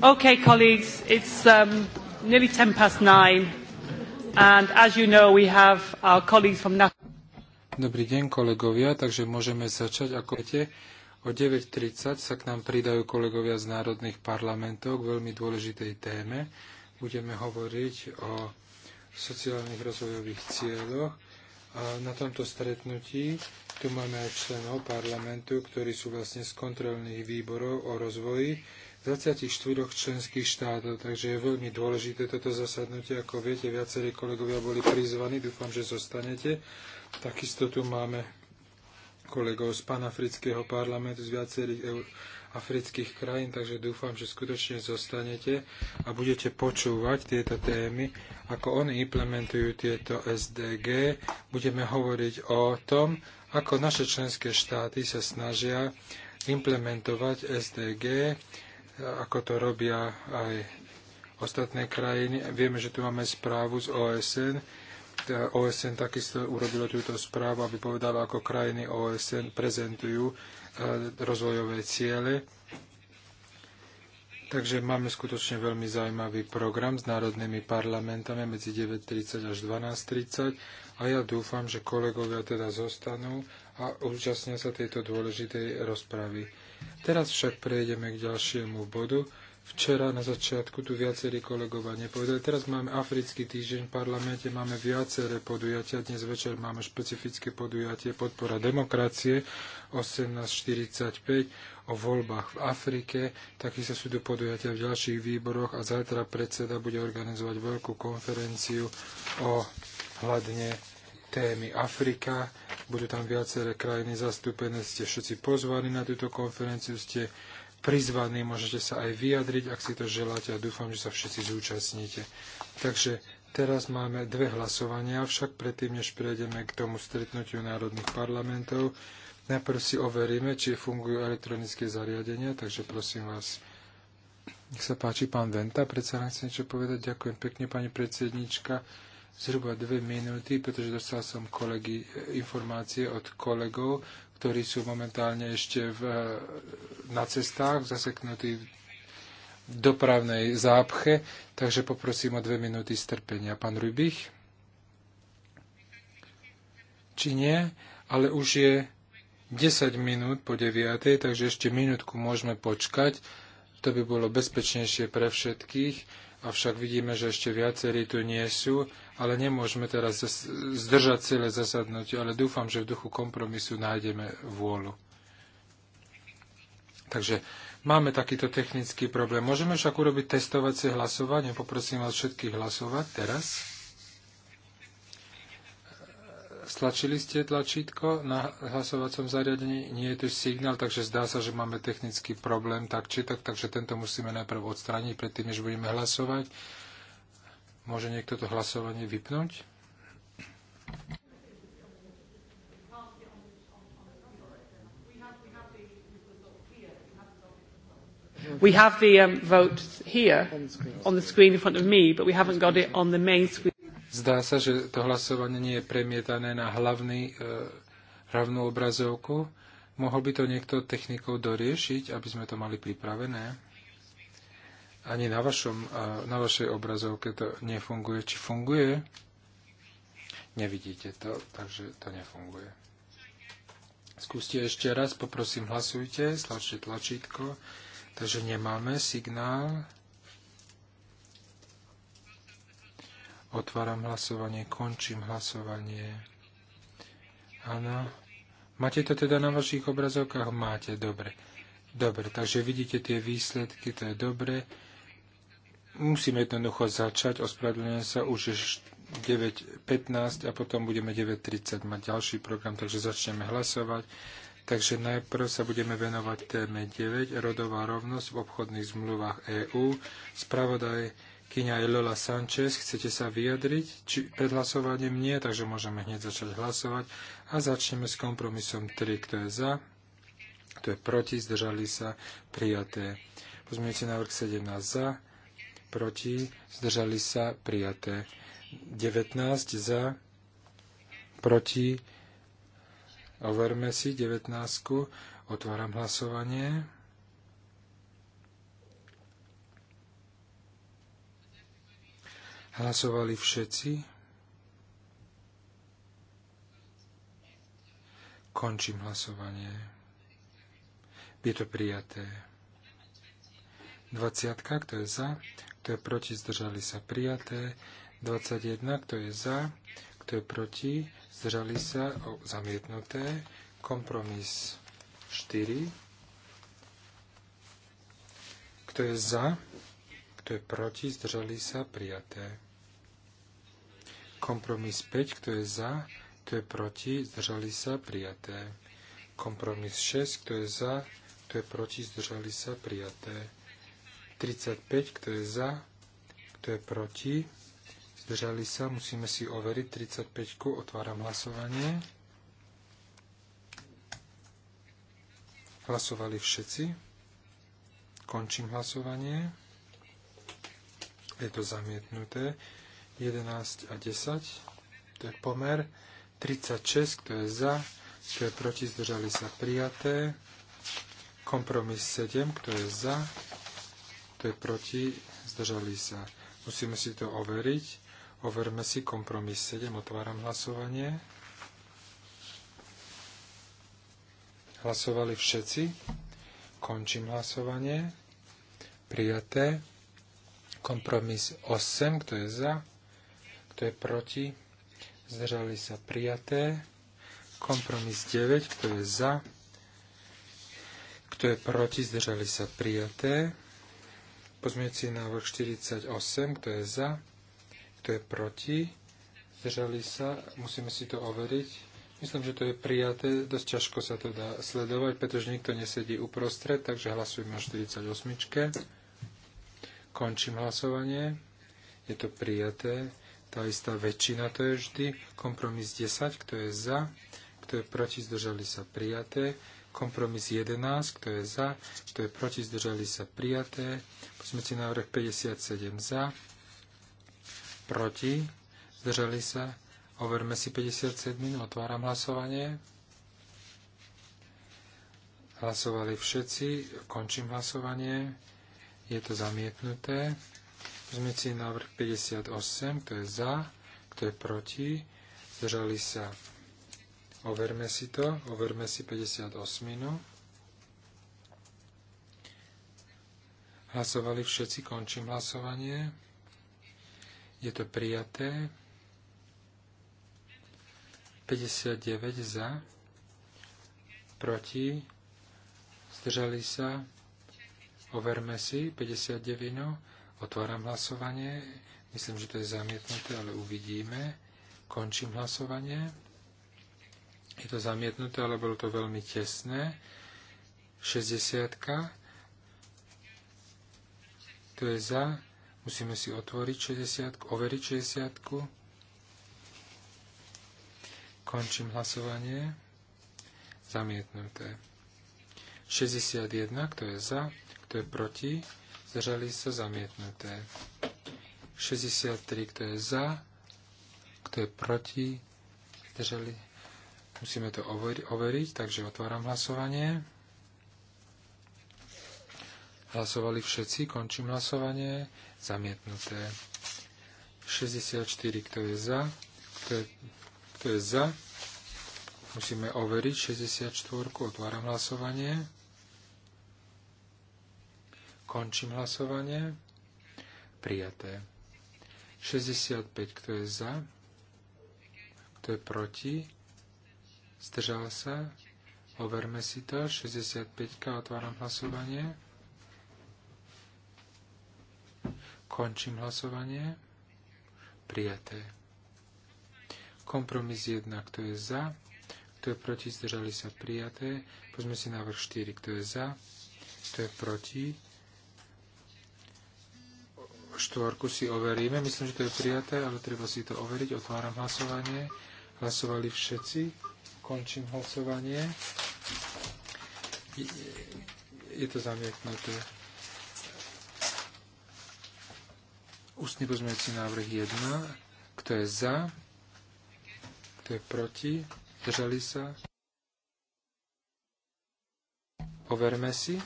Okay, colleagues, it's um, nearly 10 past nine, and as you know, we have our colleagues from NATO. Dobrý deň, kolegovia, takže môžeme začať. Ako viete, o 9.30 sa k nám pridajú kolegovia z národných parlamentov k veľmi dôležitej téme. Budeme hovoriť o sociálnych rozvojových cieľoch. A na tomto stretnutí tu máme aj členov parlamentu, ktorí sú vlastne z kontrolných výborov o rozvoji 24 členských štátov, takže je veľmi dôležité toto zasadnutie. Ako viete, viacerí kolegovia boli prizvaní, dúfam, že zostanete. Takisto tu máme kolegov z panafrického parlamentu, z viacerých eur afrických krajín, takže dúfam, že skutočne zostanete a budete počúvať tieto témy, ako oni implementujú tieto SDG. Budeme hovoriť o tom, ako naše členské štáty sa snažia implementovať SDG ako to robia aj ostatné krajiny. Vieme, že tu máme správu z OSN. OSN takisto urobilo túto správu, aby povedala, ako krajiny OSN prezentujú e, rozvojové ciele. Takže máme skutočne veľmi zaujímavý program s národnými parlamentami medzi 9.30 až 12.30 a ja dúfam, že kolegovia teda zostanú a účastnia sa tejto dôležitej rozpravy. Teraz však prejdeme k ďalšiemu bodu. Včera na začiatku tu viacerí kolegovia nepovedali. Teraz máme Africký týždeň v parlamente, máme viaceré podujatia. Dnes večer máme špecifické podujatie Podpora demokracie 18.45 o voľbách v Afrike. Takisto sú tu podujatia v ďalších výboroch a zajtra predseda bude organizovať veľkú konferenciu o hľadne témy Afrika. Budú tam viaceré krajiny zastúpené. Ste všetci pozvaní na túto konferenciu, ste prizvaní, môžete sa aj vyjadriť, ak si to želáte a dúfam, že sa všetci zúčastníte. Takže teraz máme dve hlasovania, však predtým, než prejdeme k tomu stretnutiu národných parlamentov, najprv si overíme, či fungujú elektronické zariadenia, takže prosím vás, nech sa páči, pán Venta, predsa nám chce niečo povedať. Ďakujem pekne, pani predsednička zhruba dve minúty, pretože dostal som kolegy, e, informácie od kolegov, ktorí sú momentálne ešte v, e, na cestách, zaseknutí v dopravnej zápche, takže poprosím o dve minúty strpenia. Pán Rubich? Či nie? Ale už je 10 minút po 9, takže ešte minútku môžeme počkať. To by bolo bezpečnejšie pre všetkých avšak vidíme, že ešte viacerí tu nie sú, ale nemôžeme teraz zdržať celé zasadnutie, ale dúfam, že v duchu kompromisu nájdeme vôľu. Takže máme takýto technický problém. Môžeme však urobiť testovacie hlasovanie. Poprosím vás všetkých hlasovať teraz. Stlačili ste tlačítko na hlasovacom zariadení? Nie je tu signál, takže zdá sa, že máme technický problém tak či tak, takže tento musíme najprv odstrániť, predtým, než budeme hlasovať. Môže niekto to hlasovanie vypnúť? We have the um, vote here on the screen in front of me, but we haven't got it on the main screen. Zdá sa, že to hlasovanie nie je premietané na hlavný, eh, hlavnú obrazovku. Mohol by to niekto technikou doriešiť, aby sme to mali pripravené? Ani na, vašom, eh, na vašej obrazovke to nefunguje. Či funguje? Nevidíte to, takže to nefunguje. Skúste ešte raz, poprosím, hlasujte, stlačte tlačítko. Takže nemáme signál. Otváram hlasovanie, končím hlasovanie. Áno. Máte to teda na vašich obrazovkách? Máte, dobre. Dobre, takže vidíte tie výsledky, to je dobre. Musíme jednoducho začať, ospravedlňujem sa, už je 9.15 a potom budeme 9.30 mať ďalší program, takže začneme hlasovať. Takže najprv sa budeme venovať téme 9, rodová rovnosť v obchodných zmluvách EÚ. Spravodaj Kyňa Elola Lola Sanchez. Chcete sa vyjadriť? Či pred hlasovaním nie, takže môžeme hneď začať hlasovať. A začneme s kompromisom 3. Kto je za? Kto je proti? Zdržali sa? Prijaté. Pozmiete návrh 17 za, proti? Zdržali sa? Prijaté. 19 za, proti? Overme si 19. Otváram hlasovanie. Hlasovali všetci. Končím hlasovanie. Je to prijaté. 20. Kto je za? Kto je proti? Zdržali sa prijaté. 21. Kto je za? Kto je proti? Zdržali sa o, zamietnuté. Kompromis 4. Kto je za? Kto je proti? Zdržali sa prijaté. Kompromis 5, kto je za, kto je proti, zdržali sa, prijaté. Kompromis 6, kto je za, kto je proti, zdržali sa, prijaté. 35, kto je za, kto je proti, zdržali sa, musíme si overiť 35, otváram hlasovanie. Hlasovali všetci. Končím hlasovanie. Je to zamietnuté. 11 a 10, to je pomer, 36, kto je za, kto je proti, zdržali sa prijaté, kompromis 7, kto je za, kto je proti, zdržali sa. Musíme si to overiť. Overme si kompromis 7, otváram hlasovanie. Hlasovali všetci. Končím hlasovanie. Prijaté. Kompromis 8, kto je za, kto je proti, zdržali sa prijaté. Kompromis 9, kto je za, kto je proti, zdržali sa prijaté. Pozmeňujúci návrh 48, kto je za, kto je proti, zdržali sa, musíme si to overiť. Myslím, že to je prijaté, dosť ťažko sa to dá sledovať, pretože nikto nesedí uprostred, takže hlasujeme o 48. Končím hlasovanie. Je to prijaté tá istá väčšina to je vždy. Kompromis 10, kto je za, kto je proti, zdržali sa prijaté. Kompromis 11, kto je za, kto je proti, zdržali sa prijaté. poďme si návrh 57 za, proti, zdržali sa. Overme si 57, otváram hlasovanie. Hlasovali všetci, končím hlasovanie. Je to zamietnuté si návrh 58, kto je za, kto je proti, zdržali sa. Overme si to, overme si 58. Hlasovali všetci, končím hlasovanie. Je to prijaté. 59 za, proti, zdržali sa. Overme si 59. Otváram hlasovanie. Myslím, že to je zamietnuté, ale uvidíme. Končím hlasovanie. Je to zamietnuté, ale bolo to veľmi tesné. 60. To je za. Musíme si otvoriť 60, overiť 60. -ku. Končím hlasovanie. Zamietnuté. 61, kto je za, kto je proti zdržali sa zamietnuté. 63, kto je za, kto je proti, zdržali. Musíme to overiť, takže otváram hlasovanie. Hlasovali všetci, končím hlasovanie, zamietnuté. 64, kto je za, kto je, kto je za, musíme overiť 64, otváram hlasovanie. Končím hlasovanie. Prijaté. 65, kto je za, kto je proti, zdržal sa, overme si to, 65, otváram hlasovanie. Končím hlasovanie. Prijaté. Kompromis 1, kto je za, kto je proti, zdržali sa, prijaté. Pozme si návrh 4, kto je za, kto je proti, štvorku si overíme. Myslím, že to je prijaté, ale treba si to overiť. Otváram hlasovanie. Hlasovali všetci. Končím hlasovanie. Je to zamietnuté. Ústny pozmeňujúci návrh 1. Kto je za? Kto je proti? Držali sa? Overme si.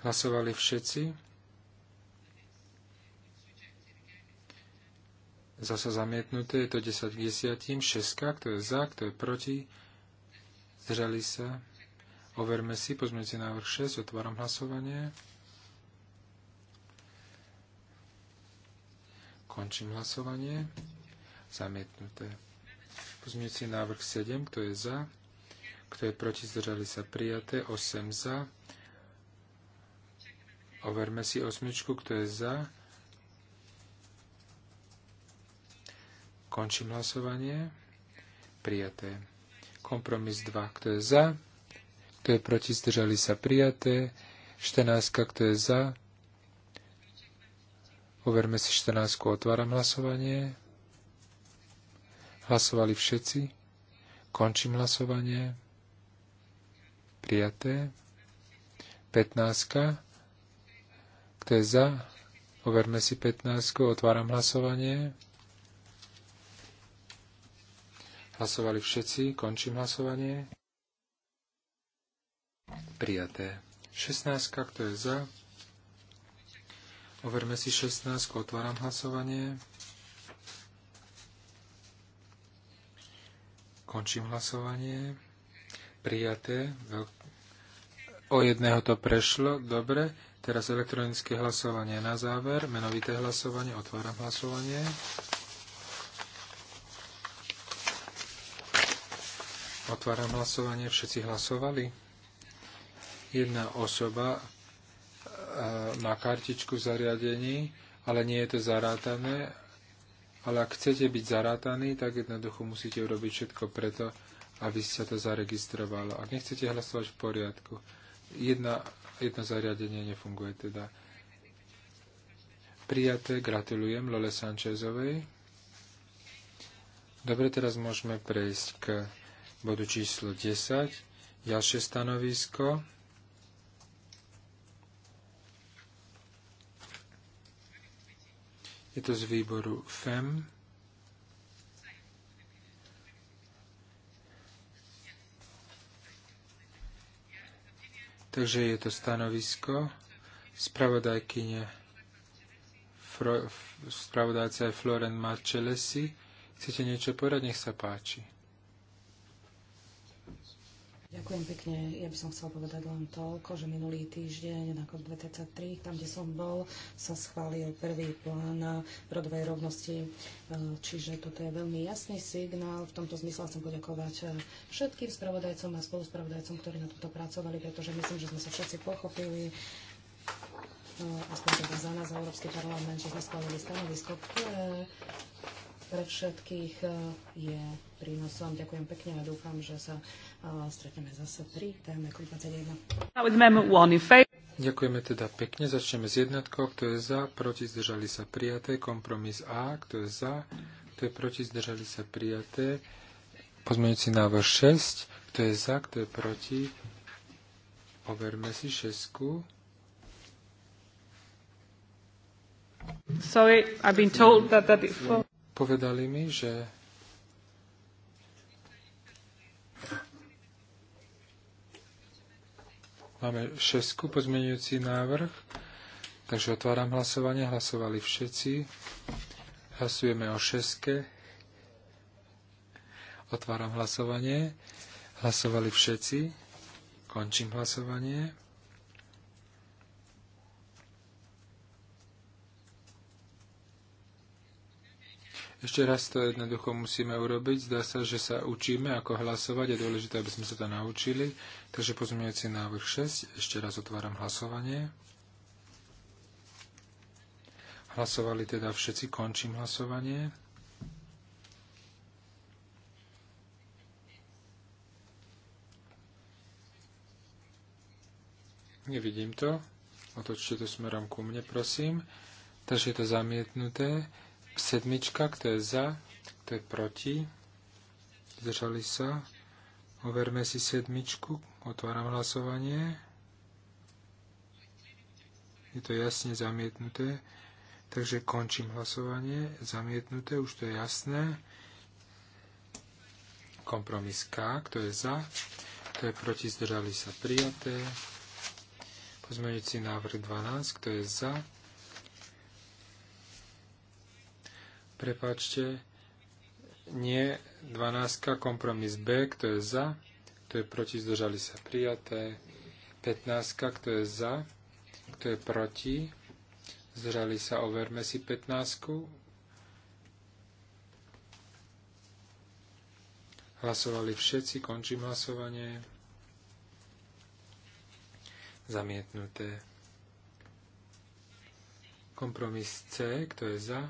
Hlasovali všetci. Zasa zamietnuté je to 10 k 10. 6, kto je za, kto je proti. Zdržali sa. Overme si si návrh 6. Otváram hlasovanie. Končím hlasovanie. Zamietnuté. si návrh 7. Kto je za? Kto je proti? Zdržali sa prijaté. 8 za. Overme si osmičku. Kto je za? Končím hlasovanie. Prijaté. Kompromis 2. Kto je za? Kto je proti? Zdržali sa prijaté. 14. Kto je za? Overme si 14. Otváram hlasovanie. Hlasovali všetci. Končím hlasovanie. Prijaté. 15. Kto je za? Overme si 15. Otváram hlasovanie. Hlasovali všetci. Končím hlasovanie. Prijaté. 16. Kto je za? Overme si 16. Otváram hlasovanie. Končím hlasovanie. Prijaté. O jedného to prešlo. Dobre. Teraz elektronické hlasovanie na záver. Menovité hlasovanie. Otváram hlasovanie. Otváram hlasovanie. Všetci hlasovali? Jedna osoba má e, kartičku v zariadení, ale nie je to zarátané. Ale ak chcete byť zarátaní, tak jednoducho musíte urobiť všetko preto, aby sa to zaregistrovalo. Ak nechcete hlasovať v poriadku, jedna, jedno zariadenie nefunguje teda. Prijaté, gratulujem Lole Sanchezovej. Dobre, teraz môžeme prejsť k bodu číslo 10. Ďalšie stanovisko. Je to z výboru FEM. Takže je to stanovisko spravodajkyne spravodajca je Floren Marcellesi. Chcete niečo povedať? Nech sa páči. Ďakujem pekne. Ja by som chcel povedať len toľko, že minulý týždeň na COP23, tam, kde som bol, sa schválil prvý plán rodovej rovnosti. E, čiže toto je veľmi jasný signál. V tomto zmysle chcem poďakovať e, všetkým spravodajcom a spoluspravodajcom, ktorí na tomto pracovali, pretože myslím, že sme sa všetci pochopili e, aspoň teda za nás, za Európsky parlament, že sme schválili stanovisko, ktoré pre všetkých e, je prínosom. Ďakujem pekne a dúfam, že sa e, stretneme zase pri téme COP21. Ďakujeme teda pekne. Začneme s jednotkou, kto je za, proti, zdržali sa prijaté. Kompromis A, kto je za, kto je proti, zdržali sa prijaté. Pozmeňujúci návrh 6, kto je za, kto je proti. Overme si šesku. Sorry, I've been told that that is Povedali mi, že Máme šesku pozmenujúci návrh, takže otváram hlasovanie. Hlasovali všetci. Hlasujeme o šeske. Otváram hlasovanie. Hlasovali všetci. Končím hlasovanie. Ešte raz to jednoducho musíme urobiť. Zdá sa, že sa učíme, ako hlasovať. Je dôležité, aby sme sa to naučili. Takže pozmeňujúci návrh 6. Ešte raz otváram hlasovanie. Hlasovali teda všetci. Končím hlasovanie. Nevidím to. Otočte to smerom ku mne, prosím. Takže je to zamietnuté. Sedmička, kto je za, kto je proti. Zdržali sa. Overme si sedmičku. Otváram hlasovanie. Je to jasne zamietnuté. Takže končím hlasovanie. Zamietnuté, už to je jasné. Kompromis K, kto je za, kto je proti, zdržali sa prijaté. Pozmeňujúci návrh 12, kto je za, Prepačte, nie 12, kompromis B, kto je za, kto je proti, zdržali sa prijaté. 15, kto je za, kto je proti, zdržali sa, overme si 15. Hlasovali všetci, končím hlasovanie. Zamietnuté. Kompromis C, kto je za,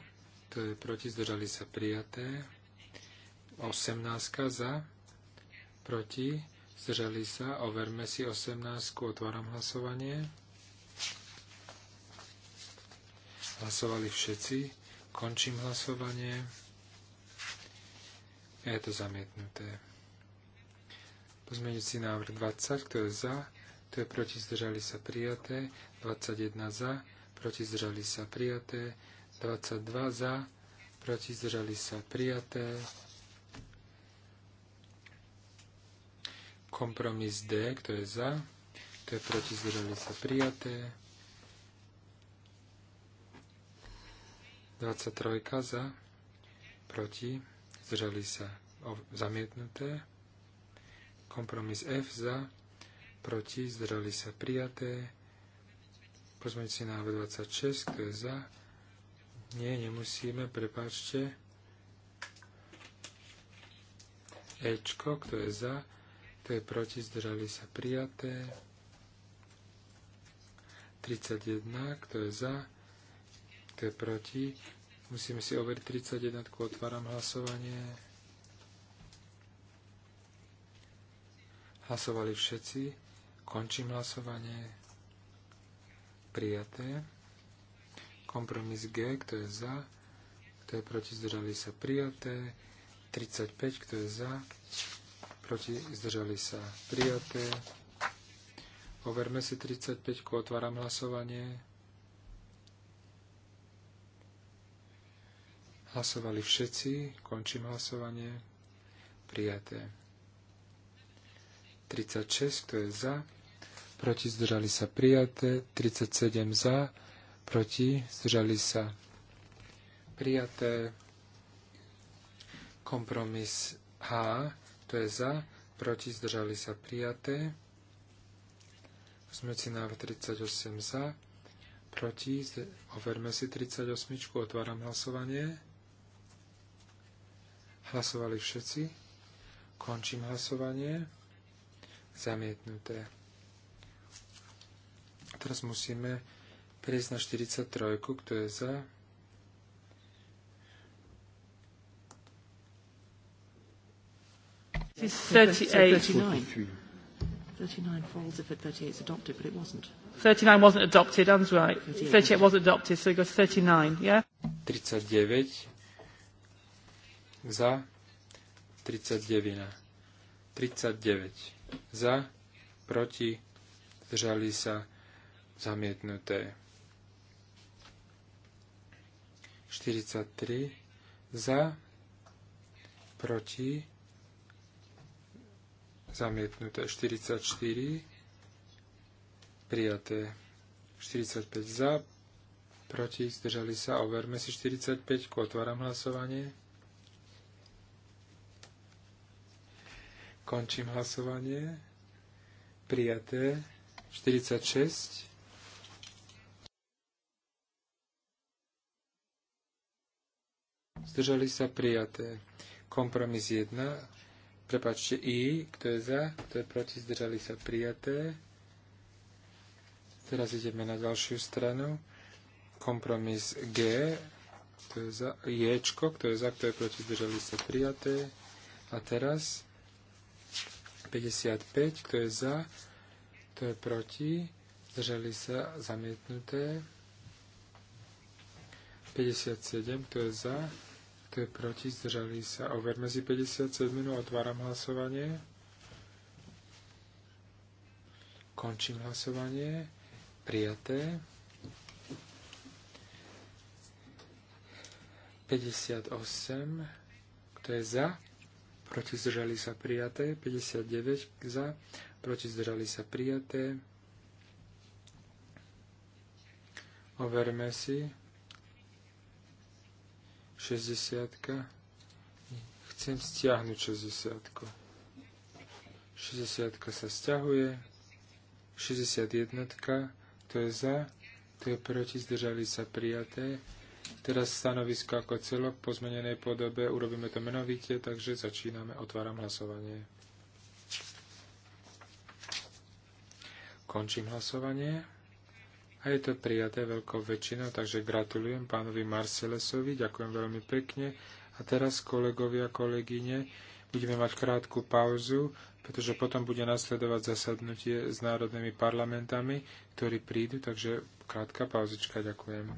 kto je proti, zdržali sa prijaté. 18 za, proti, zdržali sa, overme si 18, otváram hlasovanie. Hlasovali všetci, končím hlasovanie. Je to zamietnuté. Pozmeniť si návrh 20, kto je za, kto je proti, zdržali sa prijaté. 21 za, proti, zdržali sa prijaté. 22 za, proti zdržali sa prijaté. Kompromis D, kto je za, to je proti zdržali sa prijaté. 23 za, proti zdržali sa zamietnuté. Kompromis F za, proti zdržali sa prijaté. Pozmeňte si návrh 26, kto je za, nie, nemusíme, prepáčte. Ečko, kto je za, to je proti, zdržali sa prijaté. 31, kto je za, kto je proti. Musíme si overiť 31, otváram hlasovanie. Hlasovali všetci. Končím hlasovanie. Prijaté. Kompromis G, kto je za, kto je proti, zdržali sa prijaté. 35, kto je za, proti, zdržali sa prijaté. Overme si 35, otváram hlasovanie. Hlasovali všetci, končím hlasovanie. Prijaté. 36, kto je za, proti zdržali sa prijaté, 37 za, proti, zdržali sa prijaté. Kompromis H, to je za, proti, zdržali sa prijaté. si návrh 38 za, proti, overme si 38, otváram hlasovanie. Hlasovali všetci. Končím hlasovanie. Zamietnuté. teraz musíme prejsť na 43, kto je za. This is 38. 39. falls if 38 is adopted, but it wasn't. 39 wasn't adopted, Anne's right. 38, 38 wasn't adopted, so it goes 39, yeah? 39 za 39. 39 za, proti, zdržali sa, zamietnuté. 43 za, proti, zamietnuté 44, prijaté 45 za, proti, zdržali sa, overme si 45, otváram hlasovanie. Končím hlasovanie. Prijaté 46 zdržali sa prijaté. Kompromis 1, prepačte I, kto je za, kto je proti, zdržali sa prijaté. Teraz ideme na ďalšiu stranu. Kompromis G, kto je za, Jčko, kto je za, kto je proti, zdržali sa prijaté. A teraz 55, kto je za, kto je proti, zdržali sa zamietnuté. 57, kto je za, kto je proti, zdržali sa. Overme si 57, otváram hlasovanie. Končím hlasovanie. Prijaté. 58. Kto je za? Proti zdržali sa prijaté. 59 za. Proti zdržali sa prijaté. Overme si. 60. Chcem stiahnuť 60. 60 sa stiahuje. 61. To je za. To je proti. Zdržali sa prijaté. Teraz stanovisko ako celok po zmenenej podobe. Urobíme to menovite, takže začíname. Otváram hlasovanie. Končím hlasovanie a je to prijaté veľkou väčšinou, takže gratulujem pánovi Marcelesovi, ďakujem veľmi pekne. A teraz, kolegovia, kolegyne, budeme mať krátku pauzu, pretože potom bude nasledovať zasadnutie s národnými parlamentami, ktorí prídu, takže krátka pauzička, ďakujem.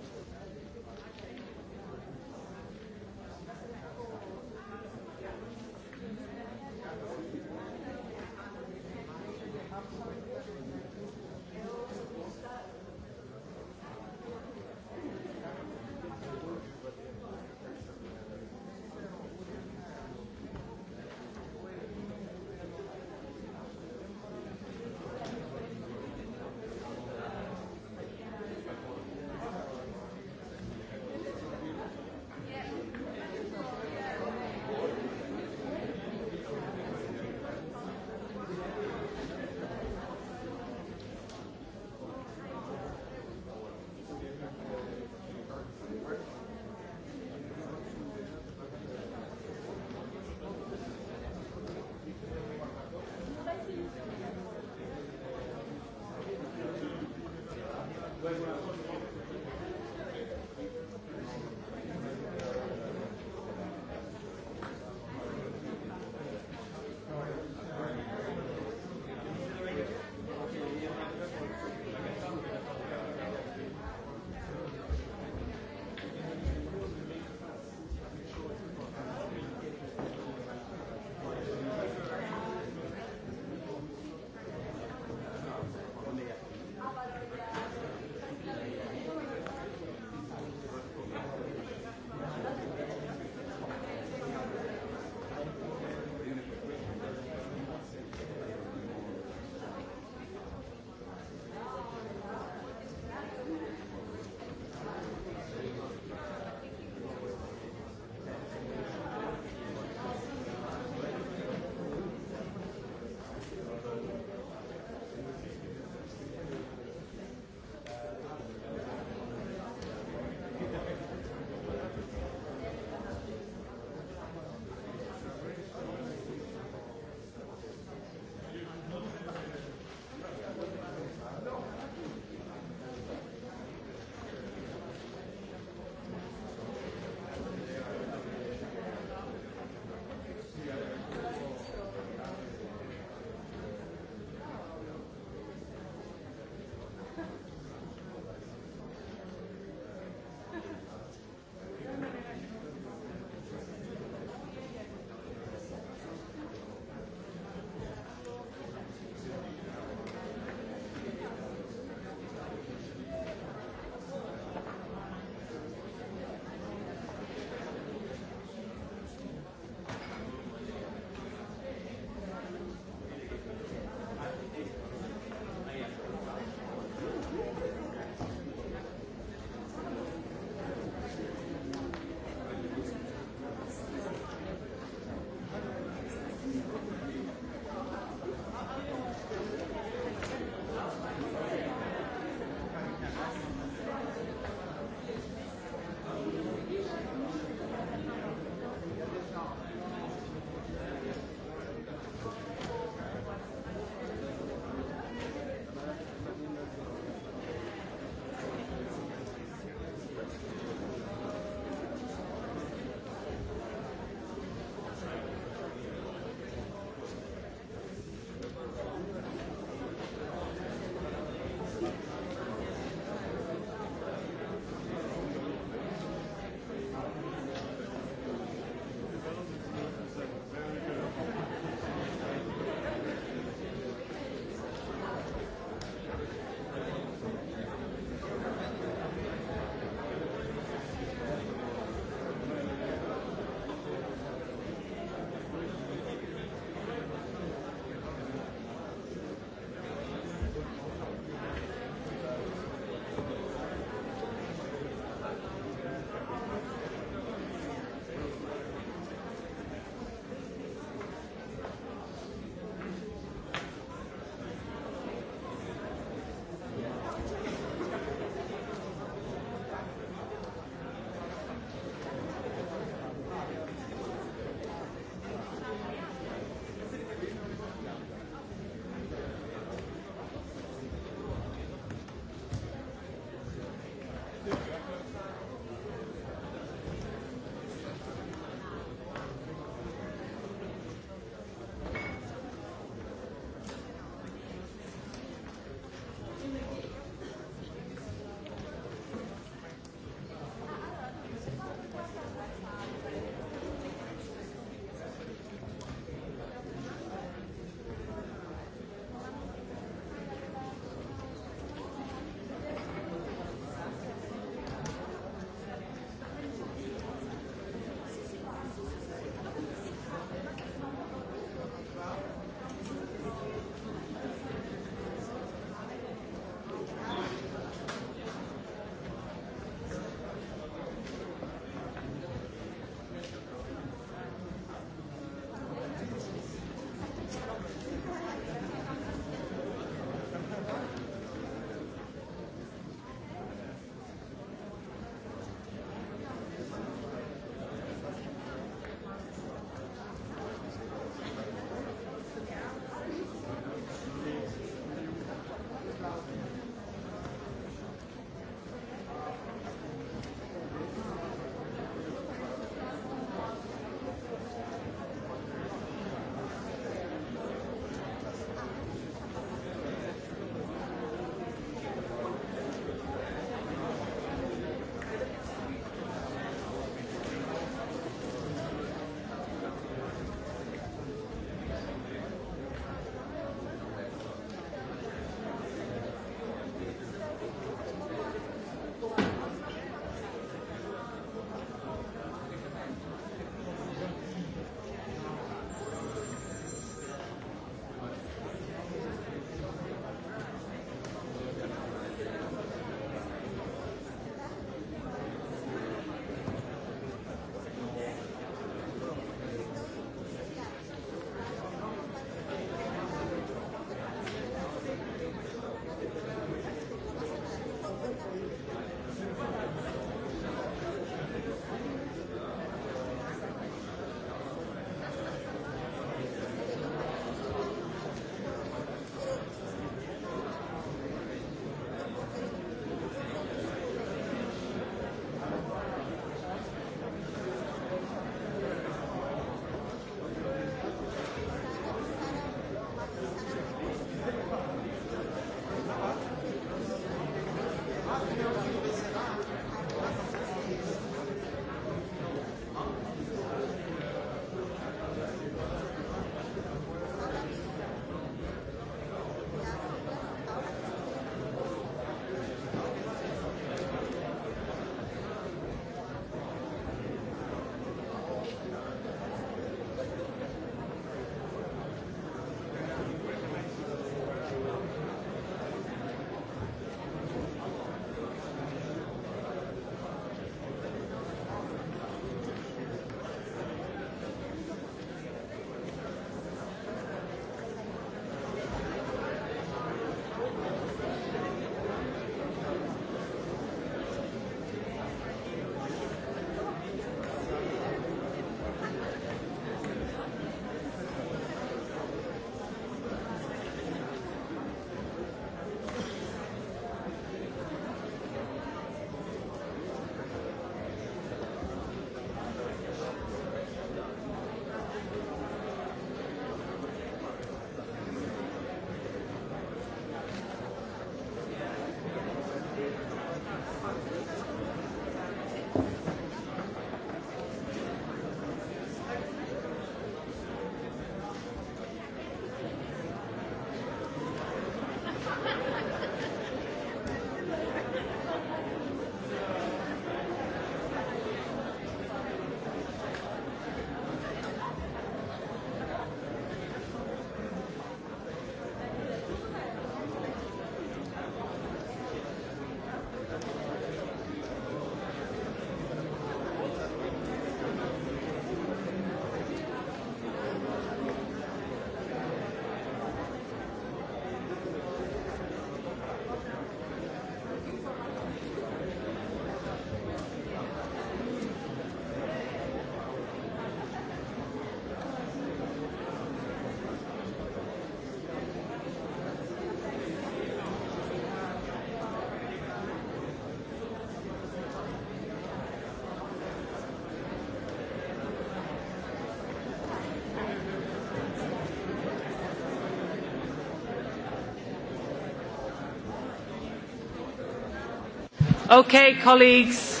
Okay, colleagues,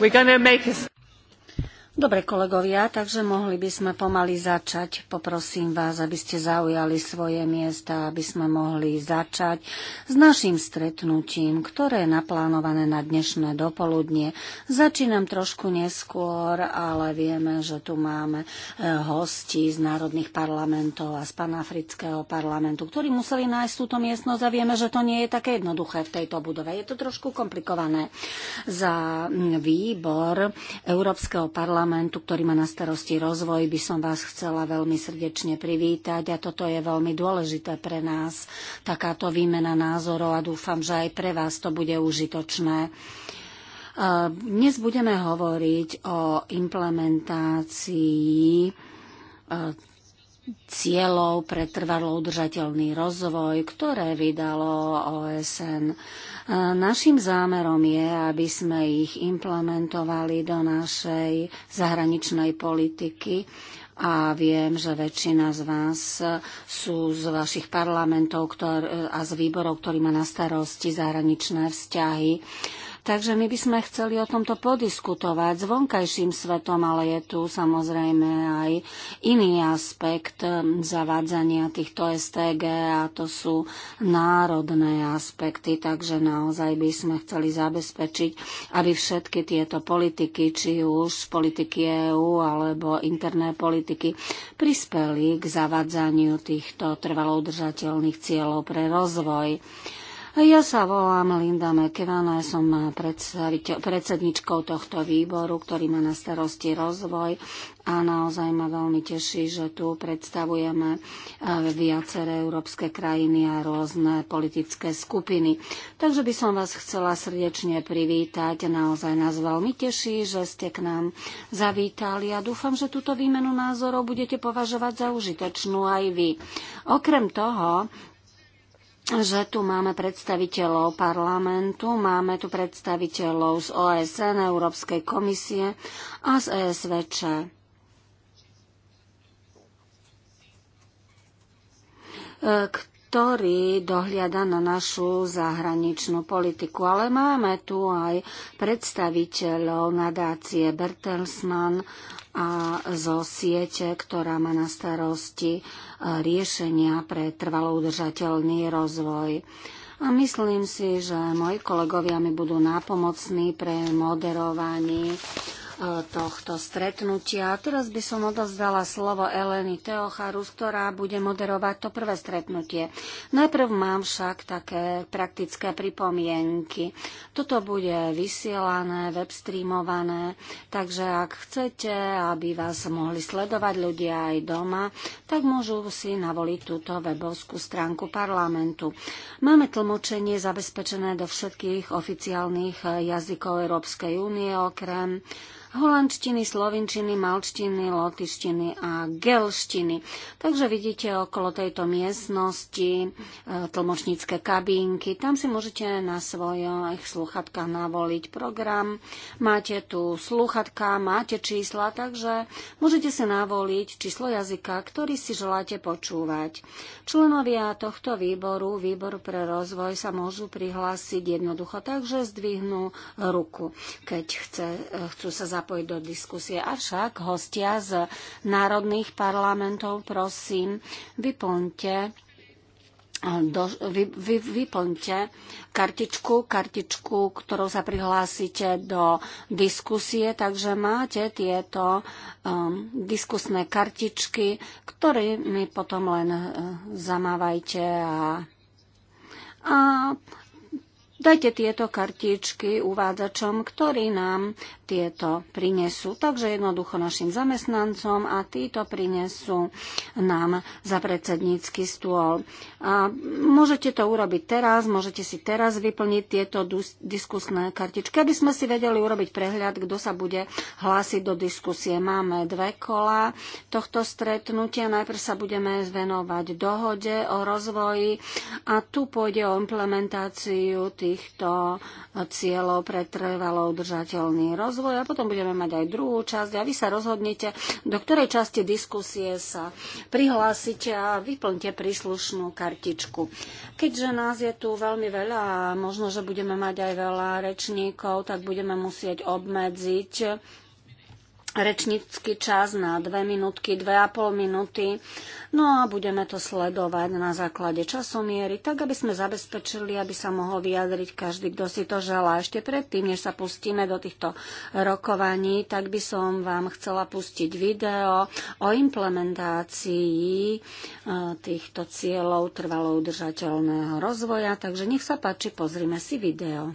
we're going to make a... Dobre, kolegovia, takže mohli by sme pomaly začať. Poprosím vás, aby ste zaujali svoje miesta, aby sme mohli začať s našim stretnutím, ktoré je naplánované na dnešné dopoludnie. Začínam trošku neskôr, ale vieme, že tu máme e, hosti z národných parlamentov a z panafrického parlamentu, ktorí museli nájsť túto miestnosť a vieme, že to nie je také jednoduché v tejto budove. Je to trošku komplikované. Za výbor Európskeho parlamentu, ktorý má na starosti rozvoj, by som vás chcela veľmi srdečne privítať a toto je veľmi dôležité pre nás, takáto výmena názorov a dúfam, že aj pre vás to bude užitočné. Dnes budeme hovoriť o implementácii cieľov pre trvalo udržateľný rozvoj, ktoré vydalo OSN. Našim zámerom je, aby sme ich implementovali do našej zahraničnej politiky a viem, že väčšina z vás sú z vašich parlamentov ktor- a z výborov, ktorí má na starosti zahraničné vzťahy Takže my by sme chceli o tomto podiskutovať s vonkajším svetom, ale je tu samozrejme aj iný aspekt zavádzania týchto STG a to sú národné aspekty, takže naozaj by sme chceli zabezpečiť, aby všetky tieto politiky, či už politiky EÚ alebo interné politiky, prispeli k zavádzaniu týchto trvalo udržateľných cieľov pre rozvoj. Ja sa volám Linda Mekevana, ja som predsedničkou tohto výboru, ktorý má na starosti rozvoj a naozaj ma veľmi teší, že tu predstavujeme e, viaceré európske krajiny a rôzne politické skupiny. Takže by som vás chcela srdečne privítať. Naozaj nás veľmi teší, že ste k nám zavítali a dúfam, že túto výmenu názorov budete považovať za užitočnú aj vy. Okrem toho, že tu máme predstaviteľov parlamentu, máme tu predstaviteľov z OSN, Európskej komisie a z ESVČ. E, ktorý dohliada na našu zahraničnú politiku. Ale máme tu aj predstaviteľov nadácie Bertelsmann a zo siete, ktorá má na starosti e, riešenia pre trvalo udržateľný rozvoj. A myslím si, že moji kolegovia mi budú nápomocní pre moderovanie E, tohto stretnutia. Teraz by som odozdala slovo Eleny Teocharus, ktorá bude moderovať to prvé stretnutie. Najprv mám však také praktické pripomienky. Toto bude vysielané, webstreamované, takže ak chcete, aby vás mohli sledovať ľudia aj doma, tak môžu si navoliť túto webovskú stránku parlamentu. Máme tlmočenie zabezpečené do všetkých oficiálnych jazykov Európskej únie, okrem holandštiny, slovinčiny, malčtiny, lotištiny a gelštiny. Takže vidíte okolo tejto miestnosti e, tlmočnícke kabínky. Tam si môžete na svojich sluchatkách navoliť program. Máte tu sluchatka, máte čísla, takže môžete si navoliť číslo jazyka, ktorý si želáte počúvať. Členovia tohto výboru, výboru pre rozvoj, sa môžu prihlásiť jednoducho takže zdvihnú ruku, keď chce, e, chcú sa zapájať zapojiť do diskusie. Avšak hostia z národných parlamentov, prosím, vyplňte eh, do, vy, vy, vyplňte kartičku, kartičku, ktorou sa prihlásite do diskusie, takže máte tieto um, diskusné kartičky, ktorými potom len uh, zamávajte a, a dajte tieto kartičky uvádzačom, ktorí nám tieto prinesú. Takže jednoducho našim zamestnancom a títo prinesú nám za predsednícky stôl. A môžete to urobiť teraz, môžete si teraz vyplniť tieto diskusné kartičky, aby sme si vedeli urobiť prehľad, kto sa bude hlásiť do diskusie. Máme dve kola tohto stretnutia. Najprv sa budeme venovať dohode o rozvoji a tu pôjde o implementáciu týchto cieľov pre trvalo udržateľný rozvoj rozvoj a potom budeme mať aj druhú časť a vy sa rozhodnete, do ktorej časti diskusie sa prihlásite a vyplňte príslušnú kartičku. Keďže nás je tu veľmi veľa a možno, že budeme mať aj veľa rečníkov, tak budeme musieť obmedziť rečnícky čas na dve minútky, dve a pol minúty. No a budeme to sledovať na základe časomiery, tak aby sme zabezpečili, aby sa mohol vyjadriť každý, kto si to želá. Ešte predtým, než sa pustíme do týchto rokovaní, tak by som vám chcela pustiť video o implementácii e, týchto cieľov trvalo udržateľného rozvoja. Takže nech sa páči, pozrime si video.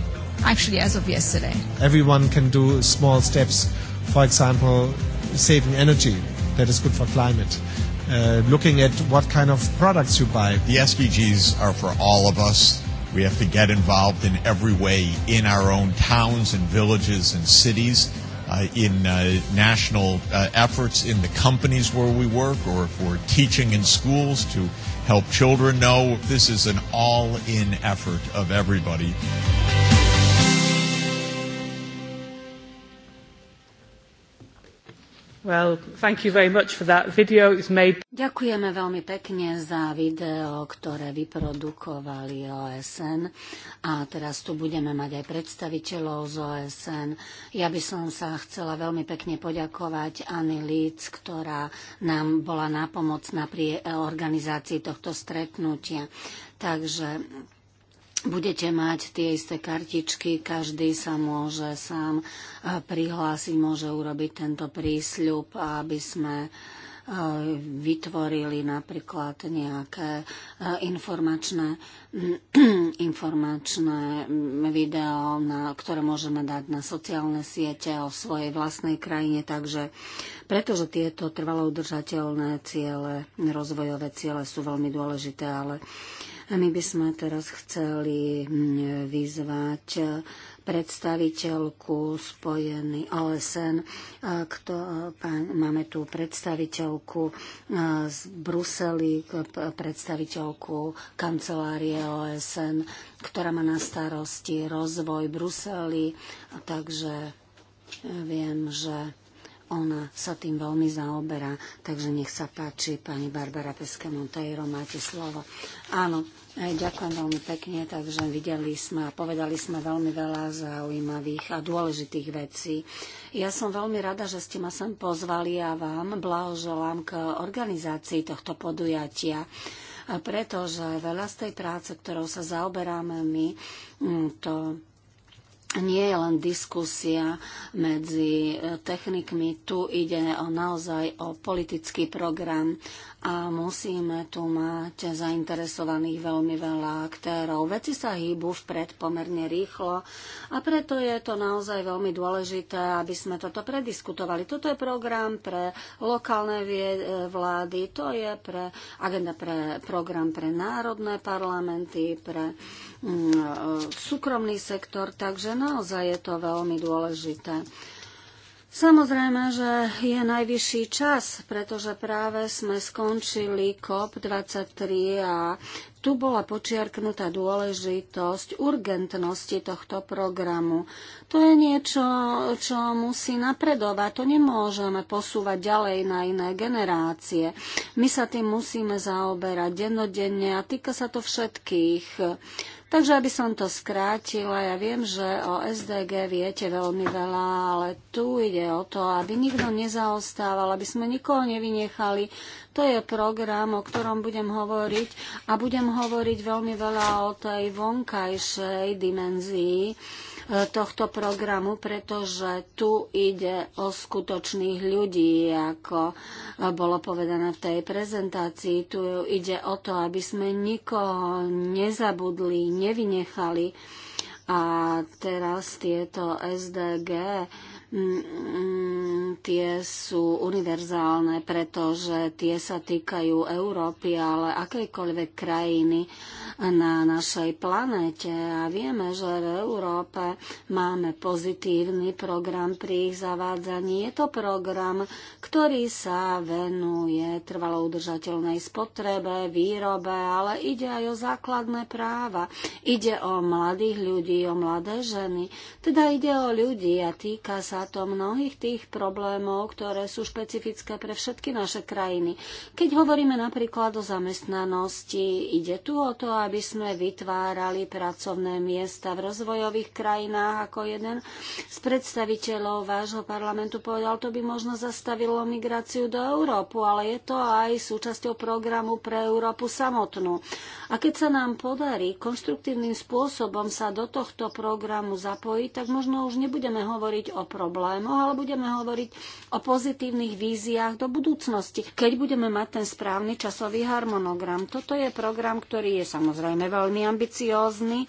actually as of yesterday. Everyone can do small steps, for example, saving energy that is good for climate. Uh, looking at what kind of products you buy. The SDGs are for all of us. We have to get involved in every way in our own towns and villages and cities, uh, in uh, national uh, efforts in the companies where we work, or if we're teaching in schools to help children know this is an all in effort of everybody. Ďakujeme veľmi pekne za video, ktoré vyprodukovali OSN. A teraz tu budeme mať aj predstaviteľov z OSN. Ja by som sa chcela veľmi pekne poďakovať Ani Líc, ktorá nám bola nápomocná pri organizácii tohto stretnutia. Takže budete mať tie isté kartičky, každý sa môže sám eh, prihlásiť, môže urobiť tento prísľub, aby sme eh, vytvorili napríklad nejaké eh, informačné, informačné mm, video, na, ktoré môžeme dať na sociálne siete o svojej vlastnej krajine. Takže pretože tieto trvalo udržateľné ciele, rozvojové ciele sú veľmi dôležité, ale a my by sme teraz chceli mm, vyzvať e, predstaviteľku spojený OSN, e, kto, e, pán, máme tu predstaviteľku z Brusely, predstaviteľku kancelárie OSN, ktorá má na starosti rozvoj Brusely. takže viem, že ona sa tým veľmi zaoberá. Takže nech sa páči, pani Barbara Peska Monteiro, máte slovo. Áno, Ďakujem veľmi pekne, takže videli sme a povedali sme veľmi veľa zaujímavých a dôležitých vecí. Ja som veľmi rada, že ste ma sem pozvali a vám blahoželám k organizácii tohto podujatia, pretože veľa z tej práce, ktorou sa zaoberáme my, mm, to nie je len diskusia medzi technikmi, tu ide o naozaj o politický program a musíme tu mať zainteresovaných veľmi veľa aktérov. Veci sa hýbu vpred pomerne rýchlo a preto je to naozaj veľmi dôležité, aby sme toto prediskutovali. Toto je program pre lokálne e, vlády, to je pre agenda pre program pre národné parlamenty, pre mm, e, súkromný sektor, takže naozaj je to veľmi dôležité. Samozrejme, že je najvyšší čas, pretože práve sme skončili COP23 a tu bola počiarknutá dôležitosť urgentnosti tohto programu. To je niečo, čo musí napredovať. To nemôžeme posúvať ďalej na iné generácie. My sa tým musíme zaoberať dennodenne a týka sa to všetkých. Takže aby som to skrátila, ja viem, že o SDG viete veľmi veľa, ale tu ide o to, aby nikto nezaostával, aby sme nikoho nevynechali. To je program, o ktorom budem hovoriť a budem hovoriť veľmi veľa o tej vonkajšej dimenzii tohto programu, pretože tu ide o skutočných ľudí, ako bolo povedané v tej prezentácii. Tu ide o to, aby sme nikoho nezabudli, nevynechali. A teraz tieto SDG Mm, mm, tie sú univerzálne, pretože tie sa týkajú Európy, ale akejkoľvek krajiny na našej planéte. A vieme, že v Európe máme pozitívny program pri ich zavádzaní. Je to program, ktorý sa venuje trvalo udržateľnej spotrebe, výrobe, ale ide aj o základné práva. Ide o mladých ľudí, o mladé ženy. Teda ide o ľudí a týka sa adresátom mnohých tých problémov, ktoré sú špecifické pre všetky naše krajiny. Keď hovoríme napríklad o zamestnanosti, ide tu o to, aby sme vytvárali pracovné miesta v rozvojových krajinách, ako jeden z predstaviteľov vášho parlamentu povedal, to by možno zastavilo migráciu do Európu, ale je to aj súčasťou programu pre Európu samotnú. A keď sa nám podarí konštruktívnym spôsobom sa do tohto programu zapojiť, tak možno už nebudeme hovoriť o problémoch, problémoch, ale budeme hovoriť o pozitívnych víziách do budúcnosti, keď budeme mať ten správny časový harmonogram. Toto je program, ktorý je samozrejme veľmi ambiciózny,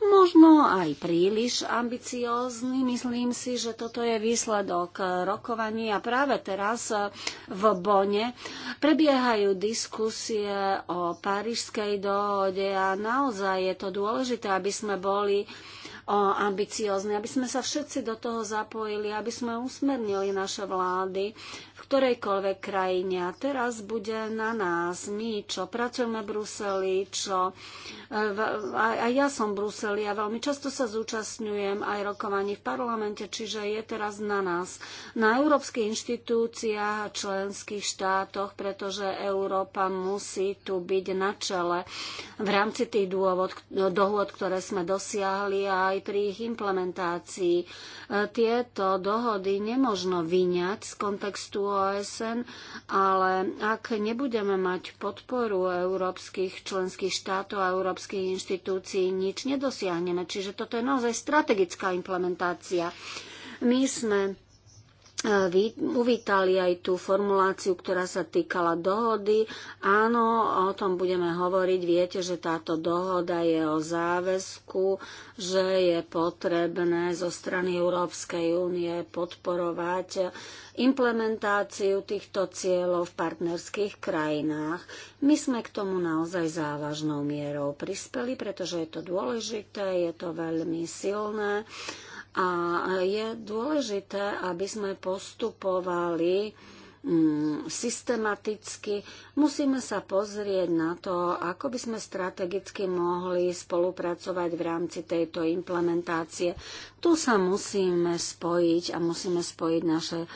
možno aj príliš ambiciózny. Myslím si, že toto je výsledok rokovania. a práve teraz v Bone prebiehajú diskusie o parížskej dohode a naozaj je to dôležité, aby sme boli ambiciózni, aby sme sa všetci do toho zapojili, aby sme usmernili naše vlády ktorejkoľvek krajine. A teraz bude na nás, my, čo pracujeme v Bruseli, čo... E, a ja som v Bruseli a veľmi často sa zúčastňujem aj rokovaní v parlamente, čiže je teraz na nás, na európskych inštitúciách a členských štátoch, pretože Európa musí tu byť na čele v rámci tých dôvod, dohôd, ktoré sme dosiahli a aj pri ich implementácii tieto dohody nemožno vyňať z kontextu OSN, ale ak nebudeme mať podporu európskych členských štátov a európskych inštitúcií, nič nedosiahneme. Čiže toto je naozaj strategická implementácia. My sme uvítali aj tú formuláciu, ktorá sa týkala dohody. Áno, o tom budeme hovoriť. Viete, že táto dohoda je o záväzku, že je potrebné zo strany Európskej únie podporovať implementáciu týchto cieľov v partnerských krajinách. My sme k tomu naozaj závažnou mierou prispeli, pretože je to dôležité, je to veľmi silné a je dôležité, aby sme postupovali mm, systematicky. Musíme sa pozrieť na to, ako by sme strategicky mohli spolupracovať v rámci tejto implementácie. Tu sa musíme spojiť a musíme spojiť naše e,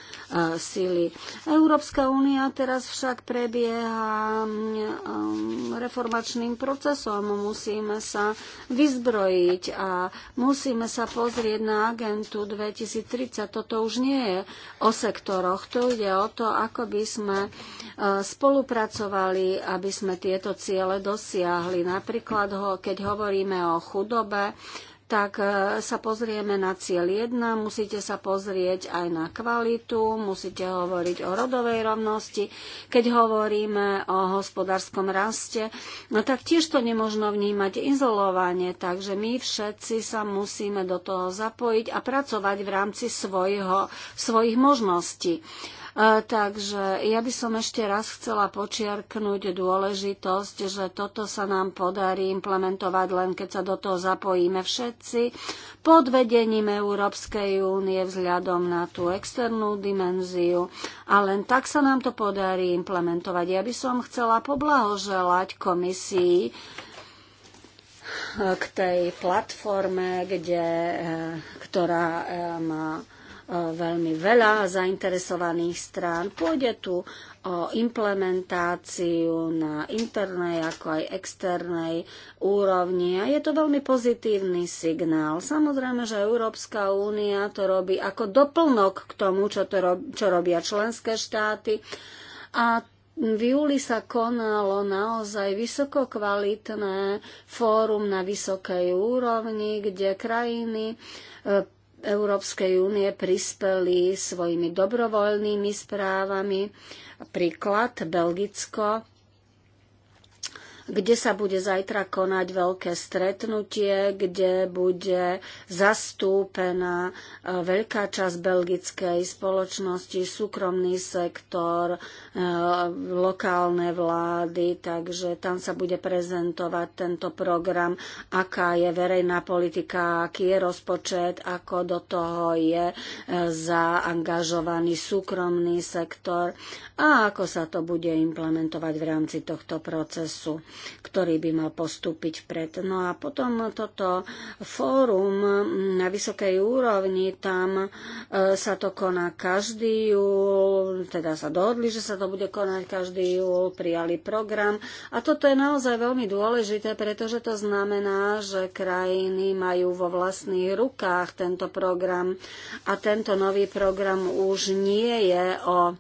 síly. Európska únia teraz však prebieha mm, e, reformačným procesom. Musíme sa vyzbrojiť a musíme sa pozrieť na agentu 2030. Toto už nie je o sektoroch. to ide o to, ako by sme e, spolupracovali, aby sme tieto ciele dosiahli. Napríklad, keď hovoríme o chudobe, tak e, sa pozrieme na cieľ 1, musíte sa pozrieť aj na kvalitu, musíte hovoriť o rodovej rovnosti. Keď hovoríme o hospodárskom raste, no tak tiež to nemôžno vnímať izolovanie, takže my všetci sa musíme do toho zapojiť a pracovať v rámci svojho, svojich možností. E, takže ja by som ešte raz chcela počiarknúť dôležitosť, že toto sa nám podarí implementovať len keď sa do toho zapojíme všetci pod vedením Európskej únie vzhľadom na tú externú dimenziu a len tak sa nám to podarí implementovať. Ja by som chcela poblahoželať komisii, e, k tej platforme, kde, e, ktorá má E, veľmi veľa zainteresovaných strán. Pôjde tu o implementáciu na internej ako aj externej úrovni a je to veľmi pozitívny signál. Samozrejme, že Európska únia to robí ako doplnok k tomu, čo, to rob, čo robia členské štáty. A v júli sa konalo naozaj vysokokvalitné fórum na vysokej úrovni, kde krajiny e, Európskej únie prispeli svojimi dobrovoľnými správami. Príklad Belgicko, kde sa bude zajtra konať veľké stretnutie, kde bude zastúpená e, veľká časť belgickej spoločnosti, súkromný sektor, Eh, lokálne vlády, takže tam sa bude prezentovať tento program, aká je verejná politika, aký je rozpočet, ako do toho je eh, zaangažovaný súkromný sektor a ako sa to bude implementovať v rámci tohto procesu, ktorý by mal postúpiť pred. No a potom toto fórum na vysokej úrovni, tam eh, sa to koná každý júl, teda sa dohodli, že sa to to bude konať každý júl, prijali program. A toto je naozaj veľmi dôležité, pretože to znamená, že krajiny majú vo vlastných rukách tento program a tento nový program už nie je o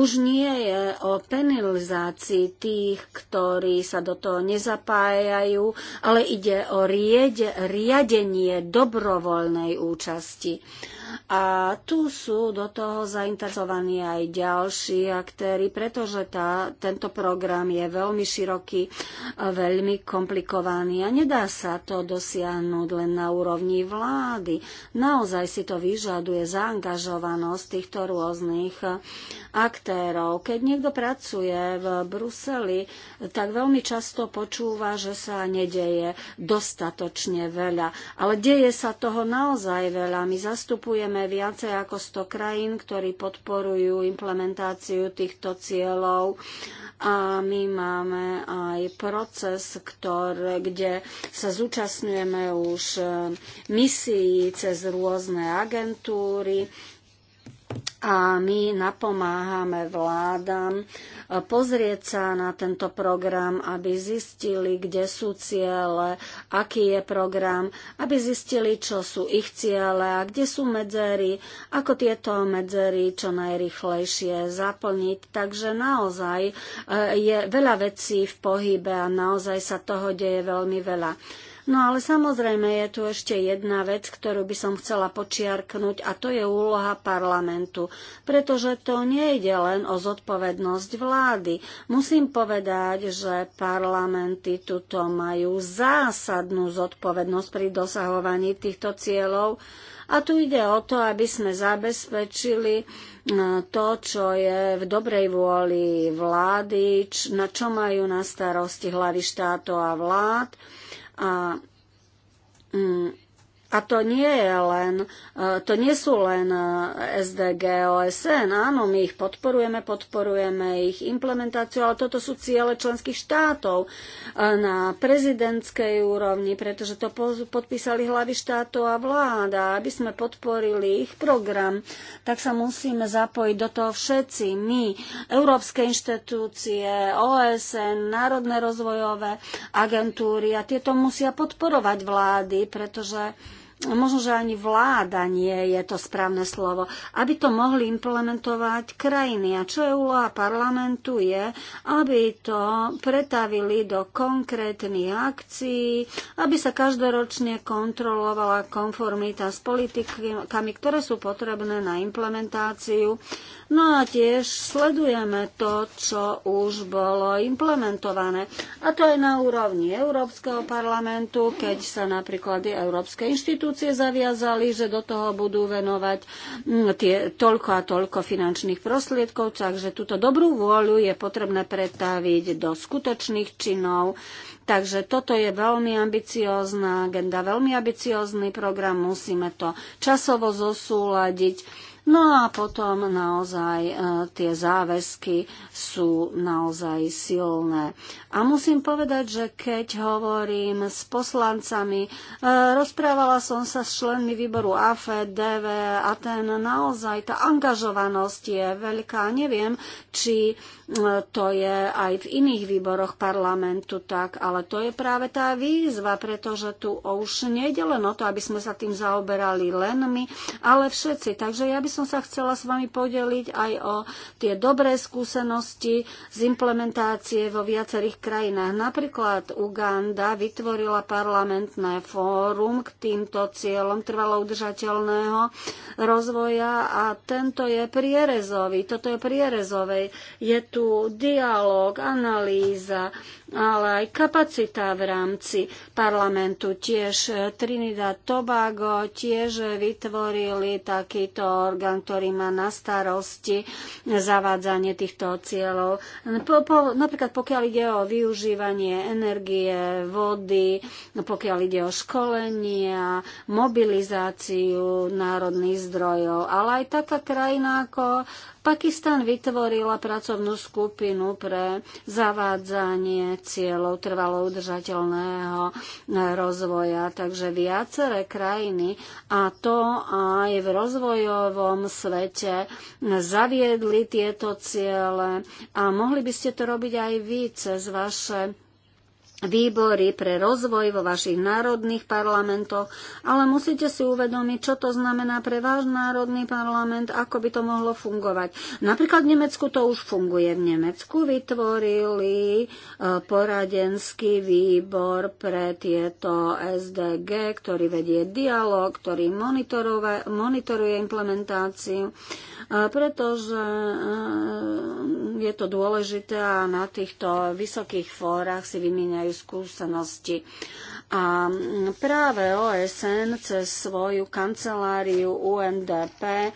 už nie je o penalizácii tých, ktorí sa do toho nezapájajú, ale ide o riede, riadenie dobrovoľnej účasti. A tu sú do toho zainteresovaní aj ďalší aktéry, pretože tá, tento program je veľmi široký, veľmi komplikovaný a nedá sa to dosiahnuť len na úrovni vlády. Naozaj si to vyžaduje zaangažovanosť týchto rôznych aktérov. Keď niekto pracuje v Bruseli, tak veľmi často počúva, že sa nedeje dostatočne veľa. Ale deje sa toho naozaj veľa. My zastupujeme Sledujeme viacej ako 100 krajín, ktorí podporujú implementáciu týchto cieľov a my máme aj proces, ktorý, kde sa zúčastňujeme už misií cez rôzne agentúry, a my napomáhame vládam e, pozrieť sa na tento program, aby zistili, kde sú ciele, aký je program, aby zistili, čo sú ich ciele a kde sú medzery, ako tieto medzery čo najrychlejšie zaplniť. Takže naozaj e, je veľa vecí v pohybe a naozaj sa toho deje veľmi veľa. No ale samozrejme je tu ešte jedna vec, ktorú by som chcela počiarknúť a to je úloha parlamentu. Pretože to nie ide len o zodpovednosť vlády. Musím povedať, že parlamenty tuto majú zásadnú zodpovednosť pri dosahovaní týchto cieľov. A tu ide o to, aby sme zabezpečili e, to, čo je v dobrej vôli vlády, na čo majú na starosti hlavy štátov a vlád a mm, a to nie, je len, e, to nie sú len e, SDG OSN. Áno, my ich podporujeme, podporujeme ich implementáciu, ale toto sú ciele členských štátov e, na prezidentskej úrovni, pretože to podpísali hlavy štátov a vláda. Aby sme podporili ich program, tak sa musíme zapojiť do toho všetci. My, európske inštitúcie, OSN, národné rozvojové agentúry a tieto musia podporovať vlády, pretože možno, že ani vláda nie je to správne slovo, aby to mohli implementovať krajiny. A čo je úloha parlamentu je, aby to pretavili do konkrétnych akcií, aby sa každoročne kontrolovala konformita s politikami, ktoré sú potrebné na implementáciu No a tiež sledujeme to, čo už bolo implementované. A to je na úrovni Európskeho parlamentu, keď sa napríklad európske inštitúcie zaviazali, že do toho budú venovať mm, tie, toľko a toľko finančných prostriedkov, takže túto dobrú vôľu je potrebné pretaviť do skutočných činov. Takže toto je veľmi ambiciózna agenda, veľmi ambiciózny program, musíme to časovo zosúľadiť No a potom naozaj e, tie záväzky sú naozaj silné. A musím povedať, že keď hovorím s poslancami, e, rozprávala som sa s členmi výboru AFE, DV a ten naozaj, tá angažovanosť je veľká. Neviem, či to je aj v iných výboroch parlamentu tak, ale to je práve tá výzva, pretože tu už nejde len o to, aby sme sa tým zaoberali len my, ale všetci. Takže ja by som sa chcela s vami podeliť aj o tie dobré skúsenosti z implementácie vo viacerých krajinách. Napríklad Uganda vytvorila parlamentné fórum k týmto cieľom trvalo udržateľného rozvoja a tento je prierezový. Toto je prierezovej. Je debatu, dialog, analýza, ale aj kapacita v rámci parlamentu. Tiež eh, Trinidad Tobago tiež vytvorili takýto orgán, ktorý má na starosti zavádzanie týchto cieľov. Po, po, napríklad pokiaľ ide o využívanie energie, vody, pokiaľ ide o školenia, mobilizáciu národných zdrojov, ale aj taká krajina ako Pakistan vytvorila pracovnú skupinu pre zavádzanie cieľov trvalo udržateľného rozvoja, takže viaceré krajiny a to aj v rozvojovom svete zaviedli tieto ciele a mohli by ste to robiť aj vy cez vaše výbory pre rozvoj vo vašich národných parlamentoch, ale musíte si uvedomiť, čo to znamená pre váš národný parlament, ako by to mohlo fungovať. Napríklad v Nemecku to už funguje. V Nemecku vytvorili e, poradenský výbor pre tieto SDG, ktorý vedie dialog, ktorý monitoruje implementáciu pretože eh, je to dôležité a na týchto vysokých fórach si vymieňajú skúsenosti. A mm, práve OSN cez svoju kanceláriu UNDP eh,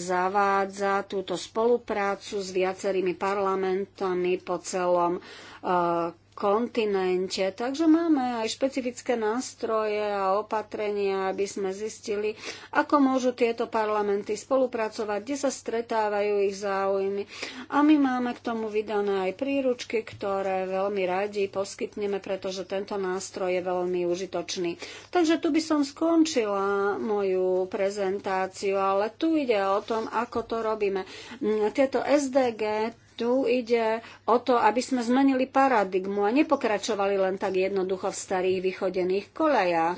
zavádza túto spoluprácu s viacerými parlamentami po celom eh, kontinente. Takže máme aj špecifické nástroje a opatrenia, aby sme zistili, ako môžu tieto parlamenty spolupracovať, kde sa stretávajú ich záujmy. A my máme k tomu vydané aj príručky, ktoré veľmi radi poskytneme, pretože tento nástroj je veľmi užitočný. Takže tu by som skončila moju prezentáciu, ale tu ide o tom, ako to robíme. Tieto SDG tu ide o to, aby sme zmenili paradigmu a nepokračovali len tak jednoducho v starých vychodených kolejách,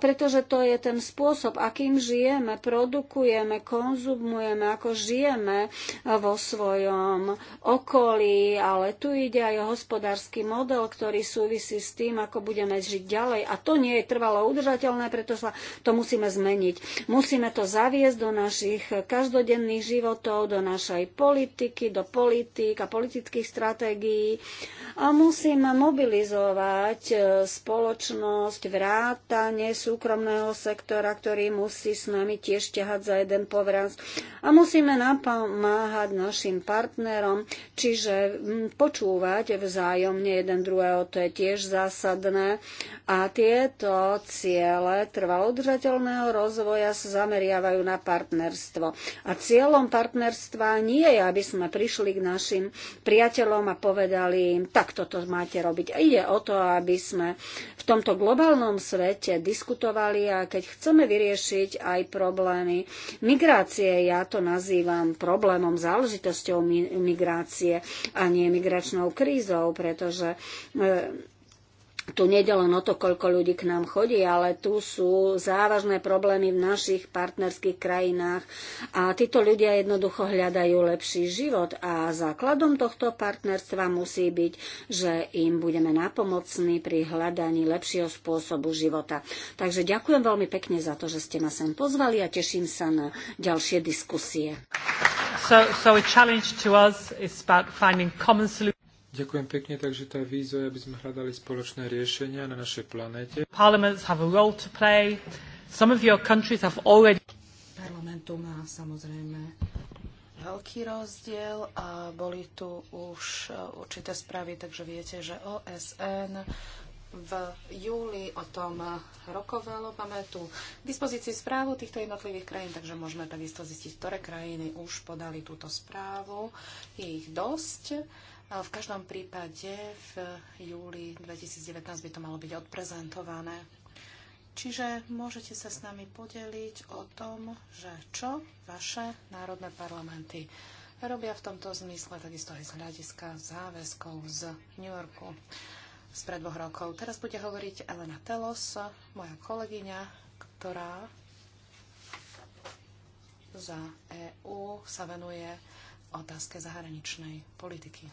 pretože to je ten spôsob, akým žijeme, produkujeme, konzumujeme, ako žijeme vo svojom okolí, ale tu ide aj o hospodársky model, ktorý súvisí s tým, ako budeme žiť ďalej a to nie je trvalo udržateľné, pretože to musíme zmeniť. Musíme to zaviesť do našich každodenných životov, do našej politiky, do politiky politík a politických stratégií a musím mobilizovať e, spoločnosť, vrátanie súkromného sektora, ktorý musí s nami tiež ťahať za jeden povraz a musíme napomáhať našim partnerom, čiže počúvať vzájomne jeden druhého, to je tiež zásadné a tieto ciele trvalodržateľného rozvoja sa zameriavajú na partnerstvo. A cieľom partnerstva nie je, aby sme prišli k náš našim priateľom a povedali im, tak toto máte robiť. A ide o to, aby sme v tomto globálnom svete diskutovali a keď chceme vyriešiť aj problémy migrácie, ja to nazývam problémom, záležitosťou migrácie a nie migračnou krízou, pretože e, tu nejde len o to, koľko ľudí k nám chodí, ale tu sú závažné problémy v našich partnerských krajinách a títo ľudia jednoducho hľadajú lepší život a základom tohto partnerstva musí byť, že im budeme napomocní pri hľadaní lepšieho spôsobu života. Takže ďakujem veľmi pekne za to, že ste ma sem pozvali a teším sa na ďalšie diskusie. So, so a challenge to us is about finding common solutions. Ďakujem pekne, takže tá vízo je, aby sme hľadali spoločné riešenia na našej planete. Parliaments have a role to play. Some of your countries have already... Parlamentu má samozrejme veľký rozdiel a boli tu už e, určité správy, takže viete, že OSN v júli o tom rokovalo. Máme tu k dispozícii správu týchto jednotlivých krajín, takže môžeme takisto zistiť, ktoré krajiny už podali túto správu. Je ich dosť v každom prípade v júli 2019 by to malo byť odprezentované. Čiže môžete sa s nami podeliť o tom, že čo vaše národné parlamenty robia v tomto zmysle, takisto aj z hľadiska záväzkov z New Yorku pred dvoch rokov. Teraz bude hovoriť Elena Telos, moja kolegyňa, ktorá za EÚ sa venuje otázke zahraničnej politiky.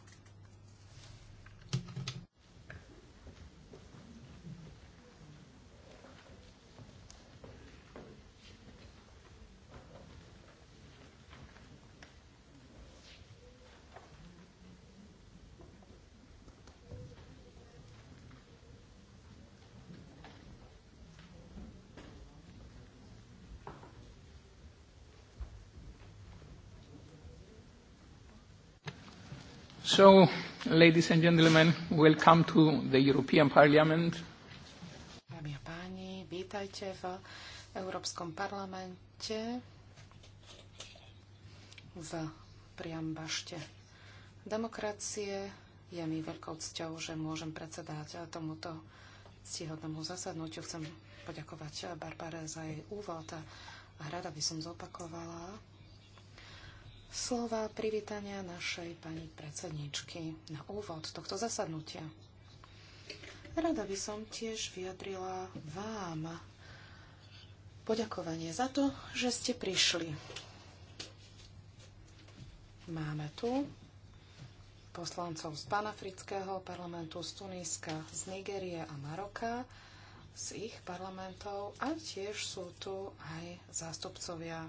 So, ladies and gentlemen, welcome to the European Parliament. Dámy a páni, vítajte v Európskom parlamente v priambašte demokracie. Je mi veľkou cťou, že môžem predsedať tomuto ctihodnému zasadnutiu. Chcem poďakovať Barbare za jej úvod a rada by som zopakovala slova privítania našej pani predsedničky na úvod tohto zasadnutia. Rada by som tiež vyjadrila vám poďakovanie za to, že ste prišli. Máme tu poslancov z panafrického parlamentu, z Tuníska, z Nigérie a Maroka, z ich parlamentov a tiež sú tu aj zástupcovia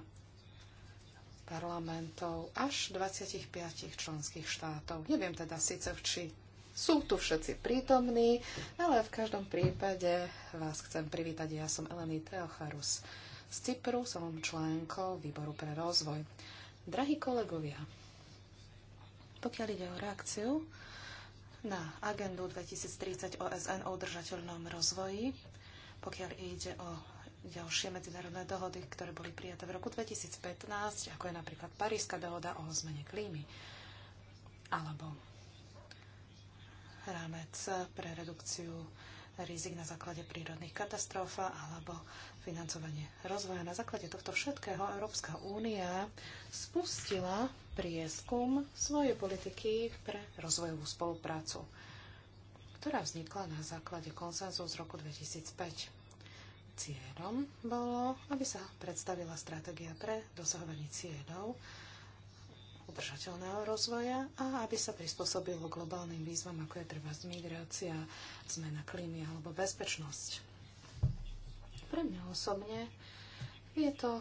parlamentov až 25 členských štátov. Neviem teda síce, či sú tu všetci prítomní, ale v každom prípade vás chcem privítať. Ja som Eleny Teocharus z Cypru, som členkou Výboru pre rozvoj. Drahí kolegovia, pokiaľ ide o reakciu na agendu 2030 OSN o udržateľnom rozvoji, pokiaľ ide o ďalšie medzinárodné dohody, ktoré boli prijaté v roku 2015, ako je napríklad Paríska dohoda o zmene klímy, alebo rámec pre redukciu rizik na základe prírodných katastrof alebo financovanie rozvoja. Na základe tohto všetkého Európska únia spustila prieskum svojej politiky pre rozvojovú spoluprácu, ktorá vznikla na základe konsenzu z roku 2005 Cieľom bolo, aby sa predstavila stratégia pre dosahovanie cieľov udržateľného rozvoja a aby sa prispôsobilo globálnym výzvam, ako je treba migrácia, zmena klímy alebo bezpečnosť. Pre mňa osobne je to,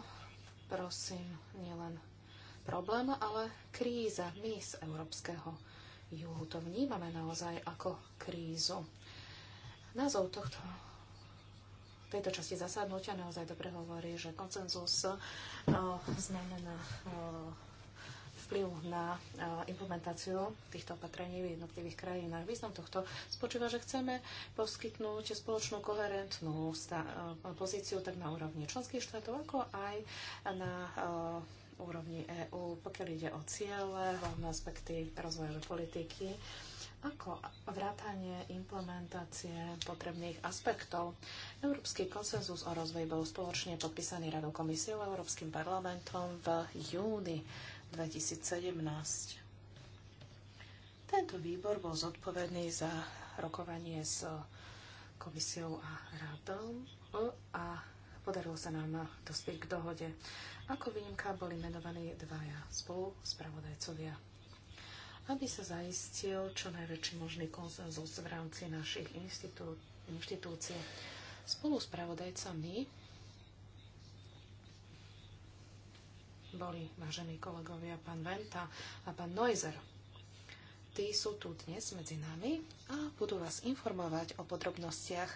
prosím, nielen problém, ale kríza. My z európskeho juhu to vnímame naozaj ako krízu. Názov tohto tejto časti zasadnutia naozaj dobre hovorí, že koncenzus eh, znamená eh, vplyv na eh, implementáciu týchto opatrení v jednotlivých krajinách. Význam tohto spočíva, že chceme poskytnúť spoločnú koherentnú pozíciu tak na úrovni členských štátov, ako aj na úrovni EÚ, pokiaľ ide o ciele, hlavné aspekty rozvojovej politiky ako vrátanie implementácie potrebných aspektov. Európsky konsenzus o rozvoji bol spoločne podpísaný Radou komisiou a Európskym parlamentom v júni 2017. Tento výbor bol zodpovedný za rokovanie s komisiou a radom a podarilo sa nám dospieť k dohode. Ako výnimka boli menovaní dvaja spolu spravodajcovia aby sa zaistil čo najväčší možný konsenzus v rámci našich inštitú- inštitúcií. Spolu s pravodajcami boli vážení kolegovia pán Venta a pán Neuser. Tí sú tu dnes medzi nami a budú vás informovať o podrobnostiach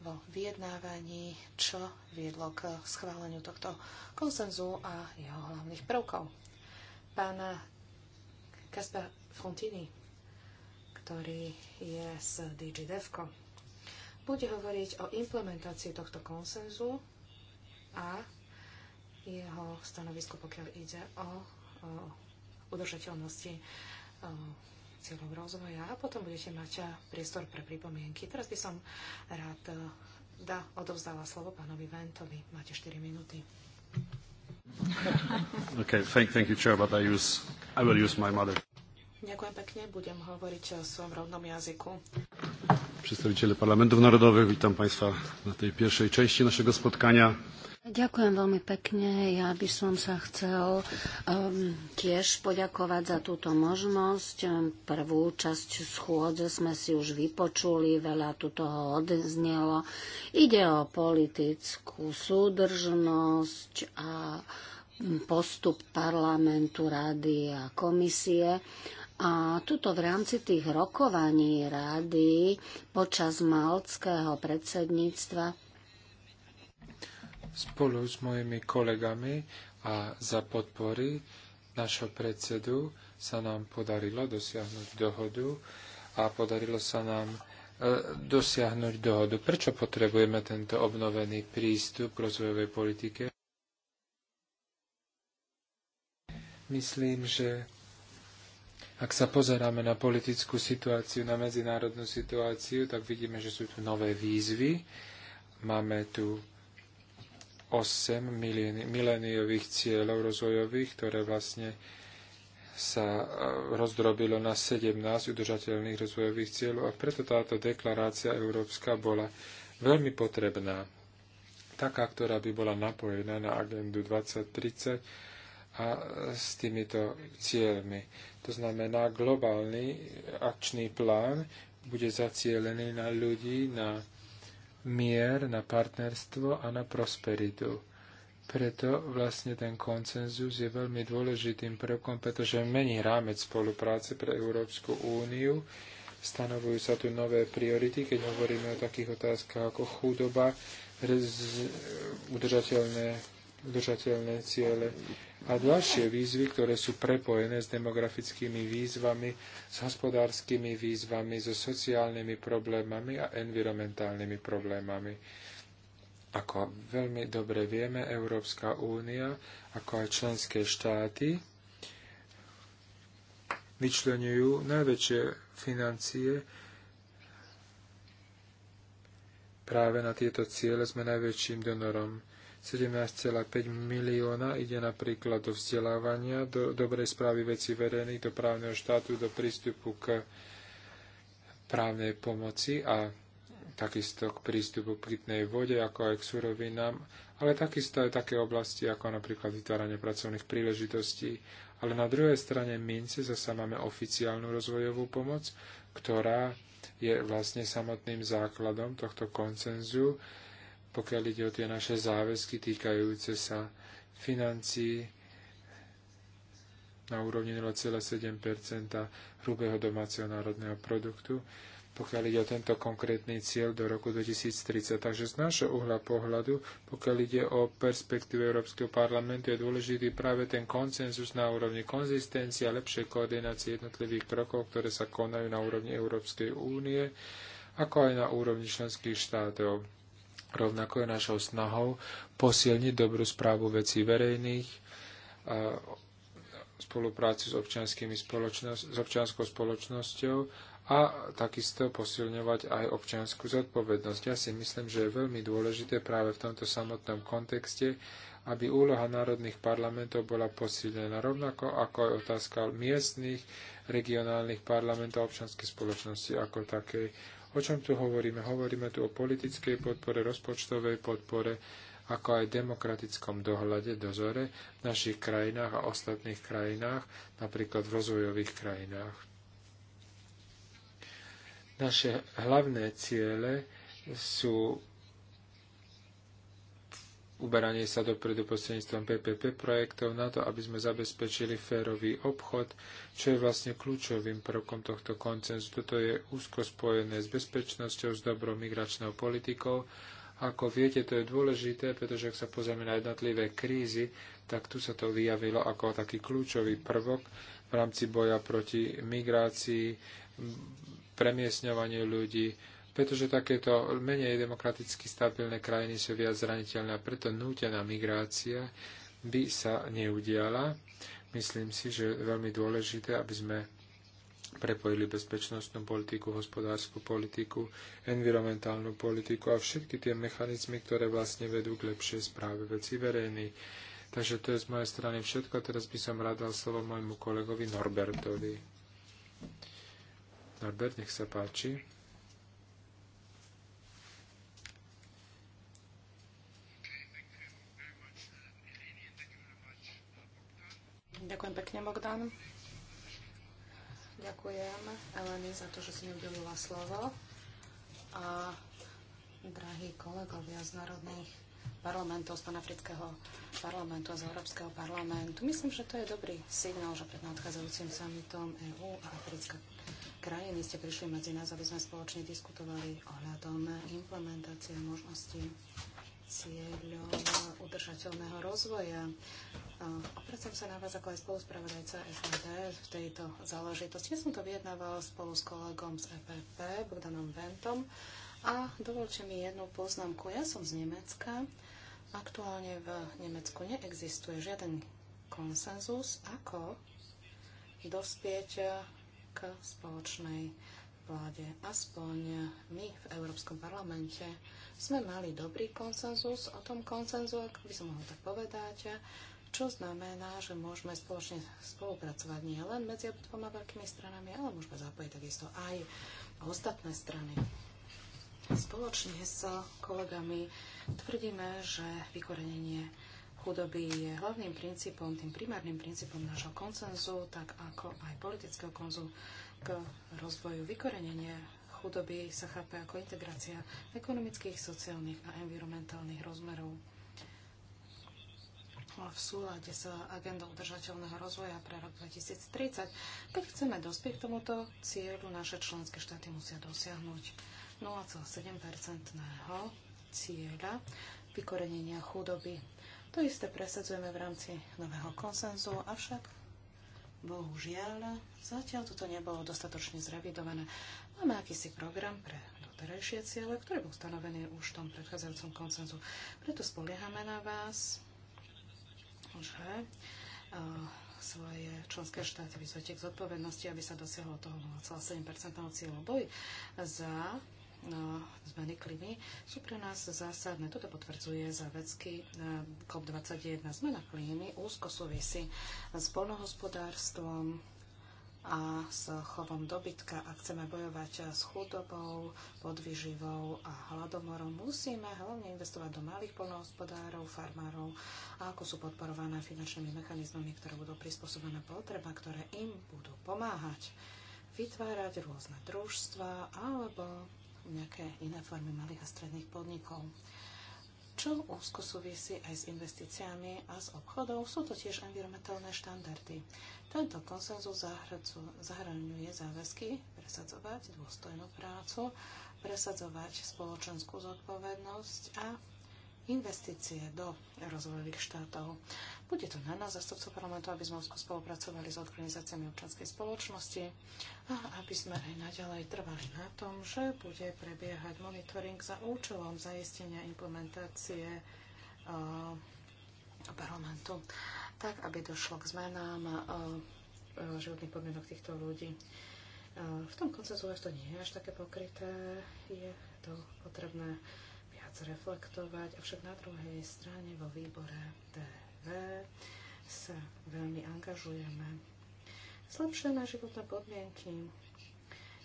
vo vyjednávaní, čo viedlo k schváleniu tohto konsenzu a jeho hlavných prvkov. Pán Kaspar Frontini, ktorý je z DigiDevco, bude hovoriť o implementácii tohto konsenzu a jeho stanovisko, pokiaľ ide o, o udržateľnosti cieľov rozvoja a potom budete mať priestor pre pripomienky. Teraz by som rád eh, da, odovzdala slovo pánovi Ventovi. Máte 4 minúty. Okay, thank, thank you, chair, but I, use, I will use my mother. Ďakujem pekne, budem hovoriť o svojom rodnom jazyku. Przedstawiciele parlamentów narodowych, witam Państwa na tej pierwszej części naszego spotkania. Ďakujem veľmi pekne. Ja by som sa chcel um, tiež poďakovať za túto možnosť. Um, prvú časť schôdze sme si už vypočuli, veľa tu toho odznelo. Ide o politickú súdržnosť a um, postup parlamentu, rady a komisie. A tuto v rámci tých rokovaní rady počas malckého predsedníctva spolu s mojimi kolegami a za podpory našho predsedu sa nám podarilo dosiahnuť dohodu a podarilo sa nám e, dosiahnuť dohodu. Prečo potrebujeme tento obnovený prístup k rozvojovej politike? Myslím, že ak sa pozeráme na politickú situáciu, na medzinárodnú situáciu, tak vidíme, že sú tu nové výzvy. Máme tu 8 mileniových cieľov rozvojových, ktoré vlastne sa e, rozdrobilo na 17 udržateľných rozvojových cieľov a preto táto deklarácia európska bola veľmi potrebná. Taká, ktorá by bola napojená na agendu 2030 a e, s týmito cieľmi. To znamená, globálny akčný plán bude zacielený na ľudí, na mier, na partnerstvo a na prosperitu. Preto vlastne ten koncenzus je veľmi dôležitým prvkom, pretože mení rámec spolupráce pre Európsku úniu. Stanovujú sa tu nové priority, keď hovoríme o takých otázkach ako chudoba, udržateľné udržateľné ciele a ďalšie výzvy, ktoré sú prepojené s demografickými výzvami, s hospodárskymi výzvami, so sociálnymi problémami a environmentálnymi problémami. Ako veľmi dobre vieme, Európska únia, ako aj členské štáty, vyčlenujú najväčšie financie práve na tieto ciele sme najväčším donorom. 17,5 milióna ide napríklad do vzdelávania, do dobrej správy veci verejných, do právneho štátu, do prístupu k právnej pomoci a takisto k prístupu k pitnej vode, ako aj k surovinám, ale takisto aj také oblasti, ako napríklad vytváranie pracovných príležitostí. Ale na druhej strane mince zasa máme oficiálnu rozvojovú pomoc, ktorá je vlastne samotným základom tohto koncenzu, pokiaľ ide o tie naše záväzky týkajúce sa financií na úrovni 0,7 hrubého domáceho národného produktu, pokiaľ ide o tento konkrétny cieľ do roku 2030. Takže z nášho uhla pohľadu, pokiaľ ide o perspektívu Európskeho parlamentu, je dôležitý práve ten koncenzus na úrovni konzistencie a lepšej koordinácie jednotlivých krokov, ktoré sa konajú na úrovni Európskej únie, ako aj na úrovni členských štátov Rovnako je našou snahou posilniť dobrú správu vecí verejných, a spoluprácu s, občianskými spoločnosť, s občianskou spoločnosťou a takisto posilňovať aj občianskú zodpovednosť. Ja si myslím, že je veľmi dôležité práve v tomto samotnom kontexte, aby úloha národných parlamentov bola posilnená rovnako ako aj otázka miestných, regionálnych parlamentov a občianskej spoločnosti ako takej. O čom tu hovoríme? Hovoríme tu o politickej podpore, rozpočtovej podpore, ako aj demokratickom dohľade, dozore v našich krajinách a ostatných krajinách, napríklad v rozvojových krajinách. Naše hlavné ciele sú uberanie sa dopredu prostredníctvom PPP projektov na to, aby sme zabezpečili férový obchod, čo je vlastne kľúčovým prvkom tohto koncenzu. Toto je úzko spojené s bezpečnosťou, s dobrou migračnou politikou. Ako viete, to je dôležité, pretože ak sa pozrieme na jednotlivé krízy, tak tu sa to vyjavilo ako taký kľúčový prvok v rámci boja proti migrácii, premiesňovanie ľudí, pretože takéto menej demokraticky stabilné krajiny sú viac zraniteľné a preto nútená migrácia by sa neudiala. Myslím si, že je veľmi dôležité, aby sme prepojili bezpečnostnú politiku, hospodárskú politiku, environmentálnu politiku a všetky tie mechanizmy, ktoré vlastne vedú k lepšej správe veci verejných. Takže to je z mojej strany všetko. Teraz by som rád dal slovo môjmu kolegovi Norbertovi. Norbert, nech sa páči. Ďakujem pekne, Bogdan. Ďakujem Eleni za to, že si mi udelila slovo. A drahí kolegovia z národných parlamentov, z panafrického parlamentu a z Európskeho parlamentu. Myslím, že to je dobrý signál, že pred nadchádzajúcim summitom EÚ a Africké krajiny ste prišli medzi nás, aby sme spoločne diskutovali ohľadom implementácie možností cieľom udržateľného rozvoja. Opracujem sa na vás ako aj spoluspravodajca SND v tejto záležitosti. Ja som to vyjednával spolu s kolegom z EPP, Bogdanom Bentom. A dovolte mi jednu poznámku. Ja som z Nemecka. Aktuálne v Nemecku neexistuje žiaden konsenzus, ako dospieť k spoločnej vláde. Aspoň my v Európskom parlamente sme mali dobrý konsenzus o tom konsenzu, ak by som mohol tak povedať, čo znamená, že môžeme spoločne spolupracovať nie len medzi dvoma veľkými stranami, ale môžeme zapojiť takisto aj ostatné strany. Spoločne s kolegami tvrdíme, že vykorenenie chudoby je hlavným princípom, tým primárnym princípom nášho koncenzu, tak ako aj politického konzu k rozvoju vykorenenie chudoby sa chápe ako integrácia ekonomických, sociálnych a environmentálnych rozmerov v súlade s agendou udržateľného rozvoja pre rok 2030. Keď chceme dospieť k tomuto cieľu, naše členské štáty musia dosiahnuť 0,7-percentného cieľa vykorenenia chudoby. To isté presadzujeme v rámci nového konsenzu, avšak Bohužiaľ, zatiaľ toto nebolo dostatočne zrevidované. Máme akýsi program pre doterajšie ciele, ktorý bol stanovený už v tom predchádzajúcom koncenzu. Preto spoliehame na vás, že eh, svoje členské štáty vyzvete k zodpovednosti, aby sa dosiahlo toho 0,7% cieľu boj za zmeny no, klímy sú pre nás zásadné. Toto potvrdzuje záväcky e, COP21. Zmena klímy úzko súvisí s polnohospodárstvom a s chovom dobytka. Ak chceme bojovať e, s chudobou, podvyživou a hladomorom, musíme hlavne investovať do malých polnohospodárov, farmárov, a ako sú podporované finančnými mechanizmami, ktoré budú prispôsobené potreba, ktoré im budú pomáhať vytvárať rôzne družstva alebo nejaké iné formy malých a stredných podnikov čo úzko súvisí aj s investíciami a s obchodom, sú to tiež environmentálne štandardy. Tento konsenzus zahraňuje záväzky presadzovať dôstojnú prácu, presadzovať spoločenskú zodpovednosť a investície do rozvojových štátov. Bude to na nás, zastupcov parlamentu, aby sme úzko spolupracovali s organizáciami občanskej spoločnosti a aby sme aj naďalej trvali na tom, že bude prebiehať monitoring za účelom zaistenia implementácie uh, parlamentu, tak aby došlo k zmenám uh, životných podmienok týchto ľudí. Uh, v tom koncesu to nie je až také pokryté, je to potrebné reflektovať. avšak na druhej strane vo výbore TV sa veľmi angažujeme. Zlepšené životné podmienky.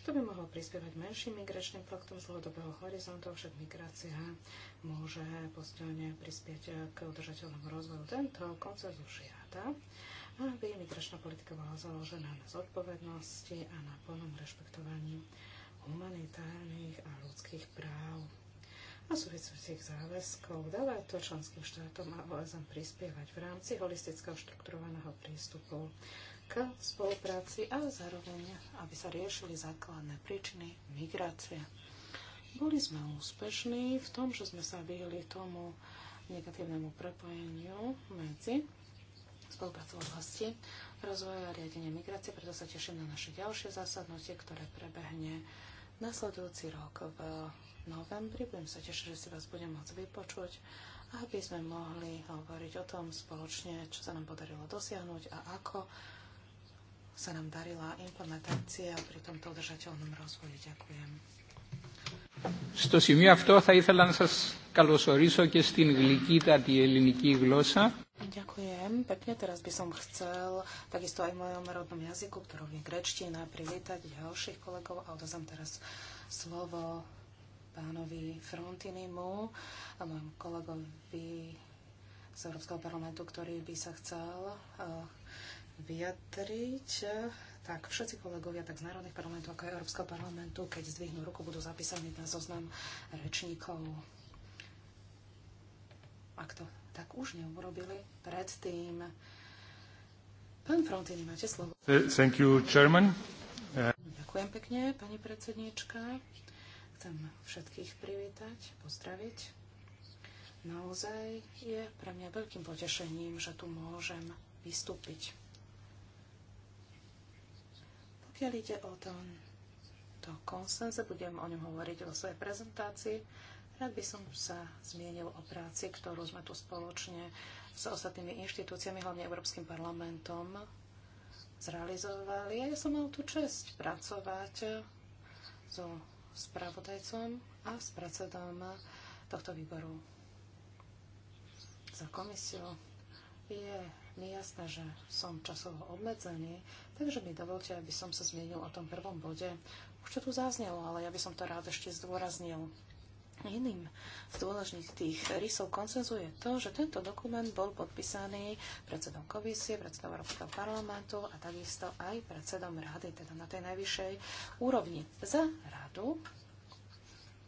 To by mohlo prispievať menším migračným faktom z dlhodobého horizontu, avšak migrácia môže posilne prispieť k udržateľnému rozvoju. Tento koncenzus žiada, aby migračná politika bola založená na zodpovednosti a na plnom rešpektovaní humanitárnych a ľudských práv súvislých záväzkov dáva to členským štátom a OSN prispievať v rámci holistického štrukturovaného prístupu k spolupráci a zároveň, aby sa riešili základné príčiny migrácie. Boli sme úspešní v tom, že sme sa vyhli tomu negatívnemu prepojeniu medzi spoluprácu oblasti rozvoja a riadenia migrácie, preto sa teším na naše ďalšie zásadnutie, ktoré prebehne nasledujúci rok v novembri. Budem sa tešiť, že si vás budem môcť vypočuť, aby sme mohli hovoriť o tom spoločne, čo sa nám podarilo dosiahnuť a ako sa nám darila implementácia pri tomto udržateľnom rozvoji. Ďakujem. Στο σημείο αυτό θα ήθελα να σας καλωσορίσω και στην γλυκύτατη ελληνική γλώσσα. Ďakujem pekne. Teraz by som chcel takisto aj v mojom národnom jazyku, ktorom je grečtina, privítať ďalších kolegov a odozám teraz slovo pánovi Frontinimu a môjmu kolegovi z Európskeho parlamentu, ktorý by sa chcel eh, vyjadriť. Tak všetci kolegovia, tak z Národných parlamentov, ako aj Európskeho parlamentu, keď zdvihnú ruku, budú zapísaní na zoznam rečníkov ak to tak už neurobili predtým. Pán Frontini, máte slovo. Thank you, Chairman. Ďakujem pekne, pani predsedníčka. Chcem všetkých privítať, pozdraviť. Naozaj je pre mňa veľkým potešením, že tu môžem vystúpiť. Pokiaľ ide o to, to konsenze, budem o ňom hovoriť vo svojej prezentácii, Rád by som sa zmienil o práci, ktorú sme tu spoločne s ostatnými inštitúciami, hlavne Európskym parlamentom, zrealizovali. Ja som mal tú čest pracovať so spravodajcom a s predsedom tohto výboru za komisiu. Je mi jasné, že som časovo obmedzený, takže mi dovolte, aby som sa zmienil o tom prvom bode. Už to tu zaznelo, ale ja by som to rád ešte zdôraznil Vlastne iným z dôležitých rysov koncenzu je to, že tento dokument bol podpísaný predsedom komisie, predsedom Európskeho parlamentu a takisto aj predsedom rady, teda na tej najvyššej úrovni za radu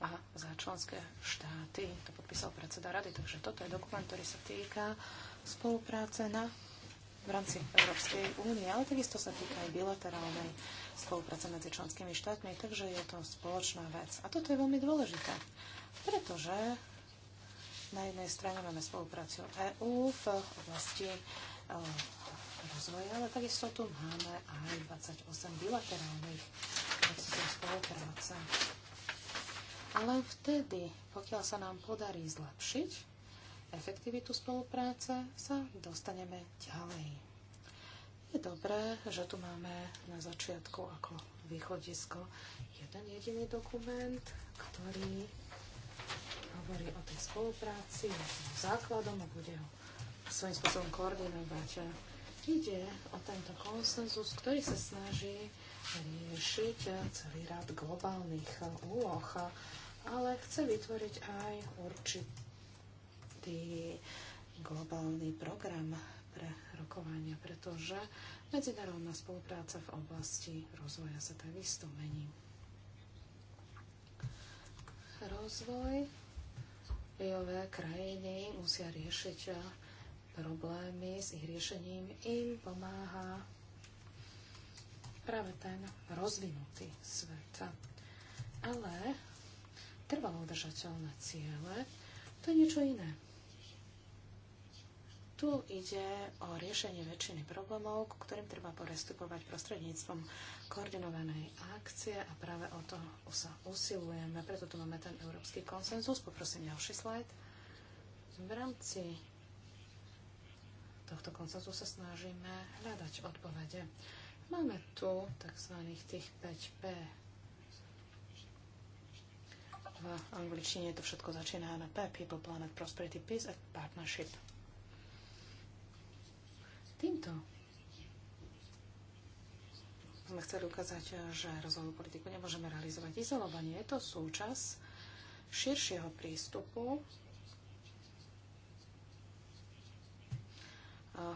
a za členské štáty. To podpísal predseda rady, takže toto je dokument, ktorý sa týka spolupráce na, v rámci Európskej únie, ale takisto sa týka aj bilaterálnej spolupráce medzi členskými štátmi, takže je to spoločná vec. A toto je veľmi dôležité pretože na jednej strane máme spoluprácu EÚ v oblasti e, rozvoja, ale takisto tu máme aj 28 bilaterálnych procesov spolupráce. Ale vtedy, pokiaľ sa nám podarí zlepšiť efektivitu spolupráce, sa dostaneme ďalej. Je dobré, že tu máme na začiatku ako východisko jeden jediný dokument, ktorý hovorí o tej spolupráci, o tom základom a bude ho svojím spôsobom koordinovať. Ide o tento konsenzus, ktorý sa snaží riešiť celý rad globálnych úloh, ale chce vytvoriť aj určitý globálny program pre rokovania, pretože medzinárodná spolupráca v oblasti rozvoja sa takisto mení. Rozvoj rozvojové krajiny musia riešiť eh, problémy s ich riešením, im pomáha práve ten rozvinutý svet. Ale trvalo udržateľné ciele, to je niečo iné. Tu ide o riešenie väčšiny problémov, ku ktorým treba porestupovať prostredníctvom koordinovanej akcie a práve o to sa usilujeme. Preto tu máme ten európsky konsenzus. Poprosím ďalší slajd. V rámci tohto konsenzu sa snažíme hľadať odpovede. Máme tu tzv. tých 5P. V angličtine to všetko začína na P, People, Planet, Prosperity, Peace and Partnership. Týmto sme chceli ukázať, že rozvojovú politiku nemôžeme realizovať izolovanie. Je to súčasť širšieho prístupu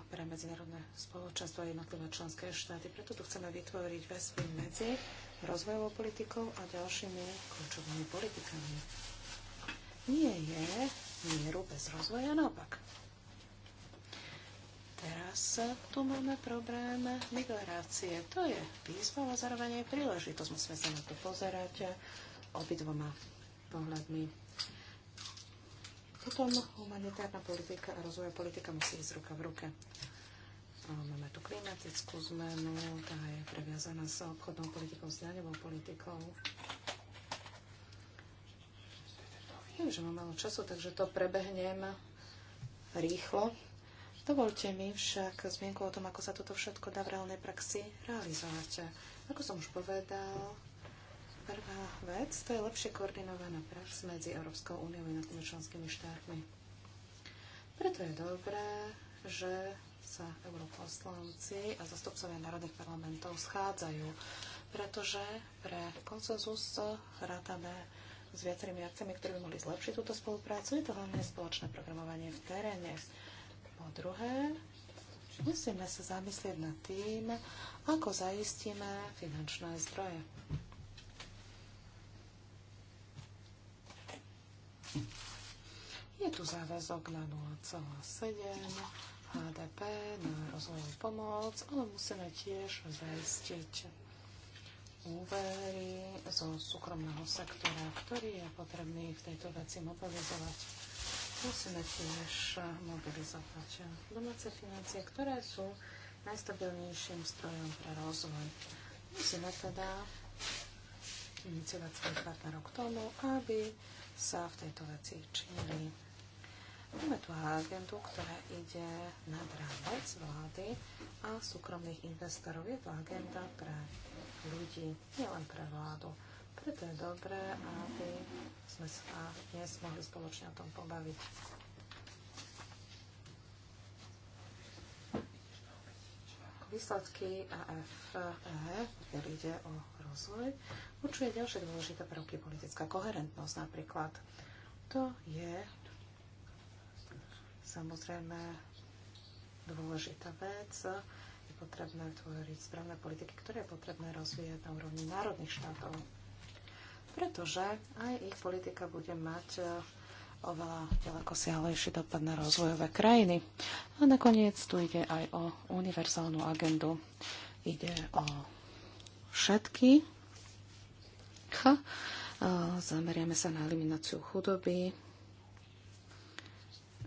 pre medzinárodné spoločenstvo a jednotlivé členské štáty. Preto tu chceme vytvoriť väzby medzi rozvojovou politikou a ďalšími kľúčovými politikami. Nie je mieru bez rozvoja, naopak. Teraz tu máme problém migrácie. To je výzva, ale zároveň aj príležitosť. Musíme sa na to pozerať obidvoma pohľadmi. Potom humanitárna politika a rozvojová politika musí ísť ruka v ruke. Máme tu klimatickú zmenu, tá je previazaná s obchodnou politikou, s daňovou politikou. Viem, že mám malo času, takže to prebehnem rýchlo. Dovolte mi však zmienku o tom, ako sa toto všetko dá v reálnej praxi realizovať. Ako som už povedal, prvá vec to je lepšie koordinovaná prax medzi Európskou úniou a jednotlivými členskými štátmi. Preto je dobré, že sa europoslanci a zastupcovia národných parlamentov schádzajú, pretože pre konsenzus rátame s viacerými akciami, ktoré by mohli zlepšiť túto spoluprácu. Je to hlavne spoločné programovanie v teréne, po druhé, musíme sa zamyslieť nad tým, ako zaistíme finančné zdroje. Je tu záväzok na 0,7 HDP na rozvojovú pomoc, ale musíme tiež zaistiť úvery zo súkromného sektora, ktorý je potrebný v tejto veci mobilizovať musíme tiež eh, mobilizovať eh, domáce financie, ktoré sú najstabilnejším strojom pre rozvoj. Musíme teda iniciovať svojich partnerov k tomu, aby sa v tejto veci činili. Máme tu agendu, ktorá ide nad rámec vlády a súkromných investorov. Je to agenda pre ľudí, nielen pre vládu. Preto je dobré, aby sme sa dnes mohli spoločne o tom pobaviť. Výsledky AFE, ktorý ide o rozvoj, určuje ďalšie dôležité prvky politická koherentnosť napríklad. To je samozrejme dôležitá vec. Je potrebné tvoriť správne politiky, ktoré je potrebné rozvíjať na úrovni národných štátov pretože aj ich politika bude mať e, oveľa ďaleko siahlejší dopad na rozvojové krajiny. A nakoniec tu ide aj o univerzálnu agendu. Ide o všetky. Ha. E, zameriame sa na elimináciu chudoby,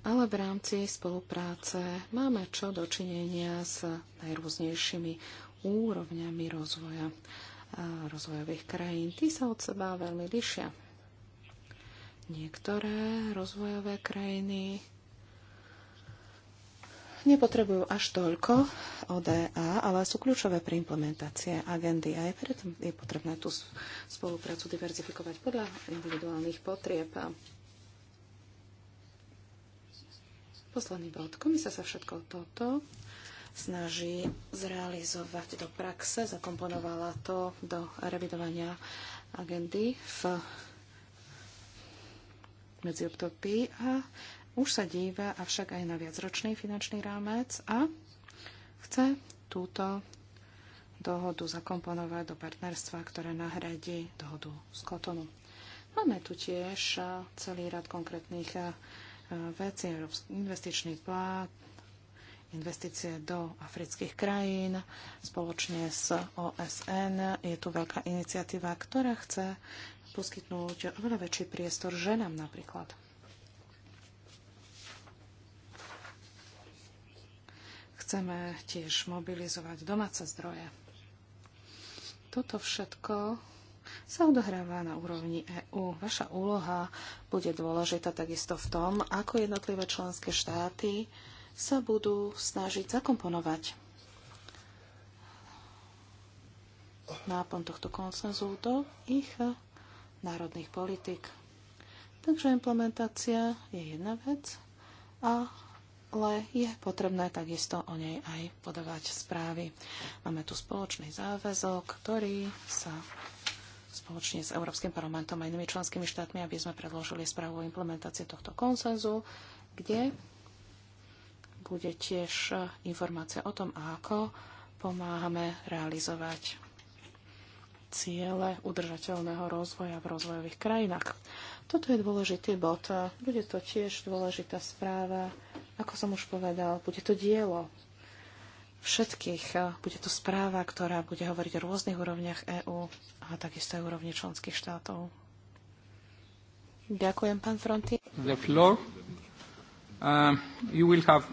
ale v rámci spolupráce máme čo dočinenia s najrôznejšími úrovňami rozvoja rozvojových krajín. Tí sa od seba veľmi lišia. Niektoré rozvojové krajiny nepotrebujú až toľko ODA, ale sú kľúčové pre implementácie agendy a aj preto je potrebné tú spoluprácu diverzifikovať podľa individuálnych potrieb. Posledný bod. Komisia sa všetko toto snaží zrealizovať do praxe. Zakomponovala to do revidovania agendy v medziobdobí a už sa díva avšak aj na viacročný finančný rámec a chce túto dohodu zakomponovať do partnerstva, ktoré nahradí dohodu z Kotonu. Máme tu tiež celý rad konkrétnych vecí, investičný plán, investície do afrických krajín spoločne s OSN. Je tu veľká iniciatíva, ktorá chce poskytnúť oveľa väčší priestor ženám napríklad. Chceme tiež mobilizovať domáce zdroje. Toto všetko sa odohráva na úrovni EÚ. Vaša úloha bude dôležitá takisto v tom, ako jednotlivé členské štáty sa budú snažiť zakomponovať nápon tohto konsenzu do ich národných politik. Takže implementácia je jedna vec, ale je potrebné takisto o nej aj podávať správy. Máme tu spoločný záväzok, ktorý sa spoločne s Európskym parlamentom a inými členskými štátmi, aby sme predložili správu o implementácii tohto konsenzu, kde bude tiež informácia o tom, ako pomáhame realizovať ciele udržateľného rozvoja v rozvojových krajinách. Toto je dôležitý bod. Bude to tiež dôležitá správa. Ako som už povedal, bude to dielo všetkých. Bude to správa, ktorá bude hovoriť o rôznych úrovniach EÚ a takisto aj úrovni členských štátov. Ďakujem, pán Fronti. The floor. Uh, you will have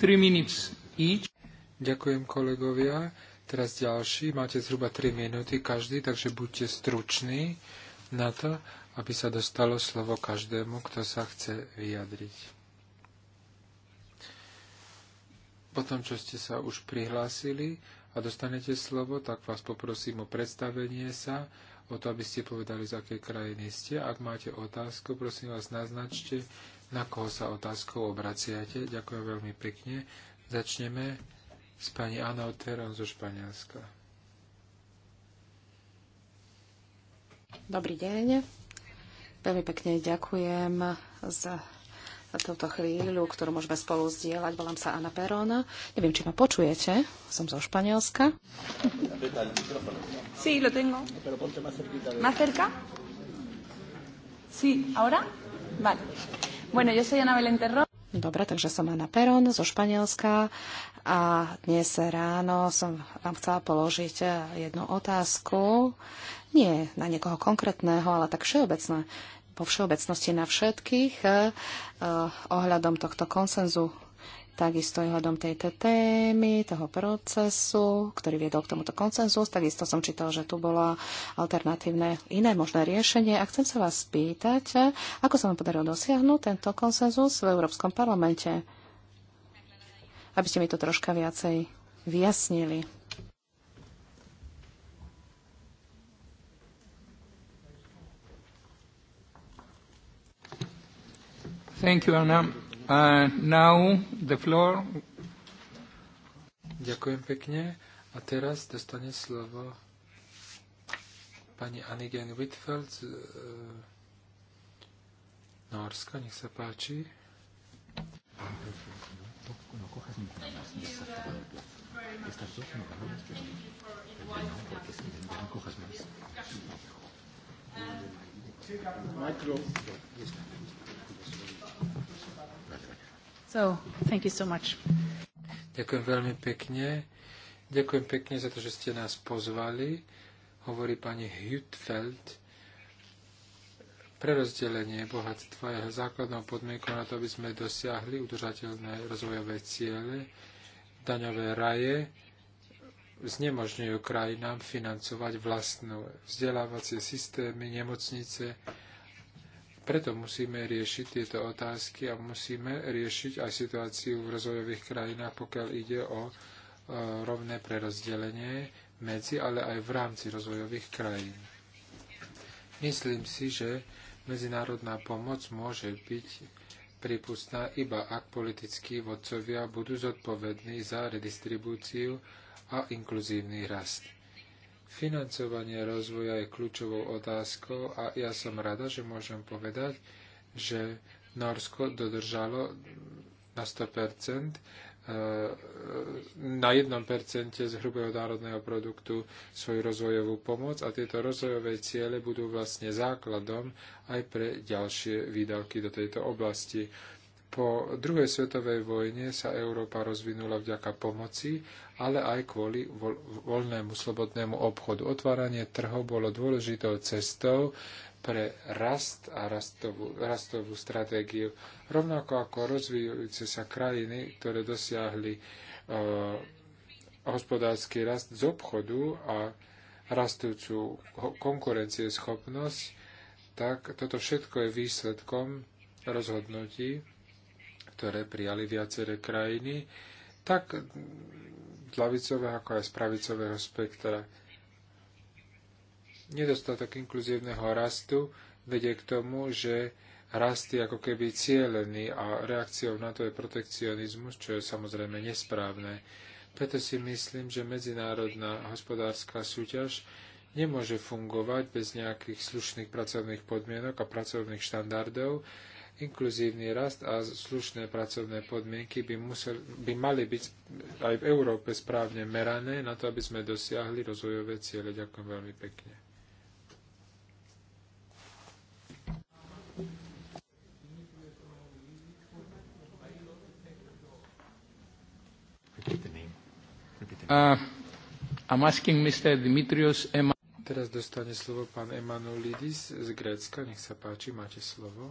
three minutes each. Ďakujem kolegovia. Teraz ďalší. Máte zhruba 3 minúty každý, takže buďte struční na to, aby sa dostalo slovo každému, kto sa chce vyjadriť. Potom, čo ste sa už prihlásili a dostanete slovo, tak vás poprosím o predstavenie sa, o to, aby ste povedali, z akej krajiny ste. Ak máte otázku, prosím vás, naznačte, na koho sa otázkou obraciate. Ďakujem veľmi pekne. Začneme s pani Ana Oteron zo Španielska. Dobrý deň. Veľmi pekne ďakujem za túto chvíľu, ktorú môžeme spolu zdieľať. Volám sa Ana Perona. Neviem, či ma počujete. Som zo Španielska. Sí, lo tengo. Más cerca? Sí, ahora? Vale. Bueno, yo soy Ana Belén Terro. Dobre, takže som Ana Perón zo Španielska a dnes ráno som vám chcela položiť eh, jednu otázku. Nie na niekoho konkrétneho, ale tak všeobecné. Vo všeobecnosti na všetkých eh, eh ohľadom tohto konsenzu takisto aj hľadom tejto témy, toho procesu, ktorý viedol k tomuto koncenzu. Takisto som čítal, že tu bolo alternatívne iné možné riešenie. A chcem sa vás spýtať, ako sa vám podarilo dosiahnuť tento konsenzus v Európskom parlamente? Aby ste mi to troška viacej vyjasnili. Thank you, Anna. Uh, now the floor. Ďakujem pekne. A teraz dostane slovo pani Anigen Whitfeld z e, Norska. Nech sa páči. Micro. So, thank you so much. Ďakujem veľmi pekne. Ďakujem pekne za to, že ste nás pozvali. Hovorí pani Hütfeld. Prerozdelenie bohatstva je základnou podmienkou na to, aby sme dosiahli udržateľné rozvojové ciele. Daňové raje znemožňujú krajinám financovať vlastné vzdelávacie systémy, nemocnice, preto musíme riešiť tieto otázky a musíme riešiť aj situáciu v rozvojových krajinách, pokiaľ ide o e, rovné prerozdelenie medzi, ale aj v rámci rozvojových krajín. Myslím si, že medzinárodná pomoc môže byť prípustná iba ak politickí vodcovia budú zodpovední za redistribúciu a inkluzívny rast. Financovanie rozvoja je kľúčovou otázkou a ja som rada, že môžem povedať, že Norsko dodržalo na 100% eh, na 1% z hrubého národného produktu svoju rozvojovú pomoc a tieto rozvojové ciele budú vlastne základom aj pre ďalšie výdavky do tejto oblasti. Po druhej svetovej vojne sa Európa rozvinula vďaka pomoci, ale aj kvôli voľnému slobodnému obchodu. Otváranie trhov bolo dôležitou cestou pre rast a rastovú, rastovú stratégiu, rovnako ako rozvíjajúce sa krajiny, ktoré dosiahli e, hospodársky rast z obchodu a rastúcu konkurencieschopnosť, tak toto všetko je výsledkom rozhodnutí, ktoré prijali viaceré krajiny, tak z lavicového ako aj z pravicového spektra. Nedostatok inkluzívneho rastu vedie k tomu, že rast je ako keby cieľený a reakciou na to je protekcionizmus, čo je samozrejme nesprávne. Preto si myslím, že medzinárodná hospodárska súťaž nemôže fungovať bez nejakých slušných pracovných podmienok a pracovných štandardov, Inkluzívny rast a slušné pracovné podmienky by, musel, by mali byť aj v Európe správne merané na to, aby sme dosiahli rozvojové ciele. Ďakujem veľmi pekne. Uh, I'm asking Mr. Dimitrios Ema. Teraz dostane slovo pán Emanuelidis z Grécka. Nech sa páči, máte slovo.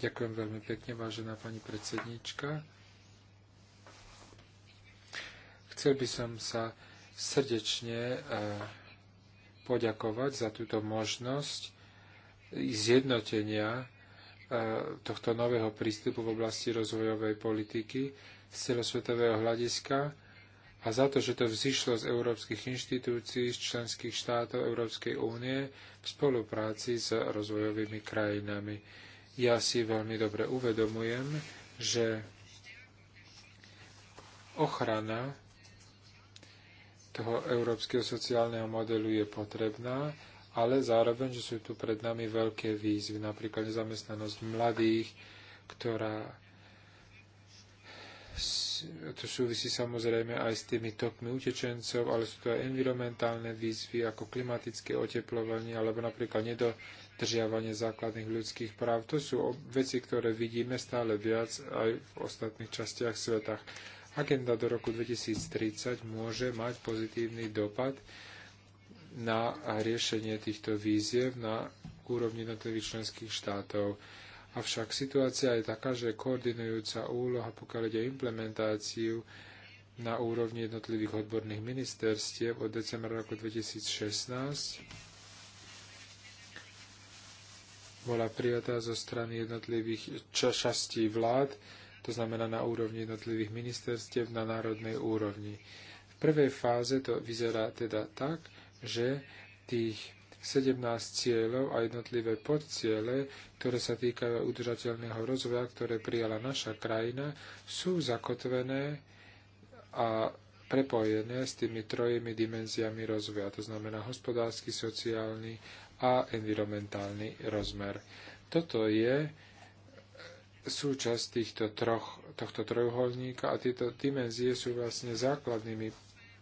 Ďakujem veľmi pekne, vážená pani predsednička. Chcel by som sa srdečne e, poďakovať za túto možnosť zjednotenia e, tohto nového prístupu v oblasti rozvojovej politiky z celosvetového hľadiska a za to, že to vzýšlo z európskych inštitúcií, z členských štátov Európskej únie v spolupráci s rozvojovými krajinami. Ja si veľmi dobre uvedomujem, že ochrana toho európskeho sociálneho modelu je potrebná, ale zároveň, že sú tu pred nami veľké výzvy, napríklad nezamestnanosť mladých, ktorá to súvisí samozrejme aj s tými tokmi utečencov, ale sú to aj environmentálne výzvy ako klimatické oteplovanie alebo napríklad nedo, dodržiavanie základných ľudských práv. To sú veci, ktoré vidíme stále viac aj v ostatných častiach sveta. Agenda do roku 2030 môže mať pozitívny dopad na riešenie týchto víziev na úrovni jednotlivých členských štátov. Avšak situácia je taká, že koordinujúca úloha, pokiaľ ide o implementáciu na úrovni jednotlivých odborných ministerstiev od decembra roku 2016, bola prijatá zo strany jednotlivých častí vlád, to znamená na úrovni jednotlivých ministerstiev na národnej úrovni. V prvej fáze to vyzerá teda tak, že tých 17 cieľov a jednotlivé podciele, ktoré sa týkajú udržateľného rozvoja, ktoré prijala naša krajina, sú zakotvené a prepojené s tými trojimi dimenziami rozvoja, to znamená hospodársky, sociálny a environmentálny rozmer. Toto je e, súčasť týchto troch, tohto trojuholníka a tieto dimenzie sú vlastne základnými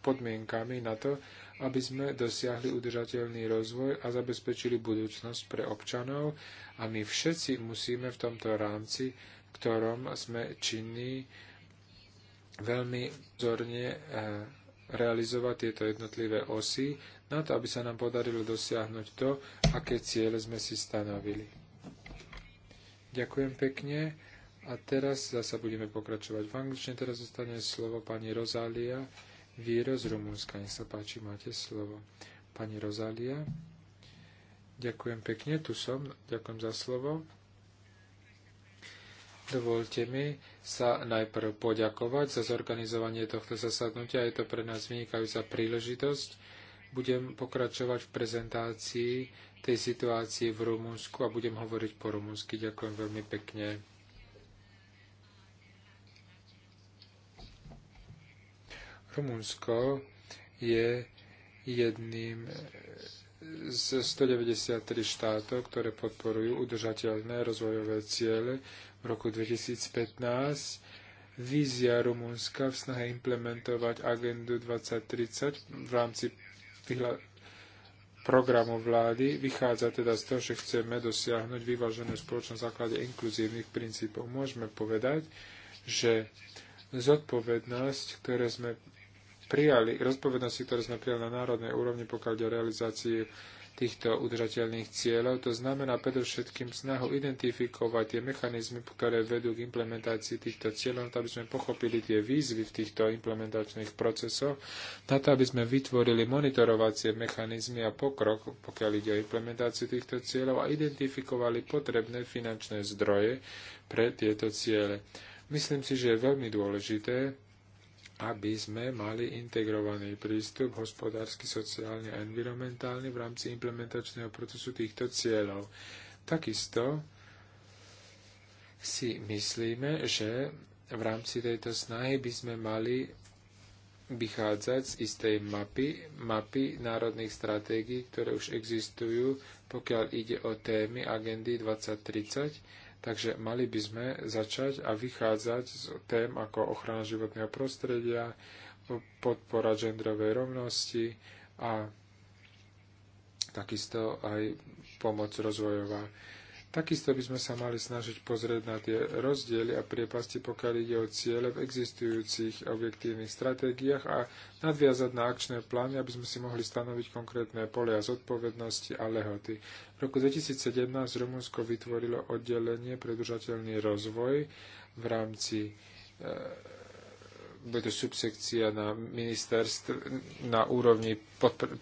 podmienkami na to, aby sme dosiahli udržateľný rozvoj a zabezpečili budúcnosť pre občanov a my všetci musíme v tomto rámci, v ktorom sme činní, veľmi zorne e, realizovať tieto jednotlivé osy na to, aby sa nám podarilo dosiahnuť to, aké ciele sme si stanovili. Ďakujem pekne. A teraz zase budeme pokračovať v angličtine. Teraz zostane slovo pani Rozália Víro z Rumunska. Nech sa páči, máte slovo. Pani Rozália. Ďakujem pekne, tu som. Ďakujem za slovo. Dovolte mi sa najprv poďakovať za zorganizovanie tohto zasadnutia. Je to pre nás vynikajúca príležitosť budem pokračovať v prezentácii tej situácie v Rumunsku a budem hovoriť po rumunsky. Ďakujem veľmi pekne. Rumunsko je jedným z 193 štátov, ktoré podporujú udržateľné rozvojové ciele v roku 2015. Vízia Rumunska v snahe implementovať agendu 2030 v rámci programov vlády vychádza teda z toho, že chceme dosiahnuť vyváženú spoločnosť základe inkluzívnych princípov. Môžeme povedať, že zodpovednosť, ktoré sme prijali, rozpovednosti, ktoré sme prijali na národnej úrovni, pokiaľ ide o realizáciu týchto udržateľných cieľov. To znamená predovšetkým snahu identifikovať tie mechanizmy, ktoré vedú k implementácii týchto cieľov, aby sme pochopili tie výzvy v týchto implementačných procesoch, na to, aby sme vytvorili monitorovacie mechanizmy a pokrok, pokiaľ ide o implementáciu týchto cieľov a identifikovali potrebné finančné zdroje pre tieto ciele. Myslím si, že je veľmi dôležité, aby sme mali integrovaný prístup hospodársky, sociálny a environmentálny v rámci implementačného procesu týchto cieľov. Takisto si myslíme, že v rámci tejto snahy by sme mali vychádzať z istej mapy, mapy národných stratégií, ktoré už existujú, pokiaľ ide o témy agendy 2030 Takže mali by sme začať a vychádzať z tém ako ochrana životného prostredia, podpora genderovej rovnosti a takisto aj pomoc rozvojová. Takisto by sme sa mali snažiť pozrieť na tie rozdiely a priepasti, pokiaľ ide o ciele v existujúcich objektívnych stratégiách a nadviazať na akčné plány, aby sme si mohli stanoviť konkrétne polia zodpovednosti a lehoty. V roku 2017 Rumunsko vytvorilo oddelenie pre rozvoj v rámci e, bude to subsekcia na ministerstv na úrovni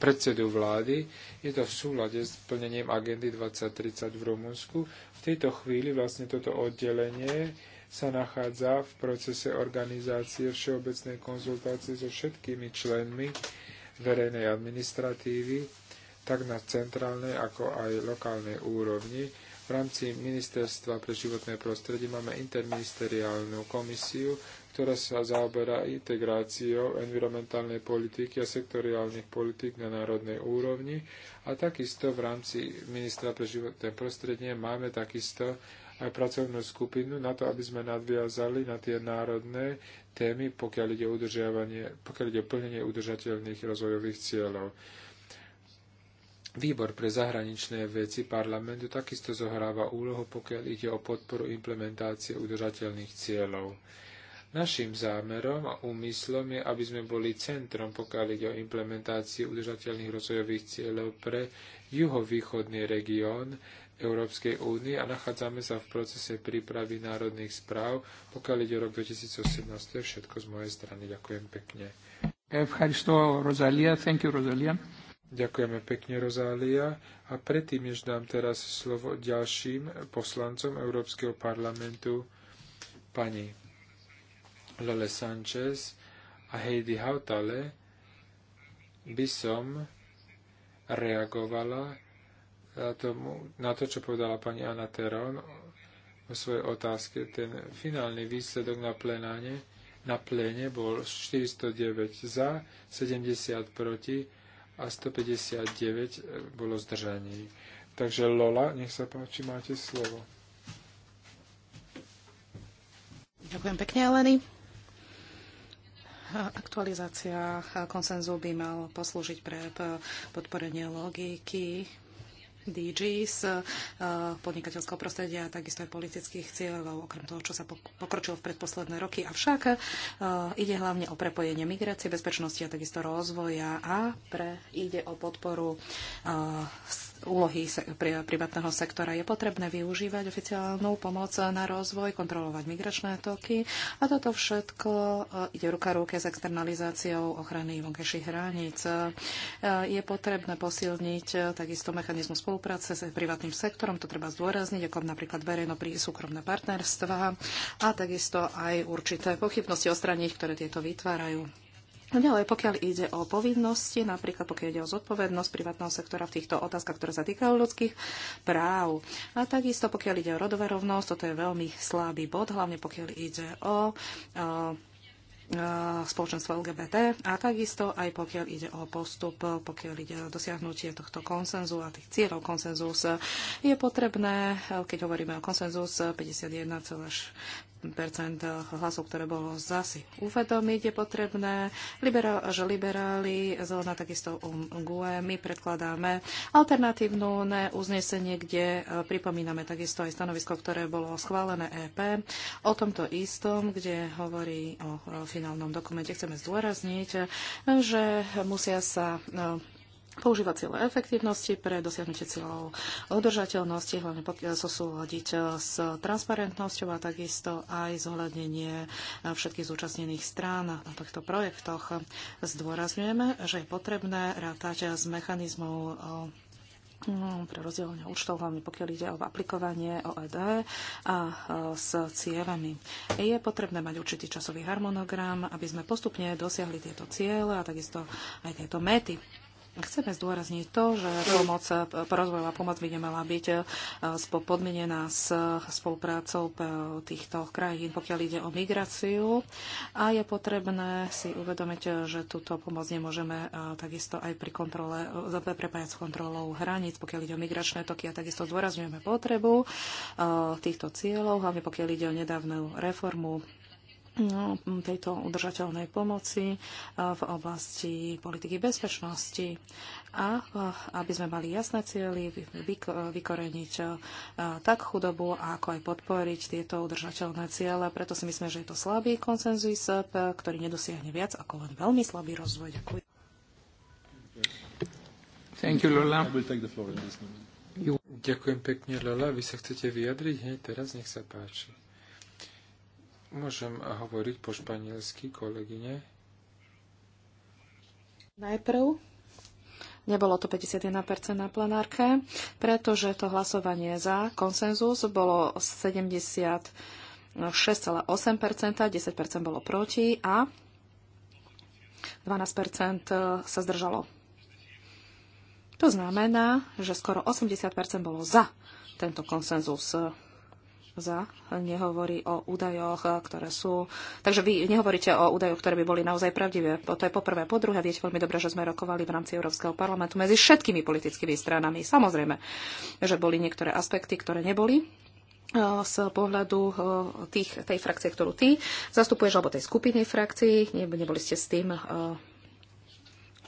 predsedu vlády. Je to v súlade s plnením agendy 2030 v Rumunsku. V tejto chvíli vlastne toto oddelenie sa nachádza v procese organizácie všeobecnej konzultácie so všetkými členmi verejnej administratívy, tak na centrálnej ako aj lokálnej úrovni. V rámci Ministerstva pre životné prostredie máme interministeriálnu komisiu, ktorá sa zaoberá integráciou environmentálnej politiky a sektoriálnych politik na národnej úrovni. A takisto v rámci ministra pre životné prostredie máme takisto aj pracovnú skupinu na to, aby sme nadviazali na tie národné témy, pokiaľ ide, udržiavanie, pokiaľ ide o plnenie udržateľných rozvojových cieľov. Výbor pre zahraničné veci parlamentu takisto zohráva úlohu, pokiaľ ide o podporu implementácie udržateľných cieľov. Našim zámerom a úmyslom je, aby sme boli centrom, pokiaľ ide o implementácii udržateľných rozvojových cieľov pre juhovýchodný región Európskej únie a nachádzame sa v procese prípravy národných správ. Pokiaľ ide o rok 2018, to je všetko z mojej strany. Ďakujem pekne. Ďakujeme pekne, Rozália. A predtým, než dám teraz slovo ďalším poslancom Európskeho parlamentu, pani Lole Sanchez a Heidi Hautale by som reagovala na, tomu, na to, čo povedala pani Anna Teron o svojej otázke. Ten finálny výsledok na plenáne na pléne bol 409 za, 70 proti a 159 bolo zdržaní. Takže Lola, nech sa páči, máte slovo. Ďakujem pekne, Eleny. Aktualizácia konsenzu by mal poslúžiť pre podporenie logiky DGs, eh, podnikateľského prostredia a takisto aj politických cieľov, okrem toho, čo sa pokročilo v predposledné roky. Avšak eh, ide hlavne o prepojenie migrácie, bezpečnosti a takisto rozvoja a pre, ide o podporu eh, úlohy privátneho sektora. Je potrebné využívať oficiálnu pomoc na rozvoj, kontrolovať migračné toky a toto všetko e, ide ruka ruke s externalizáciou ochrany vonkajších hraníc. E, je potrebné posilniť e, takisto mechanizmu spolupráce s privátnym sektorom, to treba zdôrazniť, ako napríklad verejno pri súkromné partnerstva a takisto aj určité pochybnosti o ktoré tieto vytvárajú. Ďalej, pokiaľ ide o povinnosti, napríklad pokiaľ ide o zodpovednosť privátneho sektora v týchto otázkach, ktoré sa týkajú ľudských práv. A takisto, pokiaľ ide o rodové rovnosť, toto je veľmi slabý bod, hlavne pokiaľ ide o, o, spoločenstvo LGBT a takisto aj pokiaľ ide o postup, pokiaľ ide o dosiahnutie tohto konsenzu a tých cieľov konsenzus, je potrebné, keď hovoríme o konsenzus percent hlasov, ktoré bolo zasi uvedomiť, je potrebné, Libera, že liberáli, zelená takisto GUE, my predkladáme alternatívnu uznesenie, kde e, pripomíname takisto aj stanovisko, ktoré bolo schválené EP o tomto istom, kde hovorí o finálnom dokumente. Chceme zdôrazniť, že musia sa e, používať cieľe efektívnosti pre dosiahnutie cieľov udržateľnosti, hlavne pokiaľ sa súhľadiť s transparentnosťou a takisto aj zohľadnenie všetkých zúčastnených strán na týchto projektoch. Zdôrazňujeme, že je potrebné rátať s mechanizmov mm, pre rozdielenie účtov, hlavne pokiaľ ide o aplikovanie OED a s cieľami. Je potrebné mať určitý časový harmonogram, aby sme postupne dosiahli tieto ciele a takisto aj tieto mety. Chceme zdôrazniť to, že pomoc, rozvojová pomoc by nemala byť eh, podmienená s spoluprácou eh, týchto krajín, pokiaľ ide o migráciu. A je potrebné si uvedomiť, že túto pomoc nemôžeme eh, takisto aj pri kontrole, prepájať s kontrolou hraníc, pokiaľ ide o migračné toky a takisto zdôrazňujeme potrebu týchto cieľov, hlavne pokiaľ ide o nedávnu reformu No, tejto udržateľnej pomoci e, v oblasti politiky bezpečnosti a e, aby sme mali jasné cieľy vykoreniť e, tak chudobu, ako aj podporiť tieto udržateľné ciele. Preto si myslím, že je to slabý konsenzus, ktorý nedosiahne viac ako len veľmi slabý rozvoj. Ďakujem. Thank you, Lola. Ďakujem pekne, Lola. Vy sa chcete vyjadriť hneď teraz? Nech sa páči. Môžem hovoriť po španielsky, kolegyne? Najprv Nebolo to 51% na plenárke, pretože to hlasovanie za konsenzus bolo 76,8%, 10% bolo proti a 12% sa zdržalo. To znamená, že skoro 80% bolo za tento konsenzus za nehovorí o údajoch, eh, ktoré sú... Takže vy nehovoríte o údajoch, ktoré by boli naozaj pravdivé. To je poprvé. Po druhé, viete veľmi dobre, že sme rokovali v rámci Európskeho parlamentu medzi všetkými politickými stranami. Samozrejme, že boli niektoré aspekty, ktoré neboli eh, z pohľadu eh, tých, tej frakcie, ktorú ty zastupuješ, alebo tej skupiny frakcií. neboli ste s tým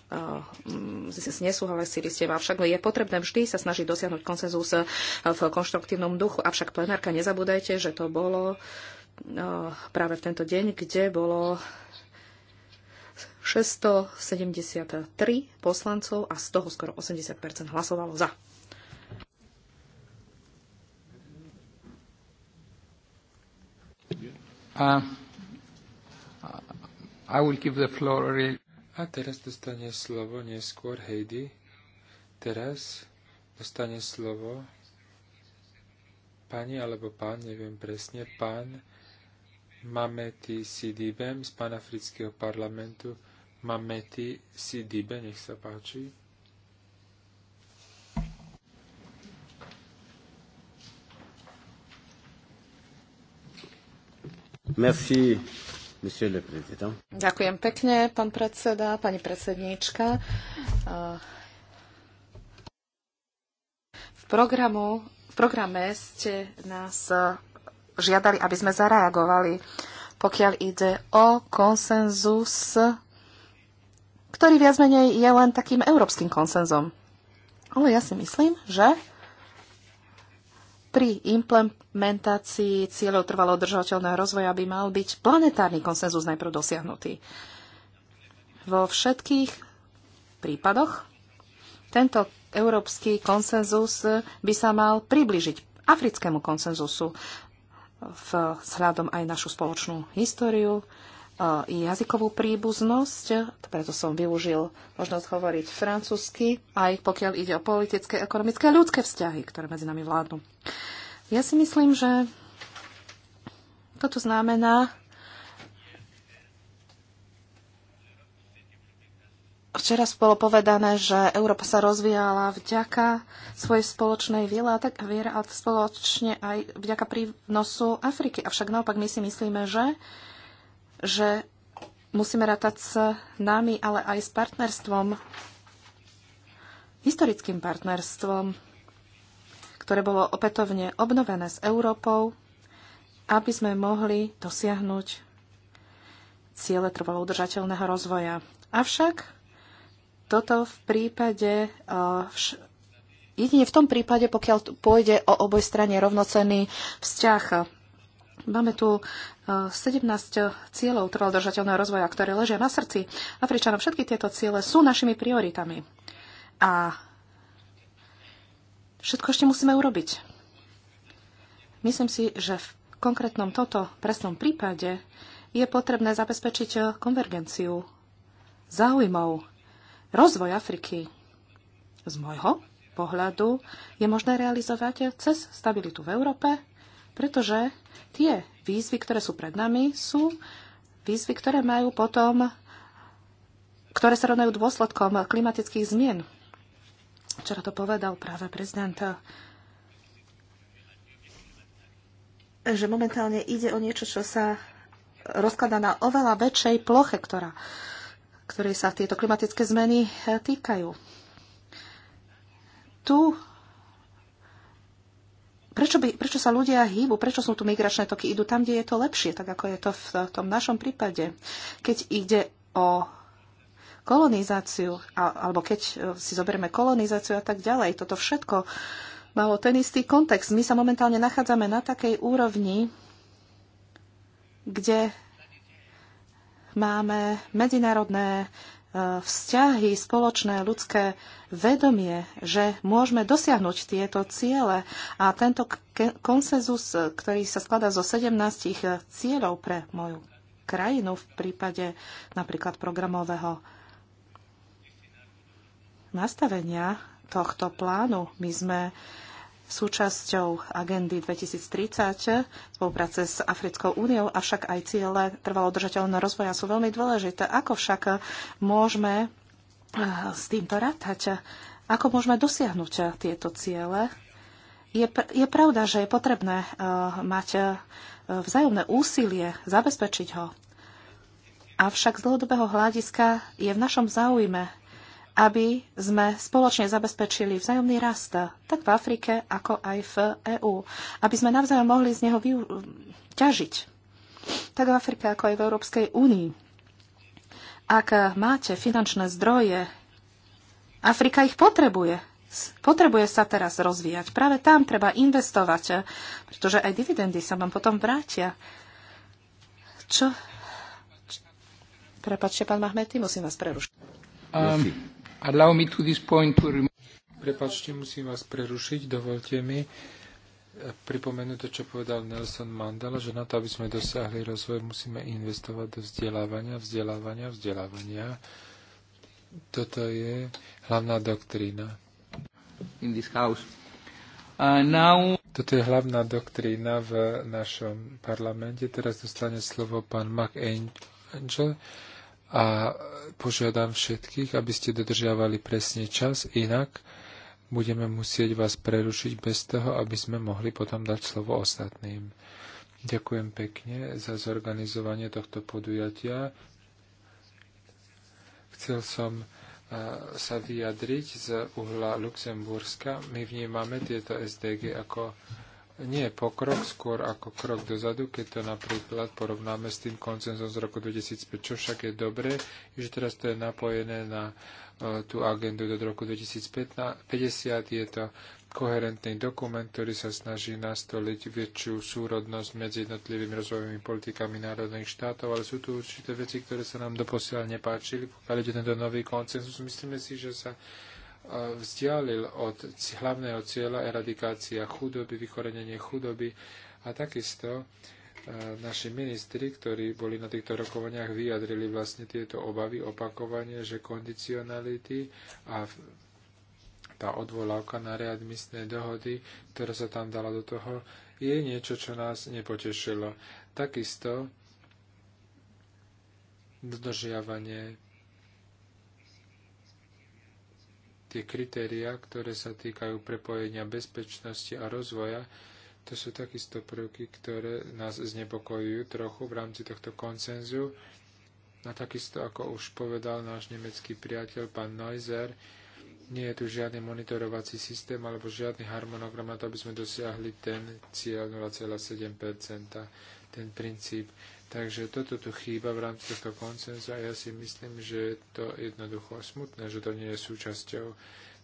Mm, nesúhlasili ste, avšak je potrebné vždy sa snažiť dosiahnuť konsenzus eh, v konštruktívnom duchu. Avšak plenárka, nezabúdajte, že to bolo práve v tento deň, kde bolo 673 poslancov a z toho skoro 80 hlasovalo za. Uh, I will give the floor a teraz dostane slovo neskôr Heidi. Teraz dostane slovo pani alebo pán, neviem presne, pán Mameti Sidibem z panafrického parlamentu. Mameti Sidibe, nech sa páči. Merci, Ďakujem pekne, pán predseda, pani predsedníčka. V, programu, v programe ste nás žiadali, aby sme zareagovali, pokiaľ ide o konsenzus, ktorý viac menej je len takým európskym konsenzom. Ale ja si myslím, že pri implementácii cieľov trvalo udržateľného rozvoja by mal byť planetárny konsenzus najprv dosiahnutý. Vo všetkých prípadoch tento európsky konsenzus by sa mal približiť africkému konsenzusu vzhľadom aj našu spoločnú históriu, jazykovú príbuznosť, preto som využil možnosť hovoriť francúzsky, aj pokiaľ ide o politické, ekonomické a ľudské vzťahy, ktoré medzi nami vládnu. Ja si myslím, že toto znamená včera bolo povedané, že Európa sa rozvíjala vďaka svojej spoločnej viele a tak viera ale spoločne aj vďaka prínosu Afriky. Avšak naopak my si myslíme, že že musíme rátať s nami, ale aj s partnerstvom, historickým partnerstvom, ktoré bolo opätovne obnovené s Európou, aby sme mohli dosiahnuť ciele trvalo udržateľného rozvoja. Avšak toto v prípade eh, jedine v tom prípade, pokiaľ pôjde o oboj strane rovnocenný vzťah. Máme tu 17 e, cieľov trvalodržateľného rozvoja, ktoré ležia na srdci Afričanov. Všetky tieto ciele sú našimi prioritami. A všetko ešte musíme urobiť. Myslím si, že v konkrétnom toto presnom prípade je potrebné zabezpečiť e, konvergenciu záujmov. Rozvoj Afriky z môjho pohľadu je možné realizovať e, cez stabilitu v Európe, pretože tie výzvy, ktoré sú pred nami, sú výzvy, ktoré majú potom, ktoré sa rovnajú dôsledkom klimatických zmien. Včera to povedal práve prezident že momentálne ide o niečo, čo sa rozkladá na oveľa väčšej ploche, ktorá, ktorej sa tieto klimatické zmeny týkajú. Tu Prečo, by, prečo sa ľudia hýbu? Prečo sú tu migračné toky? Idú tam, kde je to lepšie, tak ako je to v tom našom prípade. Keď ide o kolonizáciu, alebo keď e, si zoberieme kolonizáciu a tak ďalej, toto všetko malo ten istý kontext. My sa momentálne nachádzame na takej úrovni, kde máme medzinárodné vzťahy, spoločné ľudské vedomie, že môžeme dosiahnuť tieto ciele a tento konsenzus, ktorý sa skladá zo 17 cieľov pre moju krajinu v prípade napríklad programového nastavenia tohto plánu. My sme uh, súčasťou agendy 2030 spolupráce s Africkou úniou, avšak aj ciele trvalo držateľného rozvoja sú veľmi dôležité. Ako však môžeme eh, s týmto rátať? Ako môžeme dosiahnuť tieto ciele? Je, je pravda, že je potrebné eh, mať eh, vzájomné úsilie, zabezpečiť ho. Avšak z dlhodobého hľadiska je v našom záujme aby sme spoločne zabezpečili vzájomný rast, tak v Afrike, ako aj v EÚ. Aby sme navzájom mohli z neho vyu- ťažiť, tak v Afrike, ako aj v Európskej únii. Ak máte finančné zdroje, Afrika ich potrebuje. Potrebuje sa teraz rozvíjať. Práve tam treba investovať, pretože aj dividendy sa vám potom vrátia. Čo? Prepačte, pán Mahmety, musím vás prerušiť. Um, Allow me to this point to rem- Prepačte, musím vás prerušiť. Dovolte mi eh, pripomenúť to, čo povedal Nelson Mandela, že na to, aby sme dosiahli rozvoj, musíme investovať do vzdelávania, vzdelávania, vzdelávania. Toto je hlavná doktrína. In this house. Uh, now... Toto je hlavná doktrína v našom parlamente. Teraz dostane slovo pán Mac Angel a požiadam všetkých, aby ste dodržiavali presne čas, inak budeme musieť vás prerušiť bez toho, aby sme mohli potom dať slovo ostatným. Ďakujem pekne za zorganizovanie tohto podujatia. Chcel som sa vyjadriť z uhla Luxemburska. My vnímame tieto SDG ako nie je pokrok, skôr ako krok dozadu, keď to napríklad porovnáme s tým koncenzom z roku 2005, čo však je dobré, že teraz to je napojené na e, tú agendu do roku 2050. Je to koherentný dokument, ktorý sa snaží nastoliť väčšiu súrodnosť medzi jednotlivými rozvojovými politikami národných štátov, ale sú tu určité veci, ktoré sa nám doposiaľ nepáčili. Pokiaľ ide tento nový koncenzus, myslíme si, že sa vzdialil od hlavného cieľa eradikácia chudoby, vykorenenie chudoby a takisto e, naši ministri, ktorí boli na týchto rokovaniach, vyjadrili vlastne tieto obavy, opakovanie, že kondicionality a tá odvolávka na readmisné dohody, ktorá sa tam dala do toho, je niečo, čo nás nepotešilo. Takisto dodržiavanie tie kritériá, ktoré sa týkajú prepojenia bezpečnosti a rozvoja, to sú takisto prvky, ktoré nás znepokojujú trochu v rámci tohto koncenzu. A takisto, ako už povedal náš nemecký priateľ pán Neuser, nie je tu žiadny monitorovací systém alebo žiadny harmonogram aby sme dosiahli ten cieľ 0,7%, ten princíp Takže toto tu chýba v rámci tohto koncenzu a ja si myslím, že je to jednoducho smutné, že to nie je súčasťou.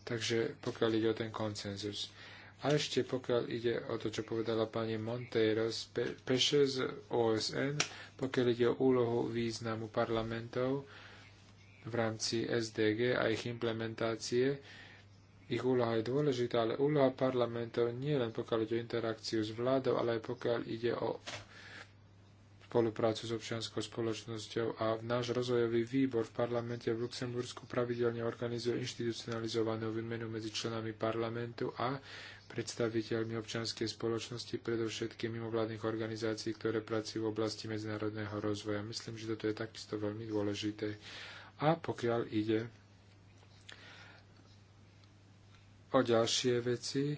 Takže pokiaľ ide o ten koncenzus. A ešte pokiaľ ide o to, čo povedala pani Monteiro Pe Peše z OSN, pokiaľ ide o úlohu významu parlamentov v rámci SDG a ich implementácie, ich úloha je dôležitá, ale úloha parlamentov nie len pokiaľ ide o interakciu s vládou, ale aj pokiaľ ide o spoluprácu s občianskou spoločnosťou a náš rozvojový výbor v parlamente v Luxembursku pravidelne organizuje inštitucionalizovanú výmenu medzi členami parlamentu a predstaviteľmi občianskej spoločnosti, predovšetkým mimovládnych organizácií, ktoré pracujú v oblasti medzinárodného rozvoja. Myslím, že toto je takisto veľmi dôležité. A pokiaľ ide o ďalšie veci,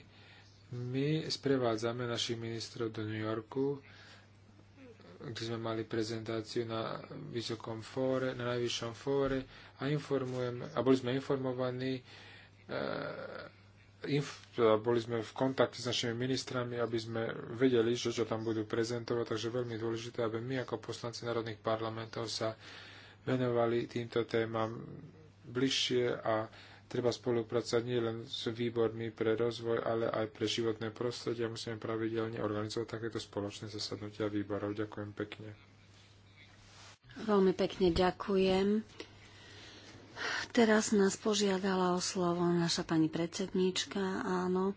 my sprevádzame našich ministrov do New Yorku, kde sme mali prezentáciu na vysokom fóre, na najvyššom fóre a, informujem, a boli sme informovaní, e, inf, teda boli sme v kontakte s našimi ministrami, aby sme vedeli, že čo tam budú prezentovať, takže veľmi dôležité, aby my ako poslanci národných parlamentov sa venovali týmto témam bližšie a Treba spolupracovať nielen s výbormi pre rozvoj, ale aj pre životné prostredie a musíme pravidelne organizovať takéto spoločné zasadnutia výborov. Ďakujem pekne. Veľmi pekne ďakujem. Teraz nás požiadala o slovo naša pani predsedníčka, áno.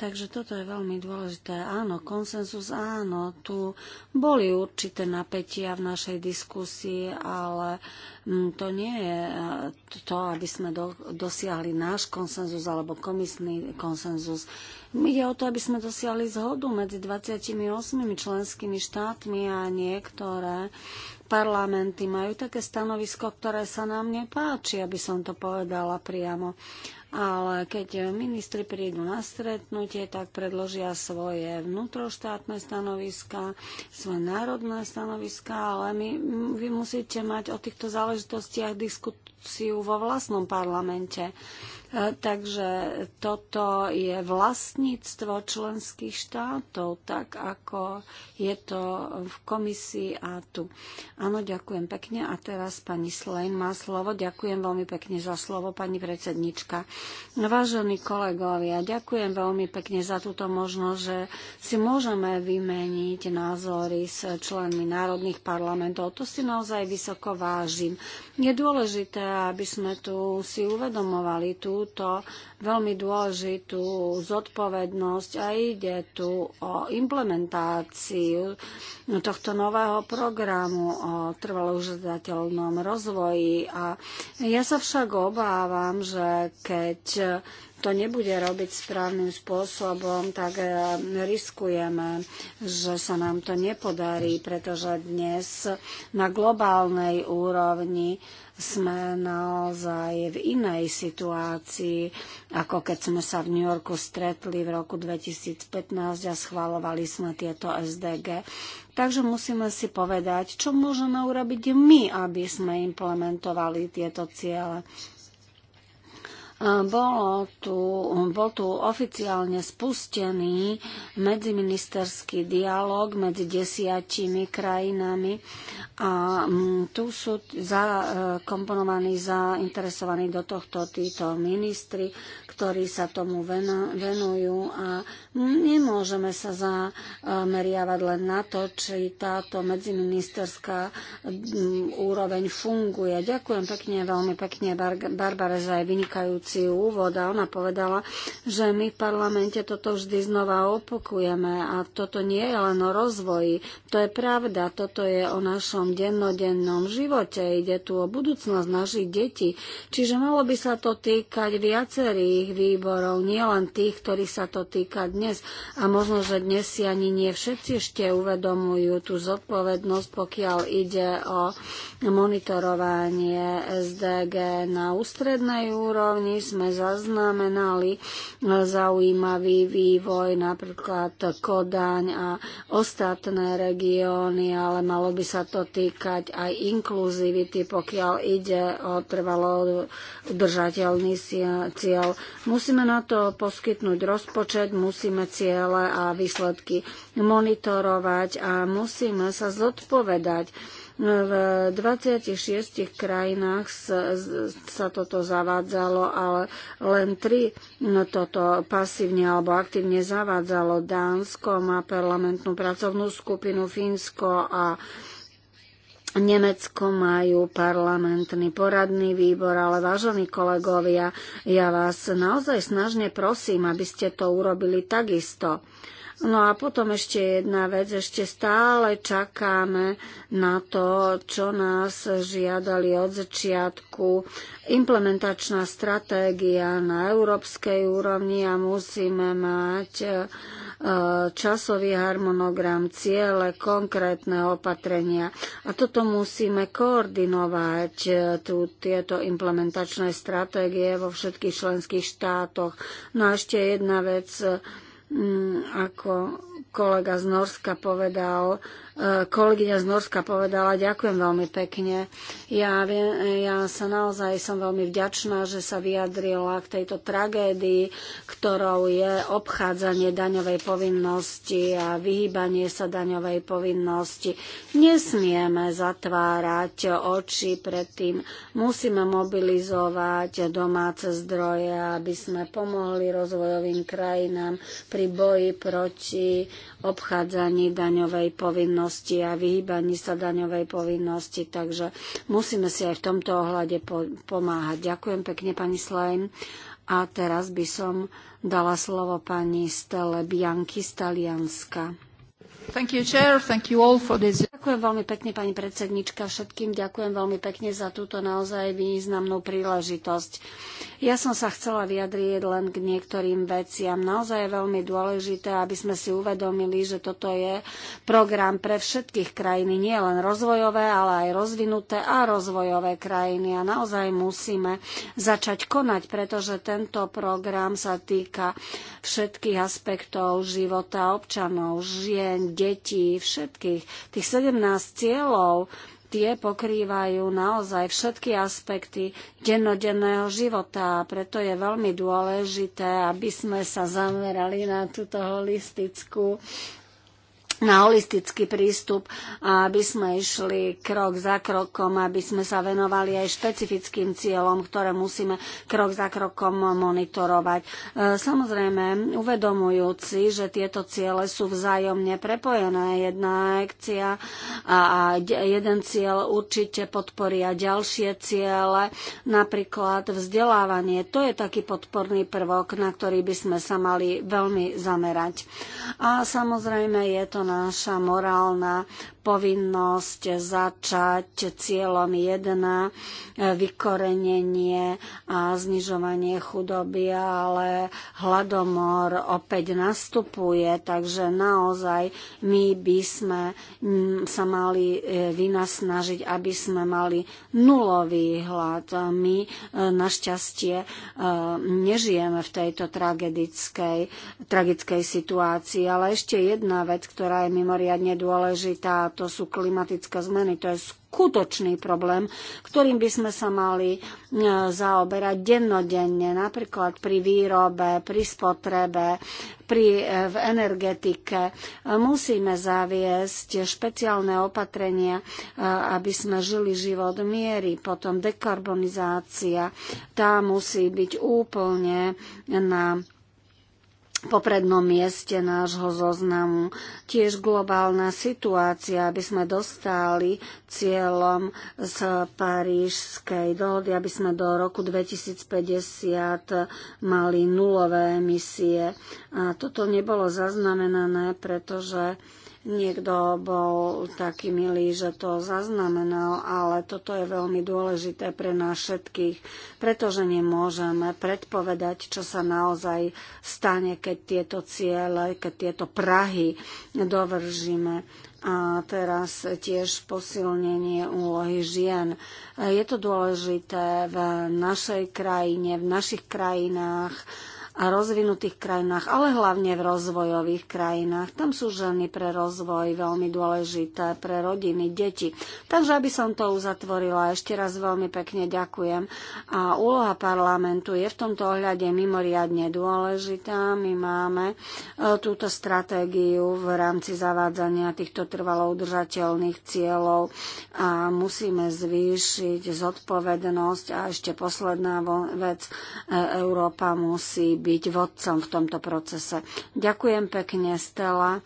Takže toto je veľmi dôležité. Áno, konsenzus, áno, tu boli určité napätia v našej diskusii, ale mm, to nie je e, to, aby sme do, dosiahli náš konsenzus alebo komisný konsenzus. Ide o to, aby sme dosiahli zhodu medzi 28 členskými štátmi a niektoré parlamenty majú také stanovisko, ktoré sa nám nepáči, aby som to povedala priamo. Ale keď ministri prídu na stretnutie, tak predložia svoje vnútroštátne stanoviska, svoje národné stanoviska, ale my, vy musíte mať o týchto záležitostiach diskusiu vo vlastnom parlamente. E, takže toto je vlastníctvo členských štátov, tak ako je to v komisii a tu. Áno, ďakujem pekne. A teraz pani Slein má slovo. Ďakujem veľmi pekne za slovo, pani predsednička. Vážení kolegovia, ďakujem veľmi pekne za túto možnosť, že si môžeme vymeniť názory s členmi národných parlamentov. To si naozaj vysoko vážim. Je dôležité, aby sme tu si uvedomovali tú túto veľmi dôležitú zodpovednosť a ide tu o implementáciu tohto nového programu o trvalo rozvoji. A ja sa však obávam, že keď to nebude robiť správnym spôsobom, tak e, riskujeme, že sa nám to nepodarí, pretože dnes na globálnej úrovni sme naozaj v inej situácii, ako keď sme sa v New Yorku stretli v roku 2015 a schvalovali sme tieto SDG. Takže musíme si povedať, čo môžeme urobiť my, aby sme implementovali tieto ciele. Bolo tu, bol tu oficiálne spustený medziministerský dialog medzi desiatimi krajinami a mm, tu sú zakomponovaní, e, zainteresovaní do tohto títo ministri, ktorí sa tomu venujú a nemôžeme sa zameriavať len na to, či táto medziministerská mm, úroveň funguje. Ďakujem pekne, veľmi pekne Barbare za aj vynikajúce reakciu úvod a ona povedala, že my v parlamente toto vždy znova opakujeme a toto nie je len o rozvoji. To je pravda, toto je o našom dennodennom živote, ide tu o budúcnosť našich detí. Čiže malo by sa to týkať viacerých výborov, nielen tých, ktorí sa to týka dnes. A možno, že dnes si ani nie všetci ešte uvedomujú tú zodpovednosť, pokiaľ ide o monitorovanie SDG na ústrednej úrovni, sme zaznamenali e, zaujímavý vývoj, napríklad Kodaň a ostatné regióny, ale malo by sa to týkať aj inkluzivity, pokiaľ ide o trvalo udržateľný cieľ. Musíme na to poskytnúť rozpočet, musíme ciele a výsledky monitorovať a musíme sa zodpovedať v 26 krajinách sa toto zavádzalo, ale len tri toto pasívne alebo aktívne zavádzalo. Dánsko má parlamentnú pracovnú skupinu, Fínsko a Nemecko majú parlamentný poradný výbor, ale vážení kolegovia, ja vás naozaj snažne prosím, aby ste to urobili takisto. No a potom ešte jedna vec, ešte stále čakáme na to, čo nás žiadali od začiatku. Implementačná stratégia na európskej úrovni a musíme mať e, časový harmonogram, ciele, konkrétne opatrenia. A toto musíme koordinovať, e, tu, tieto implementačné stratégie vo všetkých členských štátoch. No a ešte jedna vec, Mm, ako kolega z Norska povedal, kolegyňa z Norska povedala, ďakujem veľmi pekne. Ja, viem, ja sa naozaj som veľmi vďačná, že sa vyjadrila k tejto tragédii, ktorou je obchádzanie daňovej povinnosti a vyhýbanie sa daňovej povinnosti. Nesmieme zatvárať oči pred tým. Musíme mobilizovať domáce zdroje, aby sme pomohli rozvojovým krajinám pri boji proti obchádzaní daňovej povinnosti a vyhýbaní sa daňovej povinnosti, takže musíme si aj v tomto ohľade po- pomáhať. Ďakujem pekne, pani Slajm. A teraz by som dala slovo pani Stele Bianchi z Talianska ďakujem veľmi pekne, pani predsednička. Všetkým ďakujem veľmi pekne za túto naozaj významnú príležitosť. Ja som sa chcela vyjadriť len k niektorým veciam. Naozaj je veľmi dôležité, aby sme si uvedomili, že toto je program pre všetkých krajiny, nie len rozvojové, ale aj rozvinuté a rozvojové krajiny. A naozaj musíme začať konať, pretože tento program sa týka všetkých aspektov života občanov, žien, detí, všetkých. Tých 17 cieľov, tie pokrývajú naozaj všetky aspekty dennodenného života a preto je veľmi dôležité, aby sme sa zamerali na túto holistickú na holistický prístup aby sme išli krok za krokom, aby sme sa venovali aj špecifickým cieľom, ktoré musíme krok za krokom monitorovať. E, samozrejme, uvedomujúci, že tieto ciele sú vzájomne prepojené. Jedna akcia a jeden cieľ určite podporia ďalšie ciele, napríklad vzdelávanie. To je taký podporný prvok, na ktorý by sme sa mali veľmi zamerať. A samozrejme je to naša morálna povinnosť začať cieľom 1 vykorenenie a znižovanie chudoby, ale hladomor opäť nastupuje, takže naozaj my by sme mm, sa mali e, vynasnažiť, aby sme mali nulový hlad. My e, našťastie e, nežijeme v tejto tragickej, tragickej situácii, ale ešte jedna vec, ktorá je mimoriadne dôležitá, a to sú klimatické zmeny. To je skutočný problém, ktorým by sme sa mali e, zaoberať dennodenne, napríklad pri výrobe, pri spotrebe, pri, e, v energetike. E, musíme zaviesť špeciálne opatrenia, aby sme žili život miery. Potom dekarbonizácia, tá musí byť úplne na poprednom mieste nášho zoznamu. Tiež globálna situácia, aby sme dostali cieľom z Parížskej dohody, aby sme do roku 2050 mali nulové emisie. A toto nebolo zaznamenané, pretože Niekto bol taký milý, že to zaznamenal, ale toto je veľmi dôležité pre nás všetkých, pretože nemôžeme predpovedať, čo sa naozaj stane, keď tieto ciele, keď tieto Prahy dovržíme a teraz tiež posilnenie úlohy žien. Je to dôležité v našej krajine, v našich krajinách a rozvinutých krajinách, ale hlavne v rozvojových krajinách. Tam sú ženy pre rozvoj veľmi dôležité, pre rodiny, deti. Takže aby som to uzatvorila, ešte raz veľmi pekne ďakujem. A úloha parlamentu je v tomto ohľade mimoriadne dôležitá. My máme e, túto stratégiu v rámci zavádzania týchto trvalo udržateľných cieľov a musíme zvýšiť zodpovednosť a ešte posledná vec, e, Európa musí byť byť vodcom v tomto procese. Ďakujem pekne, Stella.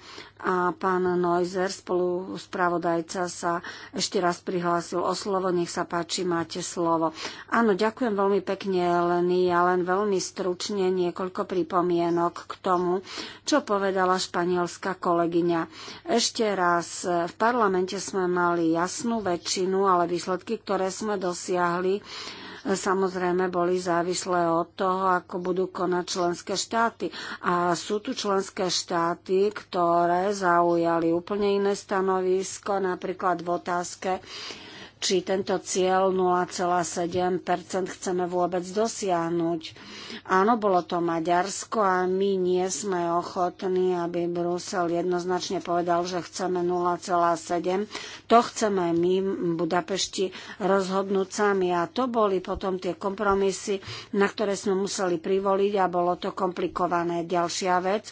A pán Neuser, spolu spravodajca, sa ešte raz prihlásil o slovo. Nech sa páči, máte slovo. Áno, ďakujem veľmi pekne, Eleny. Ja len veľmi stručne niekoľko pripomienok k tomu, čo povedala španielská kolegyňa. Ešte raz, v parlamente sme mali jasnú väčšinu, ale výsledky, ktoré sme dosiahli, samozrejme boli závislé od toho, ako budú konať členské štáty. A sú tu členské štáty, ktoré zaujali úplne iné stanovisko, napríklad v otázke či tento cieľ 0,7 chceme vôbec dosiahnuť. Áno, bolo to Maďarsko a my nie sme ochotní, aby Brusel jednoznačne povedal, že chceme 0,7. To chceme my v Budapešti rozhodnúť sami a to boli potom tie kompromisy, na ktoré sme museli privoliť a bolo to komplikované. Ďalšia vec,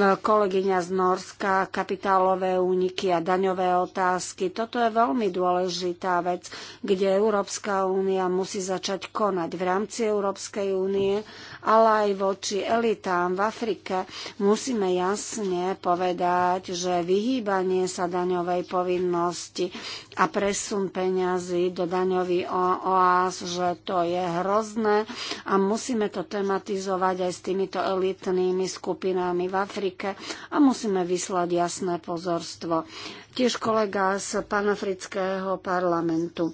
kolegyňa z Norska, kapitálové úniky a daňové otázky. Toto je veľmi dôležitá vec vec, kde Európska únia musí začať konať v rámci Európskej únie ale aj voči elitám v Afrike. Musíme jasne povedať, že vyhýbanie sa daňovej povinnosti a presun peňazí do daňový oás, že to je hrozné a musíme to tematizovať aj s týmito elitnými skupinami v Afrike a musíme vyslať jasné pozorstvo. Tiež kolega z panafrického parlamentu.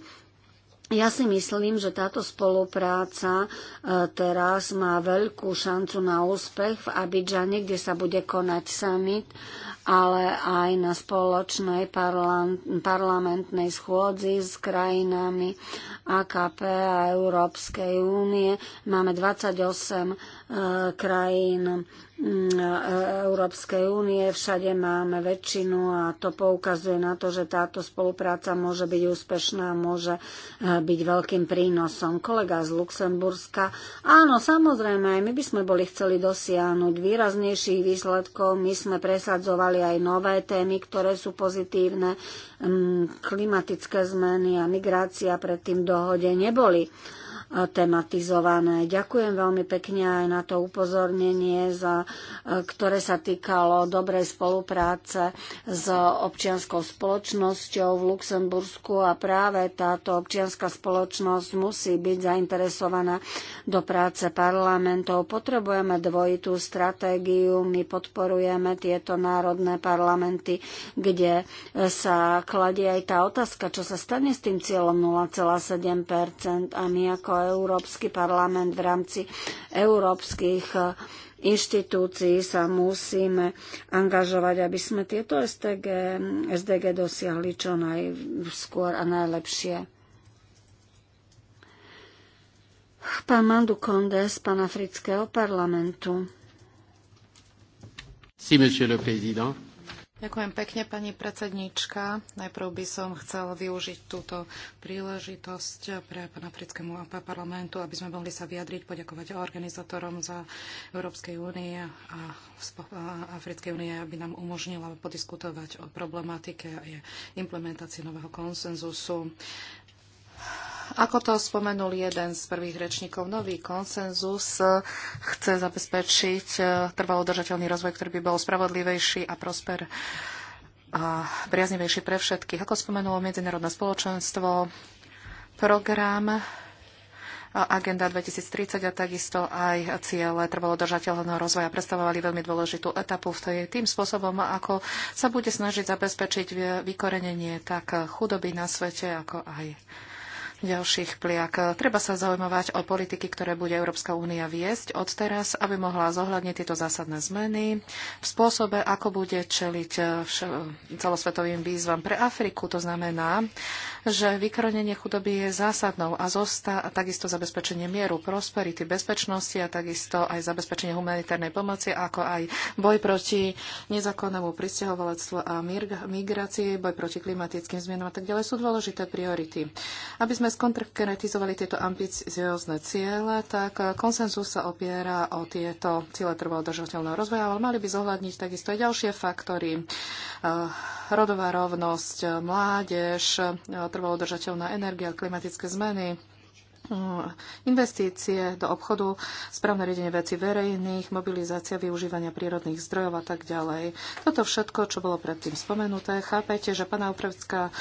Ja si myslím, že táto spolupráca e, teraz má veľkú šancu na úspech v Abidžane, kde sa bude konať summit, ale aj na spoločnej parlamentnej schôdzi s krajinami AKP a Európskej únie. Máme 28 e, krajín Mm, Európskej únie. Všade máme väčšinu a to poukazuje na to, že táto spolupráca môže byť úspešná, môže e, byť veľkým prínosom. Kolega z Luxemburska. Áno, samozrejme, aj my by sme boli chceli dosiahnuť výraznejších výsledkov. My sme presadzovali aj nové témy, ktoré sú pozitívne. Mm, klimatické zmeny a migrácia predtým dohode neboli tematizované. Ďakujem veľmi pekne aj na to upozornenie, za, e, ktoré sa týkalo dobrej spolupráce s občianskou spoločnosťou v Luxembursku a práve táto občianská spoločnosť musí byť zainteresovaná do práce parlamentov. Potrebujeme dvojitú stratégiu, my podporujeme tieto národné parlamenty, kde sa kladie aj tá otázka, čo sa stane s tým cieľom 0,7 a my ako Európsky parlament v rámci európskych e, inštitúcií sa musíme angažovať, aby sme tieto STG, SDG dosiahli čo najskôr a najlepšie. Pán Mandu Konde z Panafrického parlamentu. Si, monsieur le président. Ďakujem pekne, pani predsednička. Najprv by som chcel využiť túto príležitosť pre pána Frickému parlamentu, aby sme mohli sa vyjadriť, poďakovať organizátorom za Európskej únie a Africkej únie, aby nám umožnila podiskutovať o problematike a implementácii nového konsenzusu ako to spomenul jeden z prvých rečníkov, nový konsenzus eh, chce zabezpečiť eh, trvalo udržateľný rozvoj, ktorý by bol spravodlivejší a prosper a priaznivejší pre všetkých. Ako spomenulo medzinárodné spoločenstvo, program Agenda 2030 a takisto aj ciele trvalodržateľného rozvoja predstavovali veľmi dôležitú etapu v tej, tým spôsobom, ako sa bude snažiť zabezpečiť vykorenenie tak chudoby na svete, ako aj ďalších pliak. Treba sa zaujímavať o politiky, ktoré bude Európska únia viesť od teraz, aby mohla zohľadniť tieto zásadné zmeny v spôsobe, ako bude čeliť celosvetovým výzvam pre Afriku. To znamená, že vykronenie chudoby je zásadnou a zostá a takisto zabezpečenie mieru, prosperity, bezpečnosti a takisto aj zabezpečenie humanitárnej pomoci, ako aj boj proti nezákonnému pristahovalectvu a migrácii, boj proti klimatickým zmenám a tak ďalej sú dôležité priority. Aby sme sme skonkretizovali tieto ambiciozne ciele, tak konsenzus sa opiera o tieto ciele trvalo držateľného rozvoja, ale mali by zohľadniť takisto aj ďalšie faktory. Eh, rodová rovnosť, mládež, eh, trvalo držateľná energia, klimatické zmeny, Hm, investície do obchodu, správne riadenie veci verejných, mobilizácia využívania prírodných zdrojov a tak ďalej. Toto všetko, čo bolo predtým spomenuté, chápete, že pána Upravský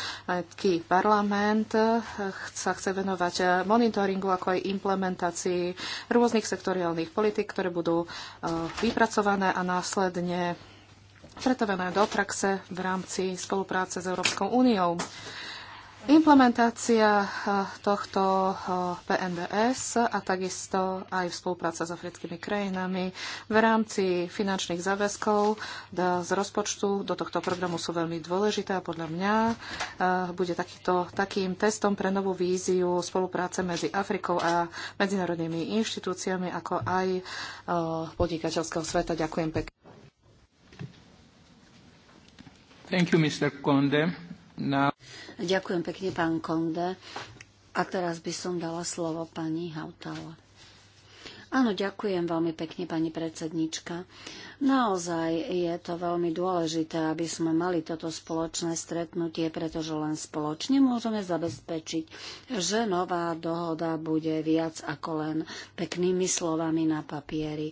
eh, parlament eh, sa chce venovať eh, monitoringu ako aj implementácii rôznych sektoriálnych politik, ktoré budú vypracované a následne pretavené do praxe v rámci spolupráce s Európskou úniou. Implementácia eh, tohto eh, PNDS a takisto aj spolupráca s africkými krajinami v rámci finančných záväzkov z rozpočtu do tohto programu sú veľmi dôležité a podľa mňa eh, bude takýto, takým testom pre novú víziu spolupráce medzi Afrikou a medzinárodnými inštitúciami, ako aj podnikateľského sveta. Ďakujem pekne. Thank you, Mr. Konde. Now... Ďakujem pekne, pán Konde. A teraz by som dala slovo pani Hautala. Áno, ďakujem veľmi pekne, pani predsednička. Naozaj je to veľmi dôležité, aby sme mali toto spoločné stretnutie, pretože len spoločne môžeme zabezpečiť, že nová dohoda bude viac ako len peknými slovami na papieri.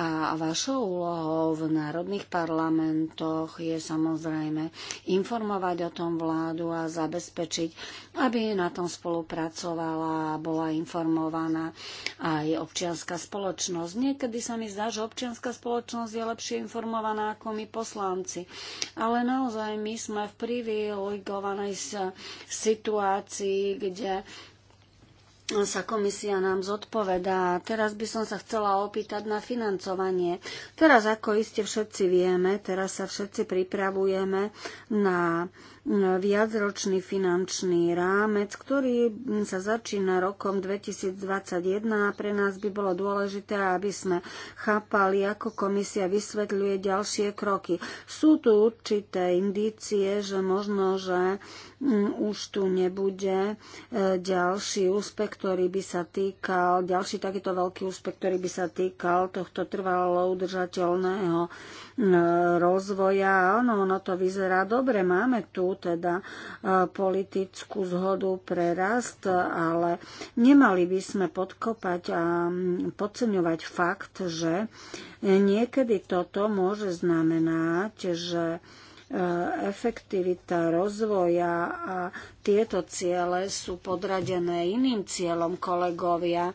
A vašou úlohou v národných parlamentoch je samozrejme informovať o tom vládu a zabezpečiť, aby na tom spolupracovala a bola informovaná aj občianská spoločnosť. Niekedy sa mi zdá, že občianská spoločnosť je lepšie informovaná ako my poslanci. Ale naozaj my sme v privilegovanej situácii, kde sa komisia nám zodpovedá. Teraz by som sa chcela opýtať na financovanie. Teraz, ako iste všetci vieme, teraz sa všetci pripravujeme na viacročný finančný rámec, ktorý sa začína rokom 2021 a pre nás by bolo dôležité, aby sme chápali, ako komisia vysvetľuje ďalšie kroky. Sú tu určité indície, že možno, že mm, už tu nebude e, ďalší úspech, ktorý by sa týkal, ďalší takýto veľký úspech, ktorý by sa týkal tohto trvalo udržateľného rozvoja. Áno, ono to vyzerá dobre. Máme tu teda e, politickú zhodu pre rast, ale nemali by sme podkopať a podceňovať fakt, že niekedy toto môže znamenať, že Eh, efektivita rozvoja a tieto ciele sú podradené iným cieľom kolegovia. Eh,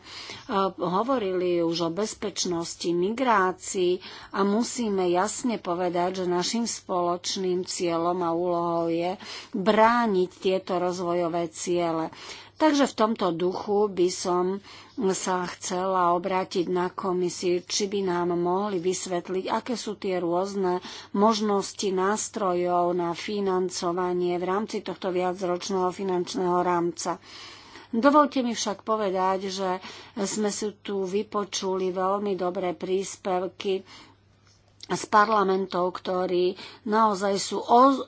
hovorili už o bezpečnosti, migrácii a musíme jasne povedať, že našim spoločným cieľom a úlohou je brániť tieto rozvojové ciele. Takže v tomto duchu by som sa chcela obrátiť na komisiu, či by nám mohli vysvetliť, aké sú tie rôzne možnosti nástrojov na financovanie v rámci tohto viacročného finančného rámca. Dovolte mi však povedať, že sme si tu vypočuli veľmi dobré príspevky z parlamentov, ktorí naozaj sú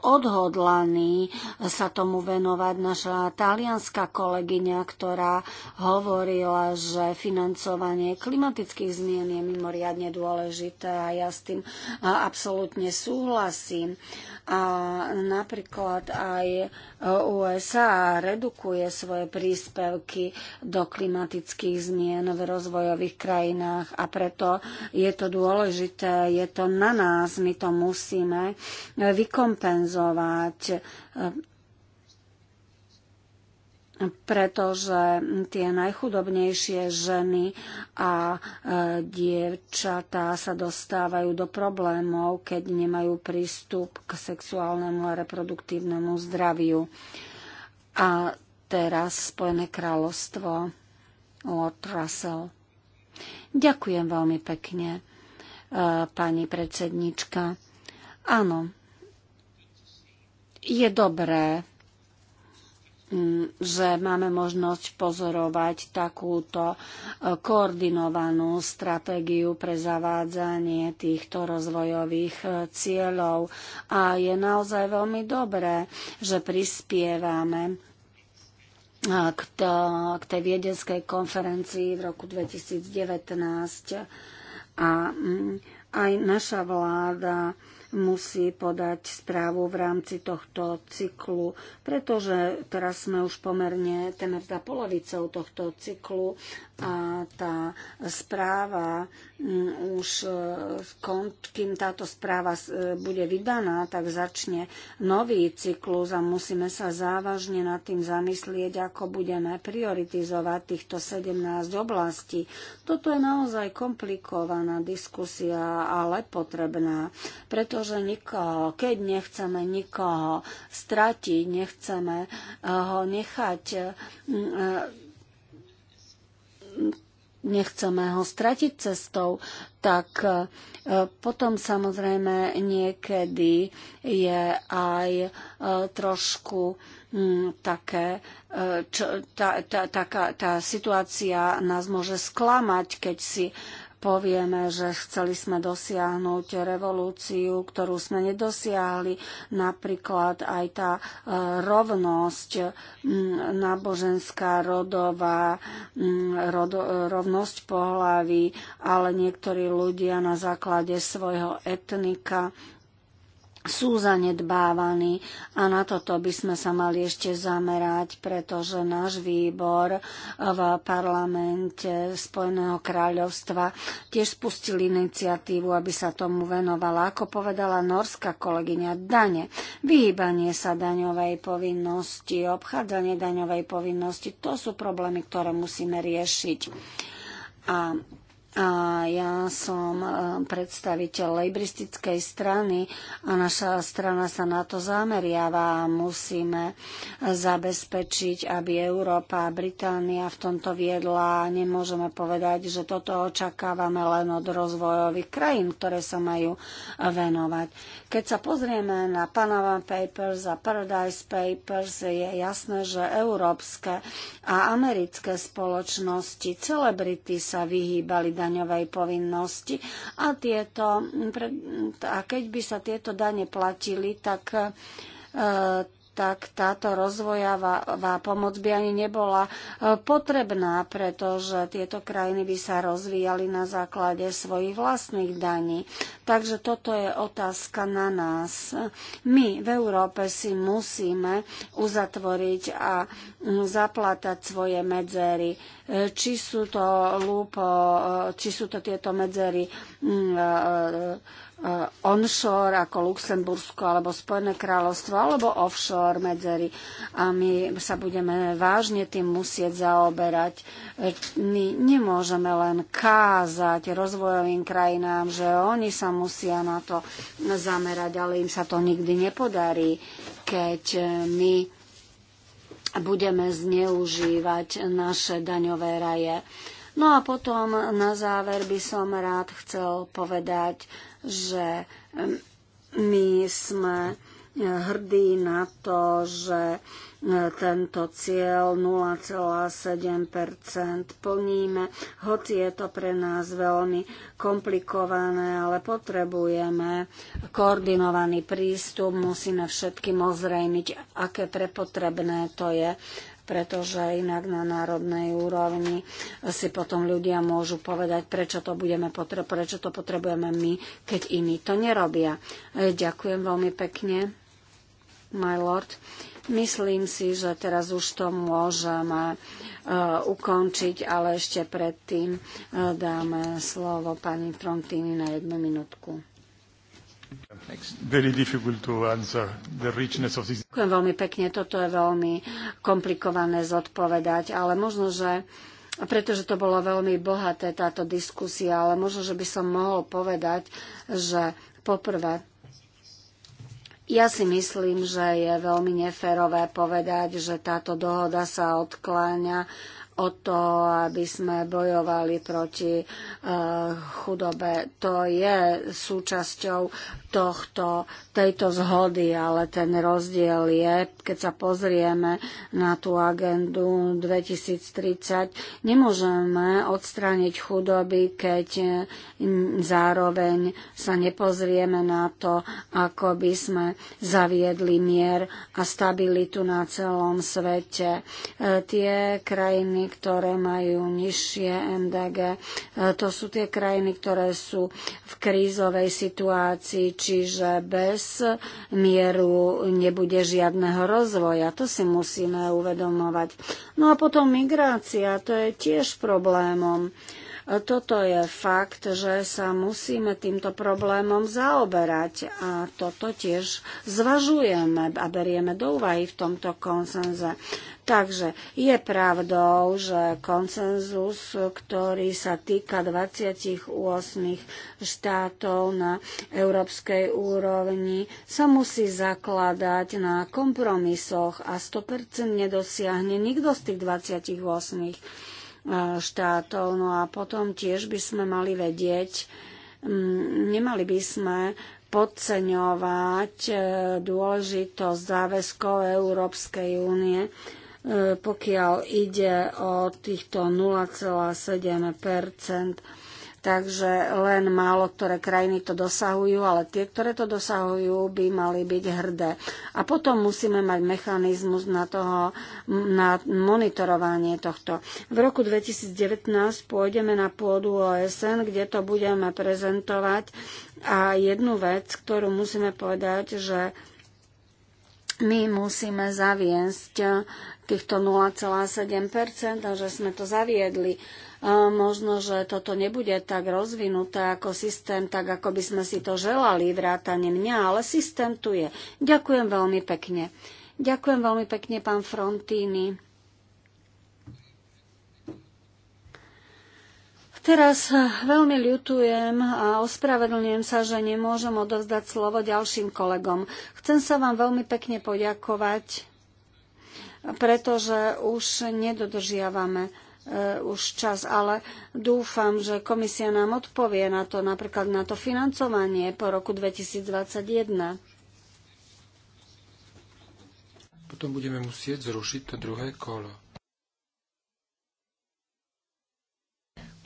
odhodlaní sa tomu venovať. Naša talianská kolegyňa, ktorá hovorila, že financovanie klimatických zmien je mimoriadne dôležité a ja s tým absolútne súhlasím a napríklad aj USA redukuje svoje príspevky do klimatických zmien v rozvojových krajinách a preto je to dôležité, je to na nás, my to musíme vykompenzovať pretože tie najchudobnejšie ženy a e, dievčatá sa dostávajú do problémov, keď nemajú prístup k sexuálnemu a reproduktívnemu zdraviu. A teraz Spojené kráľovstvo Lord Russell. Ďakujem veľmi pekne, e, pani predsednička. Áno, je dobré Mm, že máme možnosť pozorovať takúto e, koordinovanú stratégiu pre zavádzanie týchto rozvojových e, cieľov. A je naozaj veľmi dobré, že prispievame e, k, tej viedenskej konferencii v roku 2019 a mm, aj naša vláda musí podať správu v rámci tohto cyklu, pretože teraz sme už pomerne temer za polovicou tohto cyklu a tá správa mm, už, e, kým táto správa e, bude vydaná, tak začne nový cyklus a musíme sa závažne nad tým zamyslieť, ako budeme prioritizovať týchto 17 oblastí. Toto je naozaj komplikovaná diskusia, ale potrebná, pretože nikoho, keď nechceme nikoho stratiť, nechceme e, ho nechať mm, nechceme ho stratiť cestou, tak e, potom samozrejme niekedy je aj e, trošku mm, také, e, čo, tá, tá, tá, tá situácia nás môže sklamať, keď si povieme, že chceli sme dosiahnuť revolúciu, ktorú sme nedosiahli, napríklad aj tá e, rovnosť náboženská, rodová, rodo, e, rovnosť pohlaví, ale niektorí ľudia na základe svojho etnika sú zanedbávaní a na toto by sme sa mali ešte zamerať, pretože náš výbor v parlamente Spojeného kráľovstva tiež spustil iniciatívu, aby sa tomu venovala. Ako povedala norská kolegyňa, dane, vyhýbanie sa daňovej povinnosti, obchádzanie daňovej povinnosti, to sú problémy, ktoré musíme riešiť. A a ja som e, predstaviteľ lejbristickej strany a naša strana sa na to zameriava a musíme zabezpečiť, aby Európa a Británia v tomto viedla. Nemôžeme povedať, že toto očakávame len od rozvojových krajín, ktoré sa majú venovať. Keď sa pozrieme na Panama Papers a Paradise Papers, je jasné, že európske a americké spoločnosti, celebrity sa vyhýbali daň daňovej povinnosti. A, tieto, a keď by sa tieto dane platili, tak e, tak táto rozvojová pomoc by ani nebola e, potrebná, pretože tieto krajiny by sa rozvíjali na základe svojich vlastných daní. Takže toto je otázka na nás. My v Európe si musíme uzatvoriť a mm, zaplatať svoje medzery. E, či sú to lúpo, e, či sú to tieto medzery mm, Eh, onshore ako Luxembursko alebo Spojené kráľovstvo alebo offshore medzery a my sa budeme vážne tým musieť zaoberať. My nemôžeme len kázať rozvojovým krajinám, že oni sa musia na to zamerať, ale im sa to nikdy nepodarí, keď eh, my budeme zneužívať naše daňové raje. No a potom na záver by som rád chcel povedať, že my sme eh, hrdí na to, že eh, tento cieľ 0,7 plníme, hoci je to pre nás veľmi komplikované, ale potrebujeme koordinovaný prístup, musíme všetkým ozrejmiť, aké prepotrebné to je pretože inak na národnej úrovni si potom ľudia môžu povedať, prečo to, budeme potre- prečo to potrebujeme my, keď iní to nerobia. E, ďakujem veľmi pekne, my lord. Myslím si, že teraz už to môžeme e, ukončiť, ale ešte predtým e, dáme slovo pani Frontini na jednu minútku. Ďakujem veľmi pekne, toto je veľmi komplikované zodpovedať, ale možno, že pretože to bolo veľmi bohaté táto diskusia, ale možno, že by som mohol povedať, že poprvé ja si myslím, že je veľmi neférové povedať, že táto dohoda sa odkláňa o to, aby sme bojovali proti eh, chudobe. To je súčasťou tohto, tejto zhody, ale ten rozdiel je, keď sa pozrieme na tú agendu 2030, nemôžeme odstrániť chudoby, keď eh, zároveň sa nepozrieme na to, ako by sme zaviedli mier a stabilitu na celom svete. Eh, tie krajiny, ktoré majú nižšie MDG. E, to sú tie krajiny, ktoré sú v krízovej situácii, čiže bez mieru nebude žiadneho rozvoja. To si musíme uvedomovať. No a potom migrácia, to je tiež problémom. Toto je fakt, že sa musíme týmto problémom zaoberať a toto tiež zvažujeme a berieme do úvahy v tomto konsenze. Takže je pravdou, že konsenzus, ktorý sa týka 28 štátov na európskej úrovni, sa musí zakladať na kompromisoch a 100% nedosiahne nikto z tých 28 E, štátov. No a potom tiež by sme mali vedieť, nemali by sme podceňovať e, dôležitosť záväzkov Európskej únie, e, pokiaľ ide o týchto 0,7 takže len málo ktoré krajiny to dosahujú, ale tie, ktoré to dosahujú, by mali byť hrdé. A potom musíme mať mechanizmus na, toho, na monitorovanie tohto. V roku 2019 pôjdeme na pôdu OSN, kde to budeme prezentovať. A jednu vec, ktorú musíme povedať, že my musíme zaviesť týchto 0,7%, že sme to zaviedli Možno, že toto nebude tak rozvinuté ako systém, tak ako by sme si to želali, vrátane mňa, ale systém tu je. Ďakujem veľmi pekne. Ďakujem veľmi pekne, pán Frontini. Teraz eh, veľmi ľutujem a ospravedlňujem sa, že nemôžem odovzdať slovo ďalším kolegom. Chcem sa vám veľmi pekne poďakovať, pretože už nedodržiavame Eh, už čas, ale dúfam, že komisia nám odpovie na to, napríklad na to financovanie po roku 2021. Potom budeme musieť zrušiť to druhé kolo.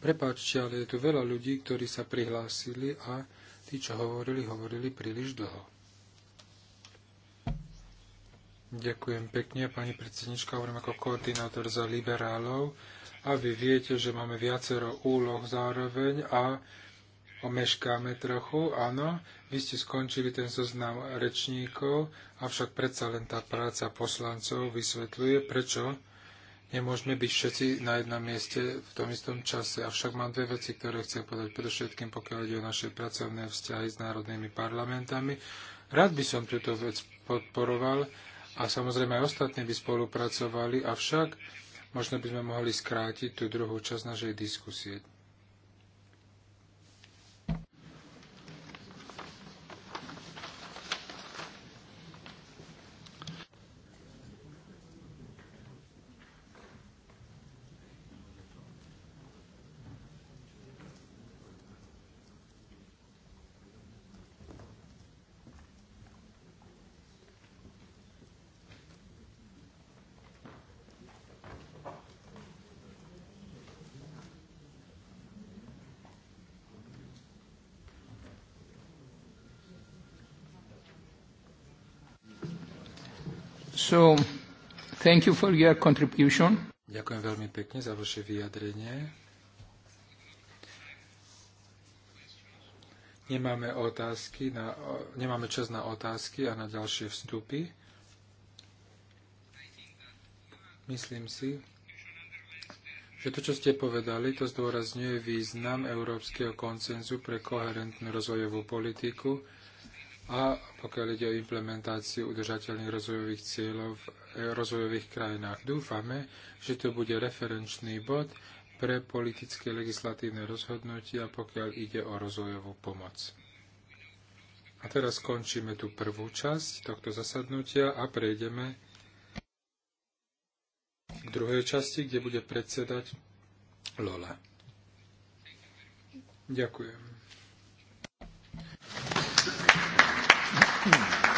Prepáčte, ale je tu veľa ľudí, ktorí sa prihlásili a tí, čo hovorili, hovorili príliš dlho. Ďakujem pekne, pani predsednička, hovorím ako koordinátor za liberálov. A vy viete, že máme viacero úloh zároveň a omeškáme trochu, áno. Vy ste skončili ten zoznam rečníkov, avšak predsa len tá práca poslancov vysvetľuje, prečo nemôžeme byť všetci na jednom mieste v tom istom čase. Avšak mám dve veci, ktoré chcem povedať predovšetkým, pokiaľ ide o naše pracovné vzťahy s národnými parlamentami. Rád by som túto vec podporoval a samozrejme aj ostatní by spolupracovali, avšak Možno by sme mohli skrátiť tú druhú časť našej diskusie. So, thank you for your contribution. Ďakujem veľmi pekne za vaše vyjadrenie. Nemáme, otázky na, nemáme čas na otázky a na ďalšie vstupy. Myslím si, že to, čo ste povedali, to zdôrazňuje význam európskeho koncenzu pre koherentnú rozvojovú politiku, a pokiaľ ide o implementáciu udržateľných rozvojových cieľov v e, rozvojových krajinách. Dúfame, že to bude referenčný bod pre politické legislatívne rozhodnutia, pokiaľ ide o rozvojovú pomoc. A teraz skončíme tú prvú časť tohto zasadnutia a prejdeme k druhej časti, kde bude predsedať Lola. Ďakujem. Hmm.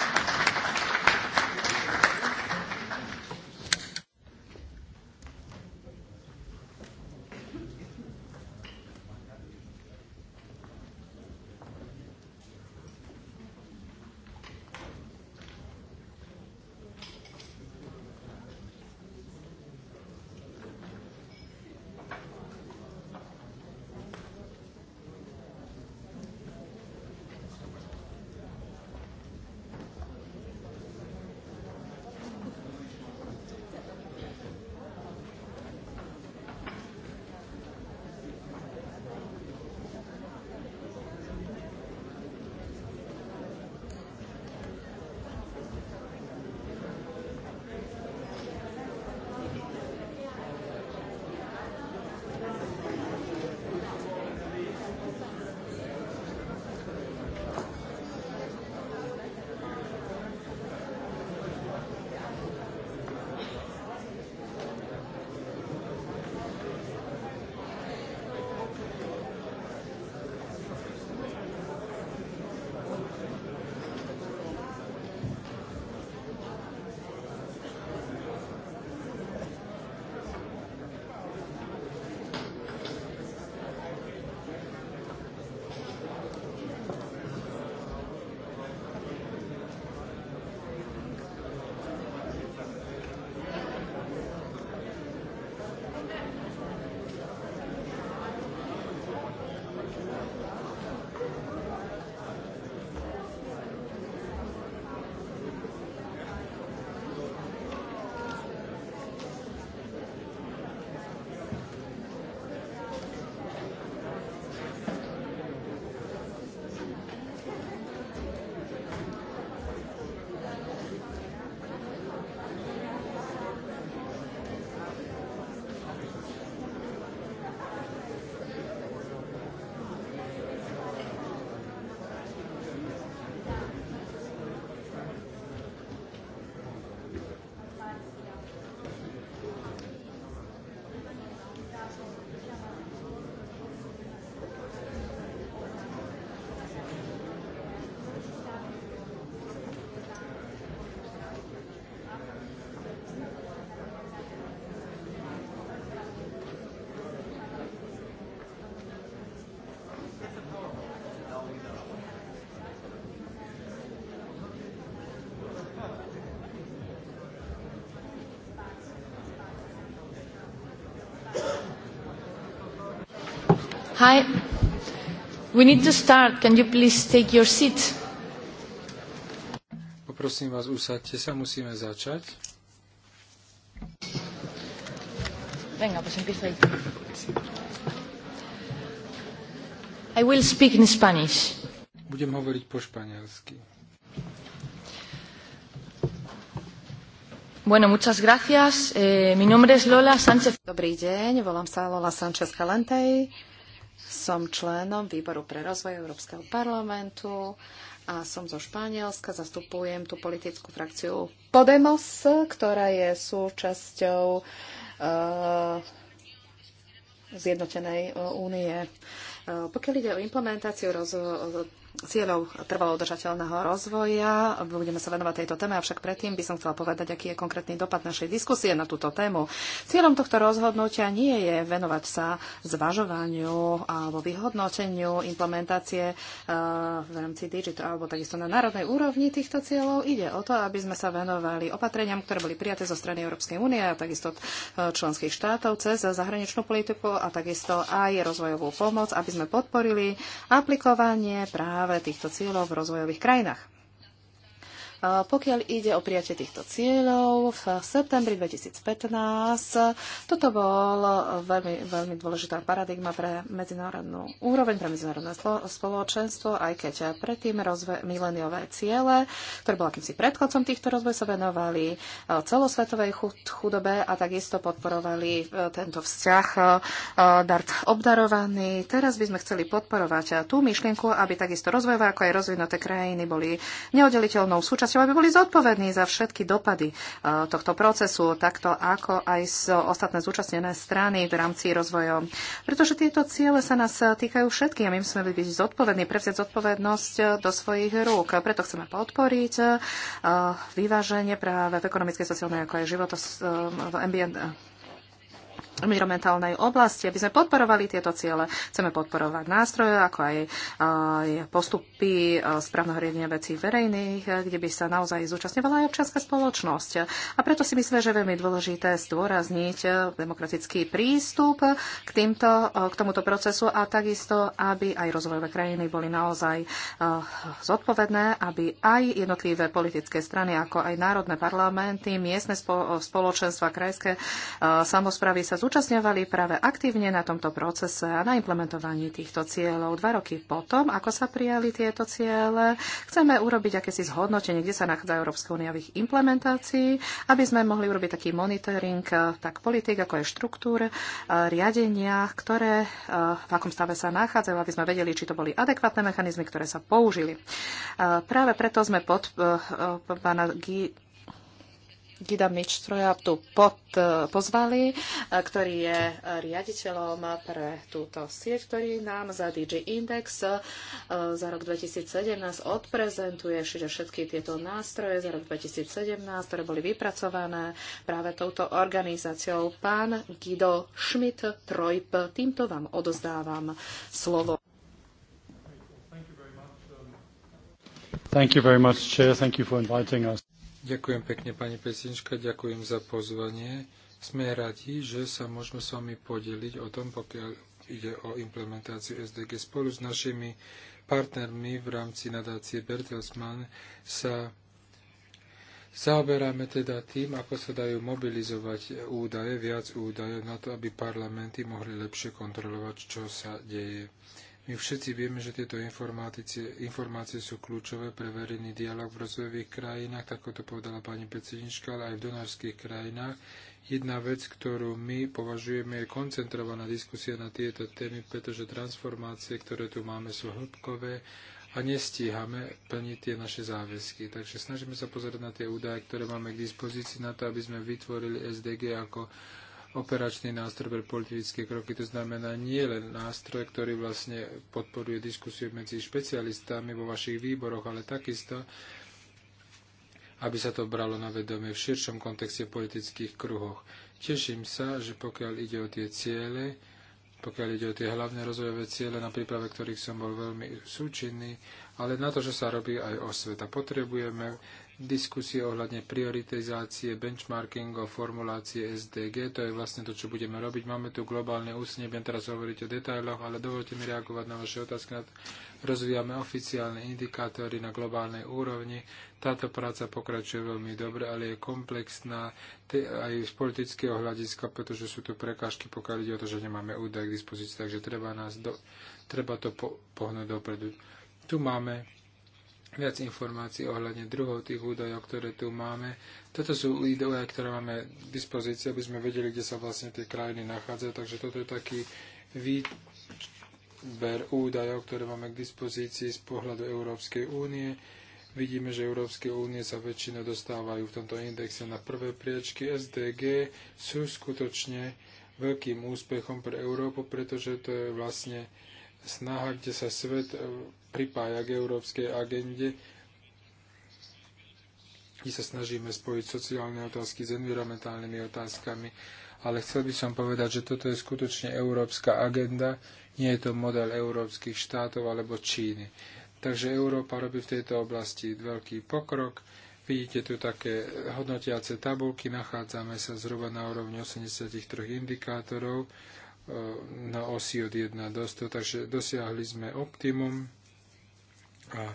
Hi. We need to start. Can you please take your seat? Poprosím vás, usadte sa, musíme začať. Venga, pues empieza I will speak in Spanish. Budem hovoriť po španielsky. Bueno, muchas gracias. Eh, mi nombre es Lola Sánchez. Dobrý deň, volám sa Lola Sánchez Calentej. Som členom výboru pre rozvoj Európskeho parlamentu a som zo Španielska, zastupujem tú politickú frakciu Podemos, ktorá je súčasťou uh, zjednotenej eh, únie. Eh, pokiaľ ide o implementáciu rozvo- cieľov trvalo udržateľného rozvoja. Budeme sa venovať tejto téme, avšak predtým by som chcela povedať, aký je konkrétny dopad našej diskusie na túto tému. Cieľom tohto rozhodnutia nie je venovať sa zvažovaniu alebo vyhodnoteniu implementácie eh, v rámci digital alebo takisto na národnej úrovni týchto cieľov. Ide o to, aby sme sa venovali opatreniam, ktoré boli prijaté zo strany Európskej únie a takisto eh, členských štátov cez zahraničnú politiku a takisto aj rozvojovú pomoc, aby sme podporili aplikovanie práv práve týchto cieľov v rozvojových krajinách. Pokiaľ ide o prijatie týchto cieľov, v septembri 2015 toto bol veľmi, veľmi dôležitá paradigma pre medzinárodnú úroveň, pre medzinárodné spoločenstvo, aj keď predtým rozve- mileniové ciele, ktoré bol akýmsi predchodcom týchto rozvoj, sa venovali e, celosvetovej chudobe a takisto podporovali e, tento vzťah e, dart obdarovaný. Teraz by sme chceli podporovať tú myšlienku, aby takisto rozvojové ako aj rozvinuté krajiny boli neoddeliteľnou súčasťou povinnosťou, aby boli zodpovední za všetky dopady e, tohto procesu, takto ako aj z ostatné zúčastnené strany v rámci rozvoja. Pretože tieto ciele sa nás týkajú všetkých a my musíme byť zodpovední, prevziať zodpovednosť e, do svojich rúk. Preto chceme podporiť e, vyváženie práve v ekonomickej, sociálnej, ako aj životos, v ambient, environmentálnej oblasti, aby sme podporovali tieto ciele. Chceme podporovať nástroje, ako aj, aj postupy e, správneho riadenia vecí verejných, e, kde by sa naozaj zúčastňovala aj občianská spoločnosť. A preto si myslím, že je veľmi dôležité zdôrazniť e, demokratický prístup k, týmto, k tomuto procesu a takisto, aby aj rozvojové krajiny boli naozaj zodpovedné, aby aj jednotlivé politické strany, ako aj národné parlamenty, miestne spoločenstva, krajské samozprávy sa zúčastňovali práve aktívne na tomto procese a na implementovaní týchto cieľov. Dva roky potom, ako sa prijali tieto ciele, chceme urobiť akési zhodnotenie, kde sa nachádza Európska únia v ich implementácii, aby sme mohli urobiť taký monitoring eh, tak politik, ako aj štruktúr, eh, riadenia, ktoré eh, v akom stave sa nachádzajú, aby sme vedeli, či to boli adekvátne mechanizmy, ktoré sa použili. Práve preto sme pod pána Gida Mičtroja tu pod, eh, pozvali, eh, ktorý je eh, riaditeľom pre túto sieť, ktorý nám za DG Index za rok 2017 odprezentuje čiže všetky tieto nástroje za rok 2017, ktoré boli vypracované práve touto organizáciou. Pán Guido Schmidt Trojp, týmto vám odozdávam slovo. Thank you very much, Chair. Thank you for inviting us. Ďakujem pekne, pani Pesinčka, ďakujem za pozvanie. Sme radi, že sa môžeme s vami podeliť o tom, pokiaľ ide o implementáciu SDG. Spolu s našimi partnermi v rámci nadácie Bertelsmann sa Zaoberáme teda tým, ako sa dajú mobilizovať údaje, viac údajov na to, aby parlamenty mohli lepšie kontrolovať, čo sa deje. My všetci vieme, že tieto informácie, informácie sú kľúčové pre verejný dialog v rozvojových krajinách, tak ako to povedala pani predsednička, ale aj v donárských krajinách. Jedna vec, ktorú my považujeme, je koncentrovaná diskusia na tieto témy, pretože transformácie, ktoré tu máme, sú hĺbkové a nestíhame plniť tie naše záväzky. Takže snažíme sa pozerať na tie údaje, ktoré máme k dispozícii na to, aby sme vytvorili SDG ako operačný nástroj pre politické kroky. To znamená nie len nástroj, ktorý vlastne podporuje diskusiu medzi špecialistami vo vašich výboroch, ale takisto, aby sa to bralo na vedomie v širšom kontexte politických kruhoch. Teším sa, že pokiaľ ide o tie ciele, pokiaľ ide o tie hlavné rozvojové ciele, na príprave ktorých som bol veľmi súčinný, ale na to, že sa robí aj osveta. Potrebujeme diskusie ohľadne prioritizácie, benchmarkingu a formulácie SDG. To je vlastne to, čo budeme robiť. Máme tu globálne úsne, budem teraz hovoriť o detailoch, ale dovolte mi reagovať na vaše otázky. Rozvíjame oficiálne indikátory na globálnej úrovni. Táto práca pokračuje veľmi dobre, ale je komplexná aj z politického hľadiska, pretože sú tu prekážky, pokiaľ ide o to, že nemáme údaje k dispozícii, takže treba, nás do, treba to po, pohnúť dopredu. Tu máme viac informácií ohľadne druhov tých údajov, ktoré tu máme. Toto sú údaje, ktoré máme k dispozícii, aby sme vedeli, kde sa vlastne tie krajiny nachádzajú. Takže toto je taký výber údajov, ktoré máme k dispozícii z pohľadu Európskej únie. Vidíme, že Európske únie sa väčšinou dostávajú v tomto indexe na prvé priečky. SDG sú skutočne veľkým úspechom pre Európu, pretože to je vlastne snaha, kde sa svet e, pripája k európskej agende, kde sa snažíme spojiť sociálne otázky s environmentálnymi otázkami. Ale chcel by som povedať, že toto je skutočne európska agenda, nie je to model európskych štátov alebo Číny. Takže Európa robí v tejto oblasti veľký pokrok. Vidíte tu také hodnotiace tabulky, nachádzame sa zhruba na úrovni 83 indikátorov E, na osi od 1 do 100, takže dosiahli sme optimum a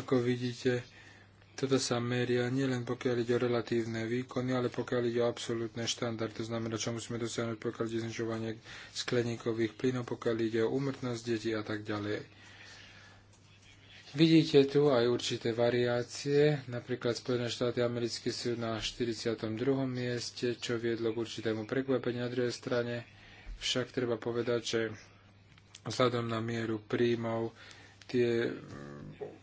ako vidíte, toto sa meria nielen pokiaľ ide o relatívne výkony, ale pokiaľ ide o absolútne štandard, to znamená, čo musíme dosiahnuť, pokiaľ ide znižovanie skleníkových plynov, pokiaľ ide o úmrtnosť detí a tak ďalej. Vidíte tu aj určité variácie, napríklad Spojené štáty americké sú na 42. mieste, čo viedlo k určitému prekvapeniu na druhej strane však treba povedať, že vzhľadom na mieru príjmov tie,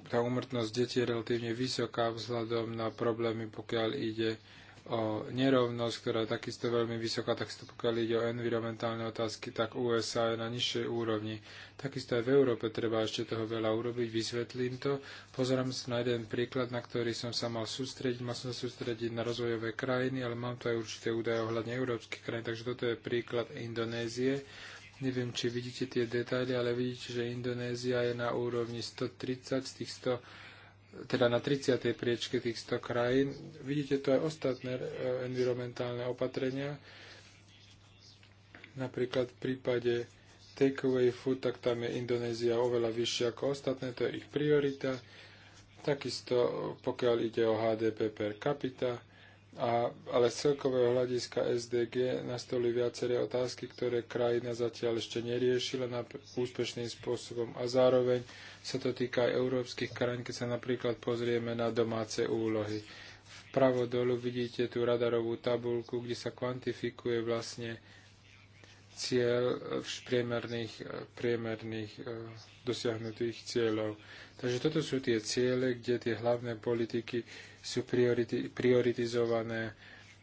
tá umrtnosť detí je relatívne vysoká vzhľadom na problémy, pokiaľ ide o nerovnosť, ktorá je takisto veľmi vysoká, takisto pokiaľ ide o environmentálne otázky, tak USA je na nižšej úrovni. Takisto aj v Európe treba ešte toho veľa urobiť, vysvetlím to. Pozerám sa na jeden príklad, na ktorý som sa mal sústrediť. Mal som sa sústrediť na rozvojové krajiny, ale mám tu aj určité údaje ohľadne európskych krajín, takže toto je príklad Indonézie. Neviem, či vidíte tie detaily, ale vidíte, že Indonézia je na úrovni 130 z tých 100 teda na 30. priečke tých 100 krajín. Vidíte tu aj ostatné e, environmentálne opatrenia. Napríklad v prípade takeaway food, tak tam je Indonézia oveľa vyššia ako ostatné, to je ich priorita. Takisto pokiaľ ide o HDP per capita, a, ale z celkového hľadiska SDG nastoli viaceré otázky, ktoré krajina zatiaľ ešte neriešila na úspešným spôsobom. A zároveň sa to týka aj európskych krajín, keď sa napríklad pozrieme na domáce úlohy. Vpravo dolu vidíte tú radarovú tabulku, kde sa kvantifikuje vlastne cieľ eh, v priemerných, eh, priemerných eh, dosiahnutých cieľov. Takže toto sú tie ciele, kde tie hlavné politiky sú priority, prioritizované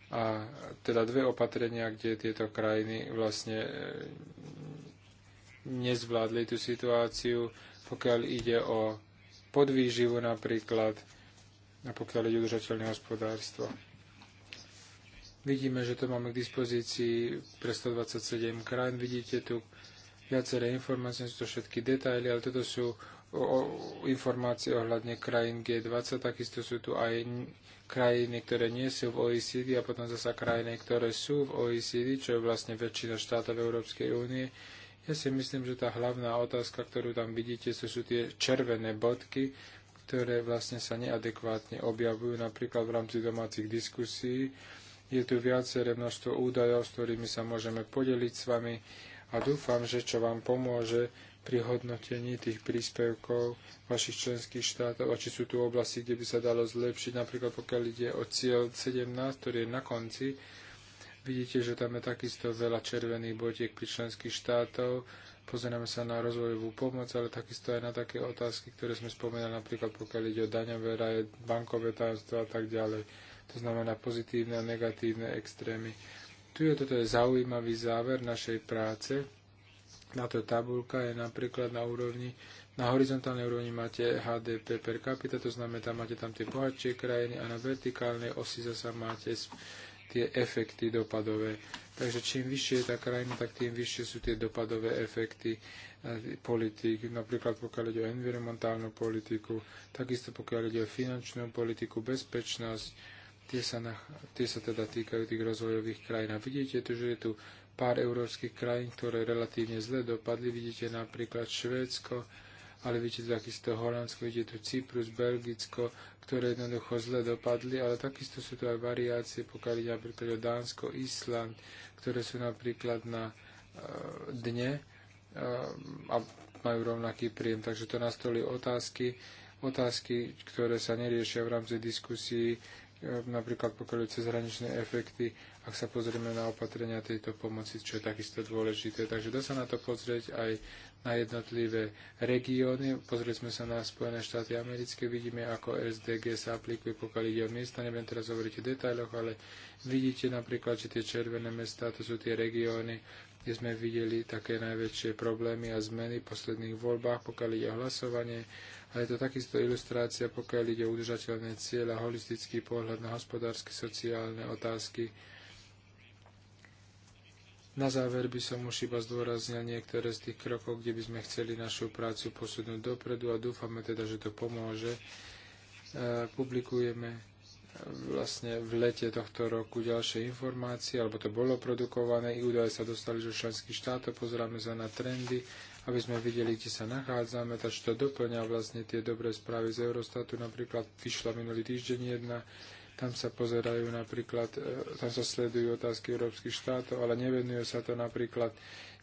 a teda dve opatrenia, kde tieto krajiny vlastne e, nezvládli tú situáciu, pokiaľ ide o podvýživu napríklad a pokiaľ ide udržateľné hospodárstvo. Vidíme, že to máme k dispozícii pre 127 krajín. Vidíte tu viaceré informácie, sú to všetky detaily, ale toto sú o informácie ohľadne krajín G20, takisto sú tu aj krajiny, ktoré nie sú v OECD a potom zasa krajiny, ktoré sú v OECD, čo je vlastne väčšina štátov Európskej únie. Ja si myslím, že tá hlavná otázka, ktorú tam vidíte, to sú tie červené bodky, ktoré vlastne sa neadekvátne objavujú napríklad v rámci domácich diskusí. Je tu viaceré množstvo údajov, s ktorými sa môžeme podeliť s vami a dúfam, že čo vám pomôže, pri hodnotení tých príspevkov vašich členských štátov a či sú tu oblasti, kde by sa dalo zlepšiť. Napríklad pokiaľ ide o cieľ 17, ktorý je na konci, vidíte, že tam je takisto veľa červených bodiek pri členských štátov. Pozeráme sa na rozvojovú pomoc, ale takisto aj na také otázky, ktoré sme spomenali, napríklad pokiaľ ide o daňové raje, bankové tajomstvo a tak ďalej. To znamená pozitívne a negatívne extrémy. Tu je toto je zaujímavý záver našej práce táto tabulka je napríklad na úrovni, na horizontálnej úrovni máte HDP per capita, to znamená, tam máte tam tie bohatšie krajiny a na vertikálnej osi zasa máte tie efekty dopadové. Takže čím vyššie je tá krajina, tak tým vyššie sú tie dopadové efekty e, politik, napríklad pokiaľ ide o environmentálnu politiku, takisto pokiaľ ide o finančnú politiku, bezpečnosť, tie sa, na, tie sa teda týkajú tých rozvojových krajín. A vidíte tu, že je tu pár európskych krajín, ktoré relatívne zle dopadli. Vidíte napríklad Švédsko, ale vidíte takisto Holandsko, vidíte tu Cyprus, Belgicko, ktoré jednoducho zle dopadli, ale takisto sú tu aj variácie, pokiaľ ide napríklad o Dánsko, Island, ktoré sú napríklad na e, dne e, a majú rovnaký príjem. Takže to nastoli otázky, otázky, ktoré sa neriešia v rámci diskusí, e, napríklad pokiaľ cezhraničné efekty ak sa pozrieme na opatrenia tejto pomoci, čo je takisto dôležité. Takže dá sa na to pozrieť aj na jednotlivé regióny. Pozrieť sme sa na Spojené štáty americké, vidíme, ako SDG sa aplikuje, pokiaľ ide o miesta. Neviem teraz hovoriť o detailoch, ale vidíte napríklad, že tie červené mesta, to sú tie regióny, kde sme videli také najväčšie problémy a zmeny v posledných voľbách, pokiaľ ide o hlasovanie, a je to takisto ilustrácia, pokiaľ ide o udržateľné cieľa, holistický pohľad na hospodárske, sociálne otázky na záver by som už iba zdôraznil niektoré z tých krokov, kde by sme chceli našu prácu posunúť dopredu a dúfame teda, že to pomôže. E, publikujeme vlastne v lete tohto roku ďalšie informácie, alebo to bolo produkované, i údaje sa dostali do členských štátov, pozeráme sa na trendy, aby sme videli, kde sa nachádzame, takže to doplňa vlastne tie dobré správy z Eurostatu, napríklad vyšla minulý týždeň jedna tam sa pozerajú napríklad, e, tam sa sledujú otázky európskych štátov, ale nevenujú sa to napríklad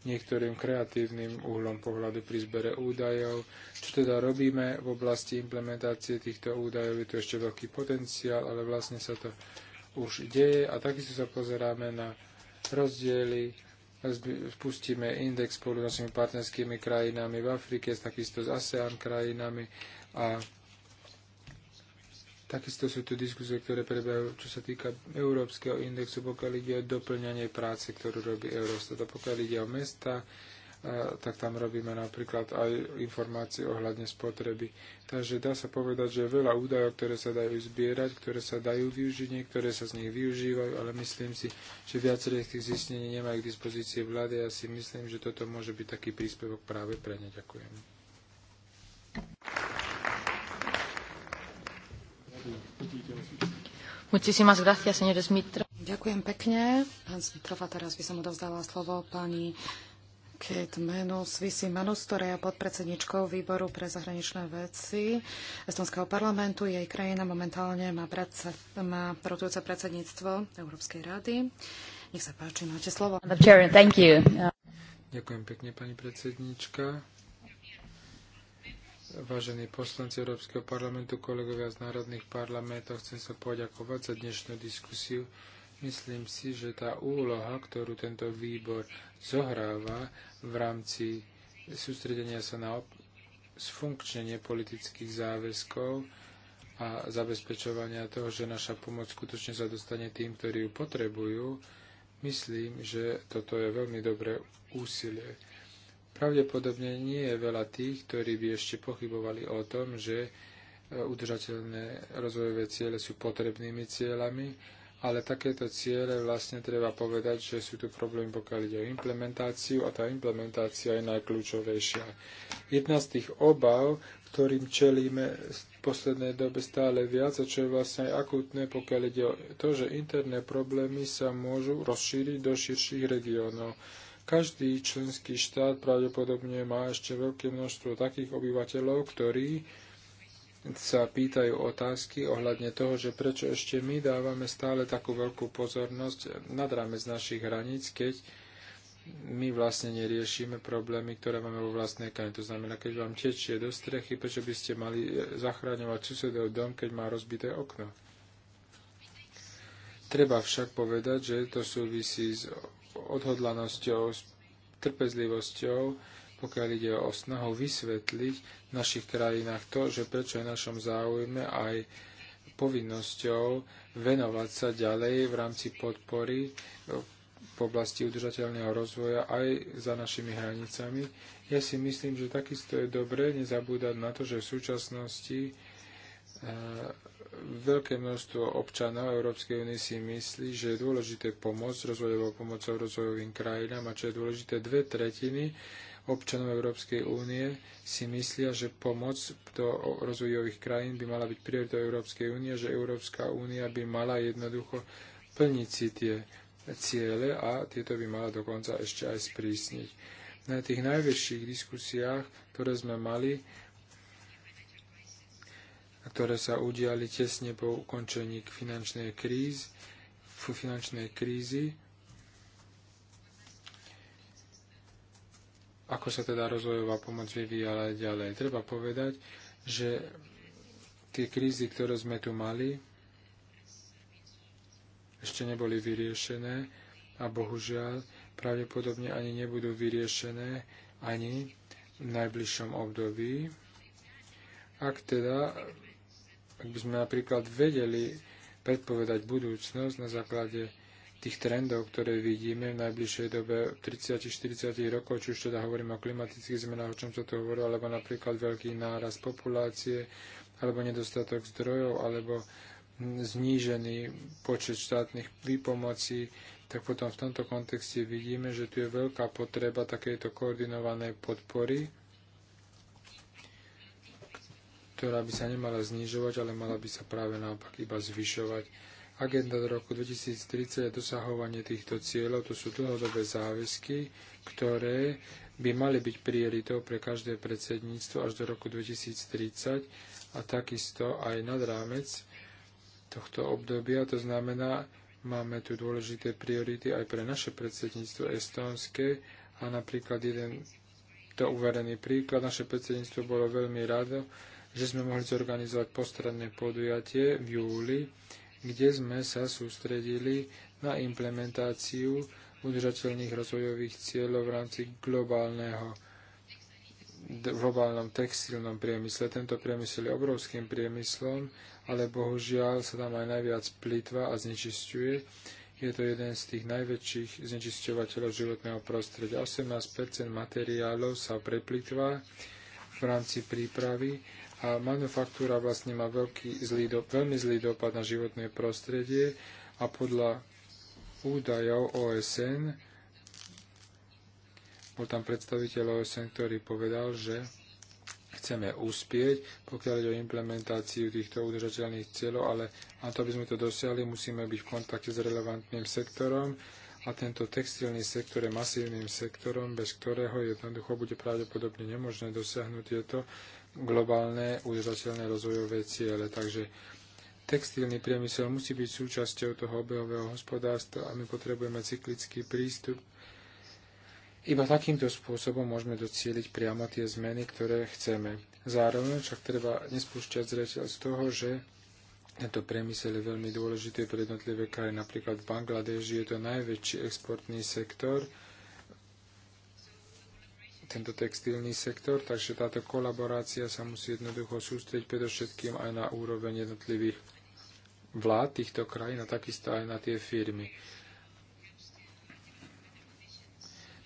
niektorým kreatívnym uhlom pohľadu pri zbere údajov. Čo teda robíme v oblasti implementácie týchto údajov, je tu ešte veľký potenciál, ale vlastne sa to už deje a takisto sa pozeráme na rozdiely, spustíme index spolu s našimi partnerskými krajinami v Afrike, takisto s ASEAN krajinami a Takisto sú tu diskusie, ktoré prebiehajú, čo sa týka Európskeho indexu, pokiaľ ide o doplňanie práce, ktorú robí Eurostat. A pokiaľ ide o mesta, tak tam robíme napríklad aj informácie ohľadne spotreby. Takže dá sa povedať, že veľa údajov, ktoré sa dajú zbierať, ktoré sa dajú využiť, niektoré sa z nich využívajú, ale myslím si, že viaceré z tých zistení nemajú k dispozícii vlády ja si myslím, že toto môže byť taký príspevok práve pre ne. Ďakujem. Muchísimas gracias, señor Ďakujem pekne. Pán a teraz by som odovzdala slovo pani Kate Menus, Visi Menus, ktorá je podpredsedničkou výboru pre zahraničné veci Estonského parlamentu. Jej krajina momentálne má, má rotujúce predsedníctvo Európskej rady. Nech sa páči, máte slovo. Ďakujem pekne, pani predsednička vážení poslanci Európskeho parlamentu, kolegovia z národných parlamentov, chcem sa poďakovať za dnešnú diskusiu. Myslím si, že tá úloha, ktorú tento výbor zohráva v rámci sústredenia sa na sfunkčnenie politických záväzkov a zabezpečovania toho, že naša pomoc skutočne sa dostane tým, ktorí ju potrebujú, myslím, že toto je veľmi dobré úsilie. Pravdepodobne nie je veľa tých, ktorí by ešte pochybovali o tom, že e, udržateľné rozvojové ciele sú potrebnými cieľami, ale takéto ciele vlastne treba povedať, že sú tu problémy, pokiaľ ide o implementáciu a tá implementácia je najkľúčovejšia. Jedna z tých obav, ktorým čelíme v poslednej dobe stále viac a čo je vlastne aj akútne, pokiaľ ide o to, že interné problémy sa môžu rozšíriť do širších regiónov. Každý členský štát pravdepodobne má ešte veľké množstvo takých obyvateľov, ktorí sa pýtajú otázky ohľadne toho, že prečo ešte my dávame stále takú veľkú pozornosť nad rámec našich hraníc, keď my vlastne neriešime problémy, ktoré máme vo vlastnej krajine. To znamená, keď vám tečie do strechy, prečo by ste mali eh, zachráňovať susedov dom, keď má rozbité okno. Treba však povedať, že to súvisí s odhodlanosťou, s trpezlivosťou, pokiaľ ide o snahu vysvetliť v našich krajinách to, že prečo je našom záujme aj povinnosťou venovať sa ďalej v rámci podpory e, v oblasti udržateľného rozvoja aj za našimi hranicami. Ja si myslím, že takisto je dobré nezabúdať na to, že v súčasnosti e, veľké množstvo občanov Európskej únie si myslí, že je dôležité pomôcť rozvojovou pomocou rozvojovým krajinám a čo je dôležité, dve tretiny občanov Európskej únie si myslia, že pomoc do rozvojových krajín by mala byť prioritou Európskej únie, že Európska únia by mala jednoducho plniť si tie ciele a tieto by mala dokonca ešte aj sprísniť. Na tých najväčších diskusiách, ktoré sme mali, ktoré sa udiali tesne po ukončení finančnej krízy, finančnej krízy. Ako sa teda rozvojová pomoc vyvíjala ďalej. Treba povedať, že tie krízy, ktoré sme tu mali, ešte neboli vyriešené a bohužiaľ pravdepodobne ani nebudú vyriešené ani v najbližšom období. Ak teda ak by sme napríklad vedeli predpovedať budúcnosť na základe tých trendov, ktoré vidíme v najbližšej dobe 30-40 rokov, či už teda hovoríme o klimatických zmenách, o čom sa tu hovorilo, alebo napríklad veľký náraz populácie, alebo nedostatok zdrojov, alebo znížený počet štátnych výpomocí, tak potom v tomto kontexte vidíme, že tu je veľká potreba takejto koordinovanej podpory ktorá by sa nemala znižovať, ale mala by sa práve naopak iba zvyšovať. Agenda do roku 2030 je dosahovanie týchto cieľov, to sú dlhodobé záväzky, ktoré by mali byť prioritou pre každé predsedníctvo až do roku 2030 a takisto aj nad rámec tohto obdobia. To znamená, máme tu dôležité priority aj pre naše predsedníctvo estónske a napríklad jeden to uverený príklad. Naše predsedníctvo bolo veľmi rado, že sme mohli zorganizovať postranné podujatie v júli, kde sme sa sústredili na implementáciu udržateľných rozvojových cieľov v rámci globálneho globálnom textilnom priemysle. Tento priemysel je obrovským priemyslom, ale bohužiaľ sa tam aj najviac plýtva a znečisťuje. Je to jeden z tých najväčších znečisťovateľov životného prostredia. 18 materiálov sa preplýtva v rámci prípravy a manufaktúra vlastne má veľký zlý do, veľmi zlý dopad na životné prostredie a podľa údajov OSN bol tam predstaviteľ OSN, ktorý povedal, že chceme uspieť, pokiaľ ide o implementáciu týchto udržateľných cieľov, ale na to, aby sme to dosiahli, musíme byť v kontakte s relevantným sektorom a tento textilný sektor je masívnym sektorom, bez ktorého jednoducho bude pravdepodobne nemožné dosiahnuť tieto globálne udržateľné rozvojové ciele. Takže textilný priemysel musí byť súčasťou toho obehového hospodárstva a my potrebujeme cyklický prístup. Iba takýmto spôsobom môžeme docieliť priamo tie zmeny, ktoré chceme. Zároveň však treba nespúšťať zreteľ z toho, že tento priemysel je veľmi dôležitý pre jednotlivé krajiny. Napríklad v Bangladeži je to najväčší exportný sektor tento textilný sektor, takže táto kolaborácia sa musí jednoducho sústrieť predovšetkým aj na úroveň jednotlivých vlád týchto krajín a takisto aj na tie firmy.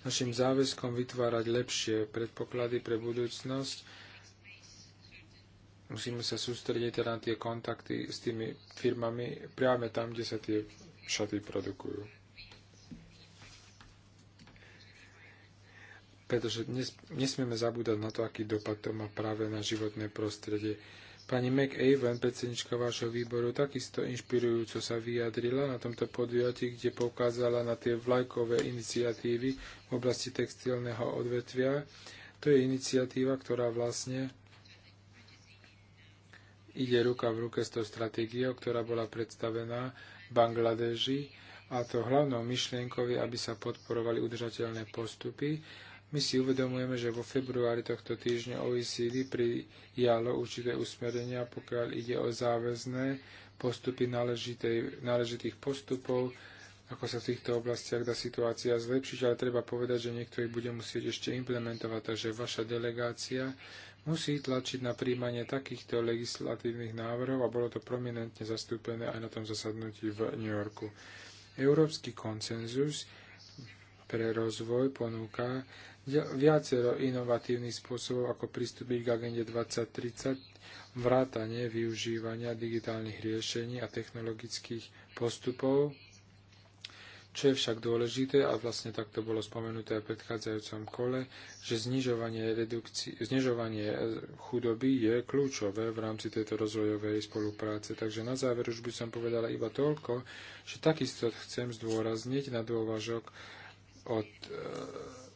Našim záväzkom vytvárať lepšie predpoklady pre budúcnosť musíme sa sústrediť teda na tie kontakty s tými firmami priame tam, kde sa tie šaty produkujú. pretože nes, nesmieme zabúdať na to, aký dopad to má práve na životné prostredie. Pani McAven, predsednička vášho výboru, takisto inšpirujúco sa vyjadrila na tomto podujatí, kde poukázala na tie vlajkové iniciatívy v oblasti textilného odvetvia. To je iniciatíva, ktorá vlastne ide ruka v ruke s tou stratégiou, ktorá bola predstavená v Bangladeži. A to hlavnou myšlienkou je, aby sa podporovali udržateľné postupy my si uvedomujeme, že vo februári tohto týždňa OECD prijalo určité usmerenia, pokiaľ ide o záväzné postupy náležitých postupov, ako sa v týchto oblastiach dá situácia zlepšiť, ale treba povedať, že niekto ich bude musieť ešte implementovať, takže vaša delegácia musí tlačiť na príjmanie takýchto legislatívnych návrhov a bolo to prominentne zastúpené aj na tom zasadnutí v New Yorku. Európsky koncenzus pre rozvoj ponúka viacero inovatívnych spôsobov, ako pristúpiť k agende 2030, vrátanie využívania digitálnych riešení a technologických postupov, čo je však dôležité, a vlastne takto bolo spomenuté aj v predchádzajúcom kole, že znižovanie, redukci- znižovanie e, chudoby je kľúčové v rámci tejto rozvojovej spolupráce. Takže na záver už by som povedala iba toľko, že takisto chcem zdôrazniť na dôvažok od e,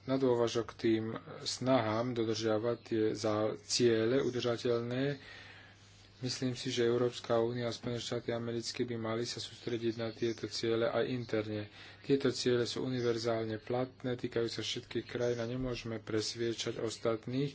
na dôvažok tým snahám dodržiavať tie za ciele udržateľné, myslím si, že Európska únia a Spojené štáty americké by mali sa sústrediť na tieto ciele aj interne. Tieto ciele sú univerzálne platné, týkajú sa všetkých krajín a nemôžeme presviečať ostatných,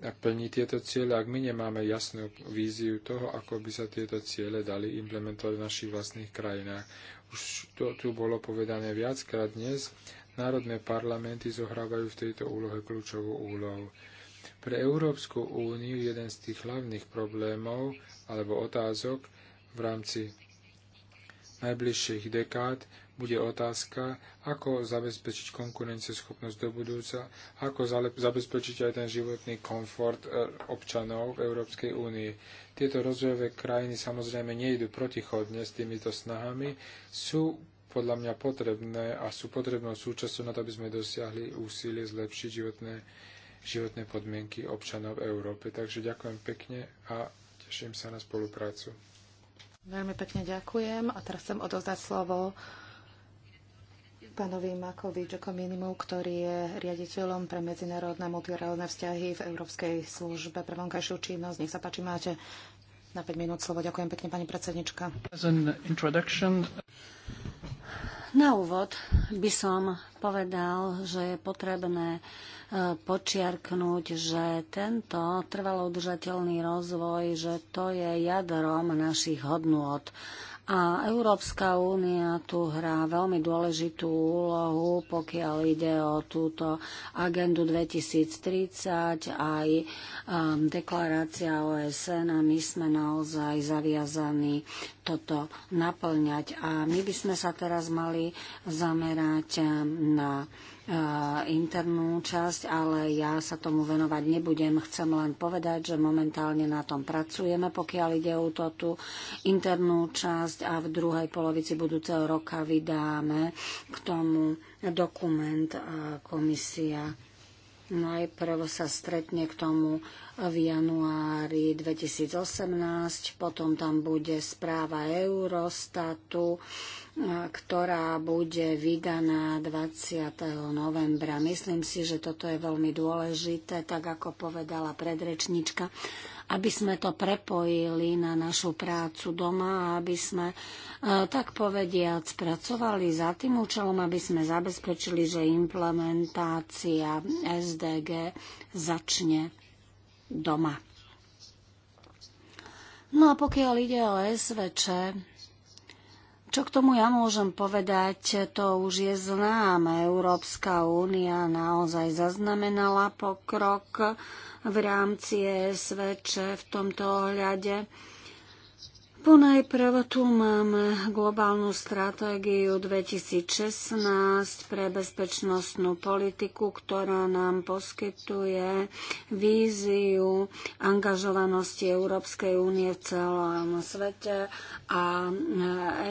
a plní tieto ciele, ak my nemáme jasnú víziu toho, ako by sa tieto ciele dali implementovať v našich vlastných krajinách. Už to tu bolo povedané viackrát dnes, národné parlamenty zohrávajú v tejto úlohe kľúčovú úlohu. Pre Európsku úniu jeden z tých hlavných problémov alebo otázok v rámci najbližších dekád bude otázka, ako zabezpečiť konkurencieschopnosť do budúca, ako zabezpečiť aj ten životný komfort e, občanov v Európskej únii. Tieto rozvojové krajiny samozrejme nejdu protichodne s týmito snahami, sú podľa mňa potrebné a sú potrebnou súčasťou na to, aby sme dosiahli úsilie zlepšiť životné, životné podmienky občanov Európy. Takže ďakujem pekne a teším sa na spoluprácu. Veľmi pekne ďakujem a teraz chcem odozdať slovo pánovi Makovi Giacominimu, ktorý je riaditeľom pre medzinárodné multilaterálne vzťahy v Európskej službe pre vonkajšiu činnosť. Nech sa páči, máte na 5 minút slovo. Ďakujem pekne, pani predsednička. Na úvod by som povedal, že je potrebné e, počiarknúť, že tento trvalo udržateľný rozvoj, že to je jadrom našich hodnôt. A Európska únia tu hrá veľmi dôležitú úlohu, pokiaľ ide o túto agendu 2030 aj um, deklarácia OSN a my sme naozaj zaviazaní toto naplňať. A my by sme sa teraz mali zamerať um, na Eh, internú časť, ale ja sa tomu venovať nebudem. Chcem len povedať, že momentálne na tom pracujeme, pokiaľ ide o to tú internú časť a v druhej polovici budúceho roka vydáme k tomu dokument a eh, komisia Najprv sa stretne k tomu v januári 2018, potom tam bude správa Eurostatu ktorá bude vydaná 20. novembra. Myslím si, že toto je veľmi dôležité, tak ako povedala predrečnička, aby sme to prepojili na našu prácu doma, aby sme e, tak povediac pracovali za tým účelom, aby sme zabezpečili, že implementácia SDG začne doma. No a pokiaľ ide o SVČ, čo k tomu ja môžem povedať, to už je známe. Európska únia naozaj zaznamenala pokrok v rámci SVČ v tomto ohľade. Ponajprv tu máme globálnu stratégiu 2016 pre bezpečnostnú politiku, ktorá nám poskytuje víziu angažovanosti Európskej únie v celom svete a e,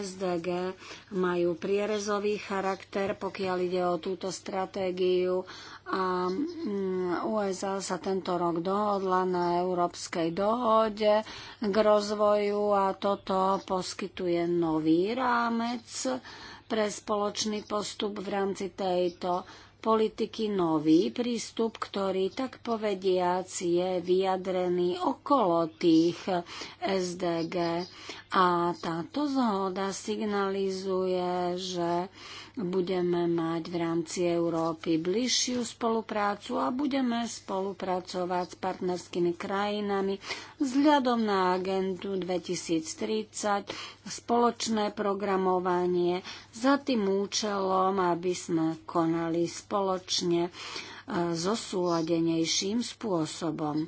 SDG majú prierezový charakter, pokiaľ ide o túto stratégiu a mm, USA sa tento rok dohodla na Európskej dohode k rozvoju a toto poskytuje nový rámec pre spoločný postup v rámci tejto politiky nový prístup, ktorý tak povediac je vyjadrený okolo tých SDG. A táto zhoda signalizuje, že budeme mať v rámci Európy bližšiu spoluprácu a budeme spolupracovať s partnerskými krajinami vzhľadom na agendu 2030, spoločné programovanie za tým účelom, aby sme konali spoločne e, zosúladenejším spôsobom. E,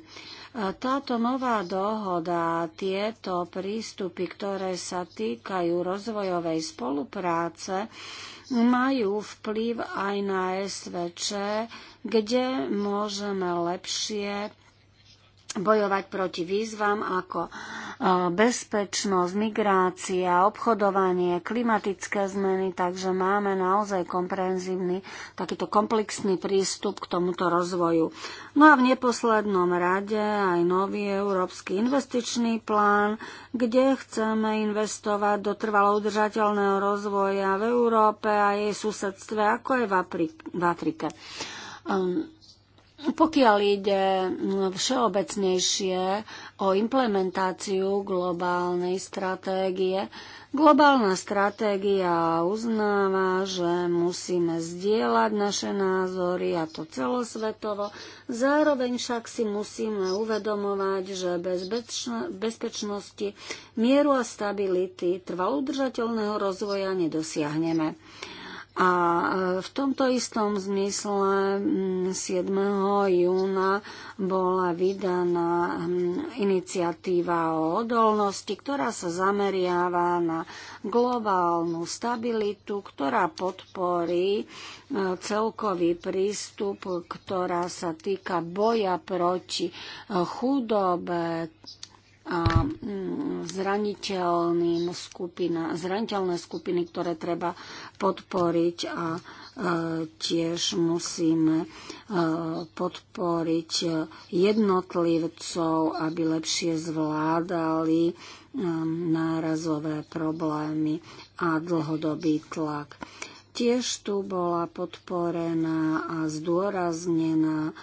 táto nová dohoda a tieto prístupy, ktoré sa týkajú rozvojovej spolupráce, majú vplyv aj na SVČ, kde môžeme lepšie bojovať proti výzvam ako e, bezpečnosť, migrácia, obchodovanie, klimatické zmeny, takže máme naozaj komprehenzívny, takýto komplexný prístup k tomuto rozvoju. No a v neposlednom rade aj nový Európsky investičný plán, kde chceme investovať do trvalo udržateľného rozvoja v Európe a jej susedstve, ako je v, v Afrike. Um, pokiaľ ide mm, všeobecnejšie o implementáciu globálnej stratégie, globálna stratégia uznáva, že musíme zdieľať naše názory a to celosvetovo. Zároveň však si musíme uvedomovať, že bez bezpečnosti, mieru a stability držateľného rozvoja nedosiahneme. A e, v tomto istom zmysle 7. Mm, júna bola vydaná mm, iniciatíva o odolnosti, ktorá sa zameriava na globálnu stabilitu, ktorá podporí e, celkový prístup, ktorá sa týka boja proti e, chudobe, a mm, zraniteľným skupina, zraniteľné skupiny, ktoré treba podporiť a e, tiež musíme e, podporiť jednotlivcov, aby lepšie zvládali e, nárazové problémy a dlhodobý tlak. Tiež tu bola podporená a zdôraznená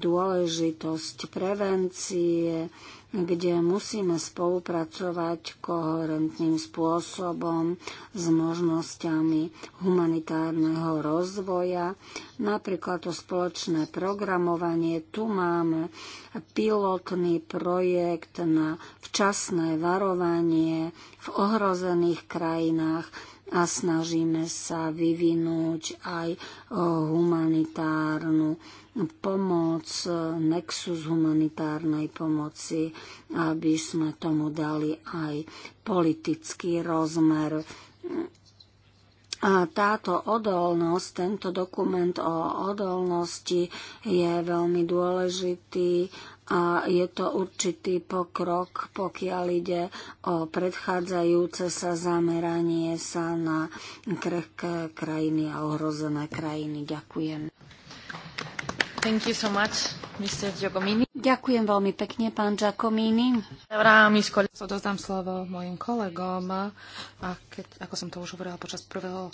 dôležitosť prevencie, kde musíme spolupracovať koherentným spôsobom s možnosťami humanitárneho rozvoja. Napríklad to spoločné programovanie. Tu máme pilotný projekt na včasné varovanie v ohrozených krajinách a snažíme sa vyvinúť aj e, humanitárnu pomoc, nexus humanitárnej pomoci, aby sme tomu dali aj politický rozmer. A táto odolnosť, tento dokument o odolnosti je veľmi dôležitý a je to určitý pokrok, pokiaľ ide o predchádzajúce sa zameranie sa na krehké krajiny a ohrozené krajiny. Ďakujem. Thank you so much, Mr. Giacomini. Ďakujem veľmi pekne, pán Giacomini. Odozdám slovo mojim kolegom a keď, ako som to už hovorila počas prvého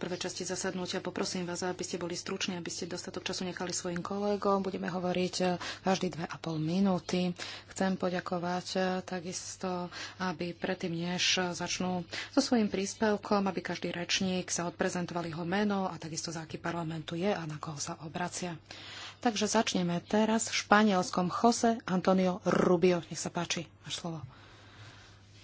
prvé časti zasadnutia. Poprosím vás, aby ste boli struční, aby ste dostatok času nechali svojim kolegom. Budeme hovoriť e, každý dve a pol minúty. Chcem poďakovať e, takisto, aby predtým, než e, začnú so svojím príspevkom, aby každý rečník sa odprezentoval jeho meno a takisto za aký parlamentu je a na koho sa obracia. Takže začneme teraz v španielskom Jose Antonio Rubio. Nech sa páči, máš slovo.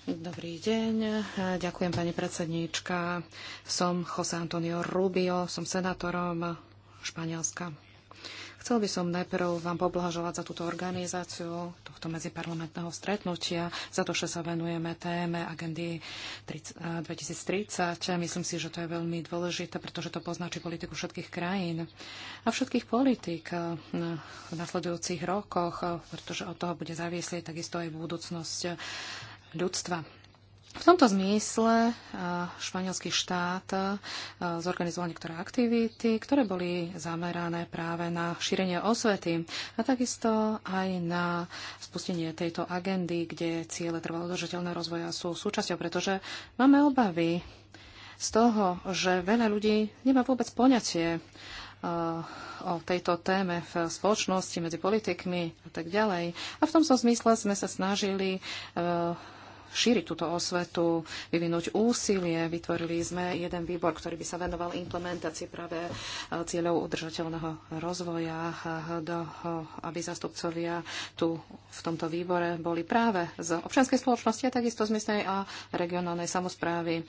Dobrý deň, ďakujem pani predsedníčka. Som Jose Antonio Rubio, som senátorom Španielska. Chcel by som najprv vám poblahoželať za túto organizáciu tohto medziparlamentného stretnutia, za to, že sa venujeme téme agendy 2030. Myslím si, že to je veľmi dôležité, pretože to poznačí politiku všetkých krajín a všetkých politík v nasledujúcich rokoch, pretože od toho bude závislieť takisto aj budúcnosť ľudstva. V tomto zmysle eh, španielský štát eh, zorganizoval niektoré aktivity, ktoré boli zamerané práve na šírenie osvety a takisto aj na spustenie tejto agendy, kde ciele trvalo udržateľného rozvoja sú súčasťou, pretože máme obavy z toho, že veľa ľudí nemá vôbec poňatie eh, o tejto téme v spoločnosti, medzi politikmi a tak ďalej. A v tom som zmysle sme sa snažili šíriť túto osvetu, vyvinúť úsilie. Vytvorili sme jeden výbor, ktorý by sa venoval implementácii práve e, cieľov udržateľného rozvoja, do, aby zastupcovia tu v tomto výbore boli práve z občianskej spoločnosti a takisto z miestnej a regionálnej samozprávy. E,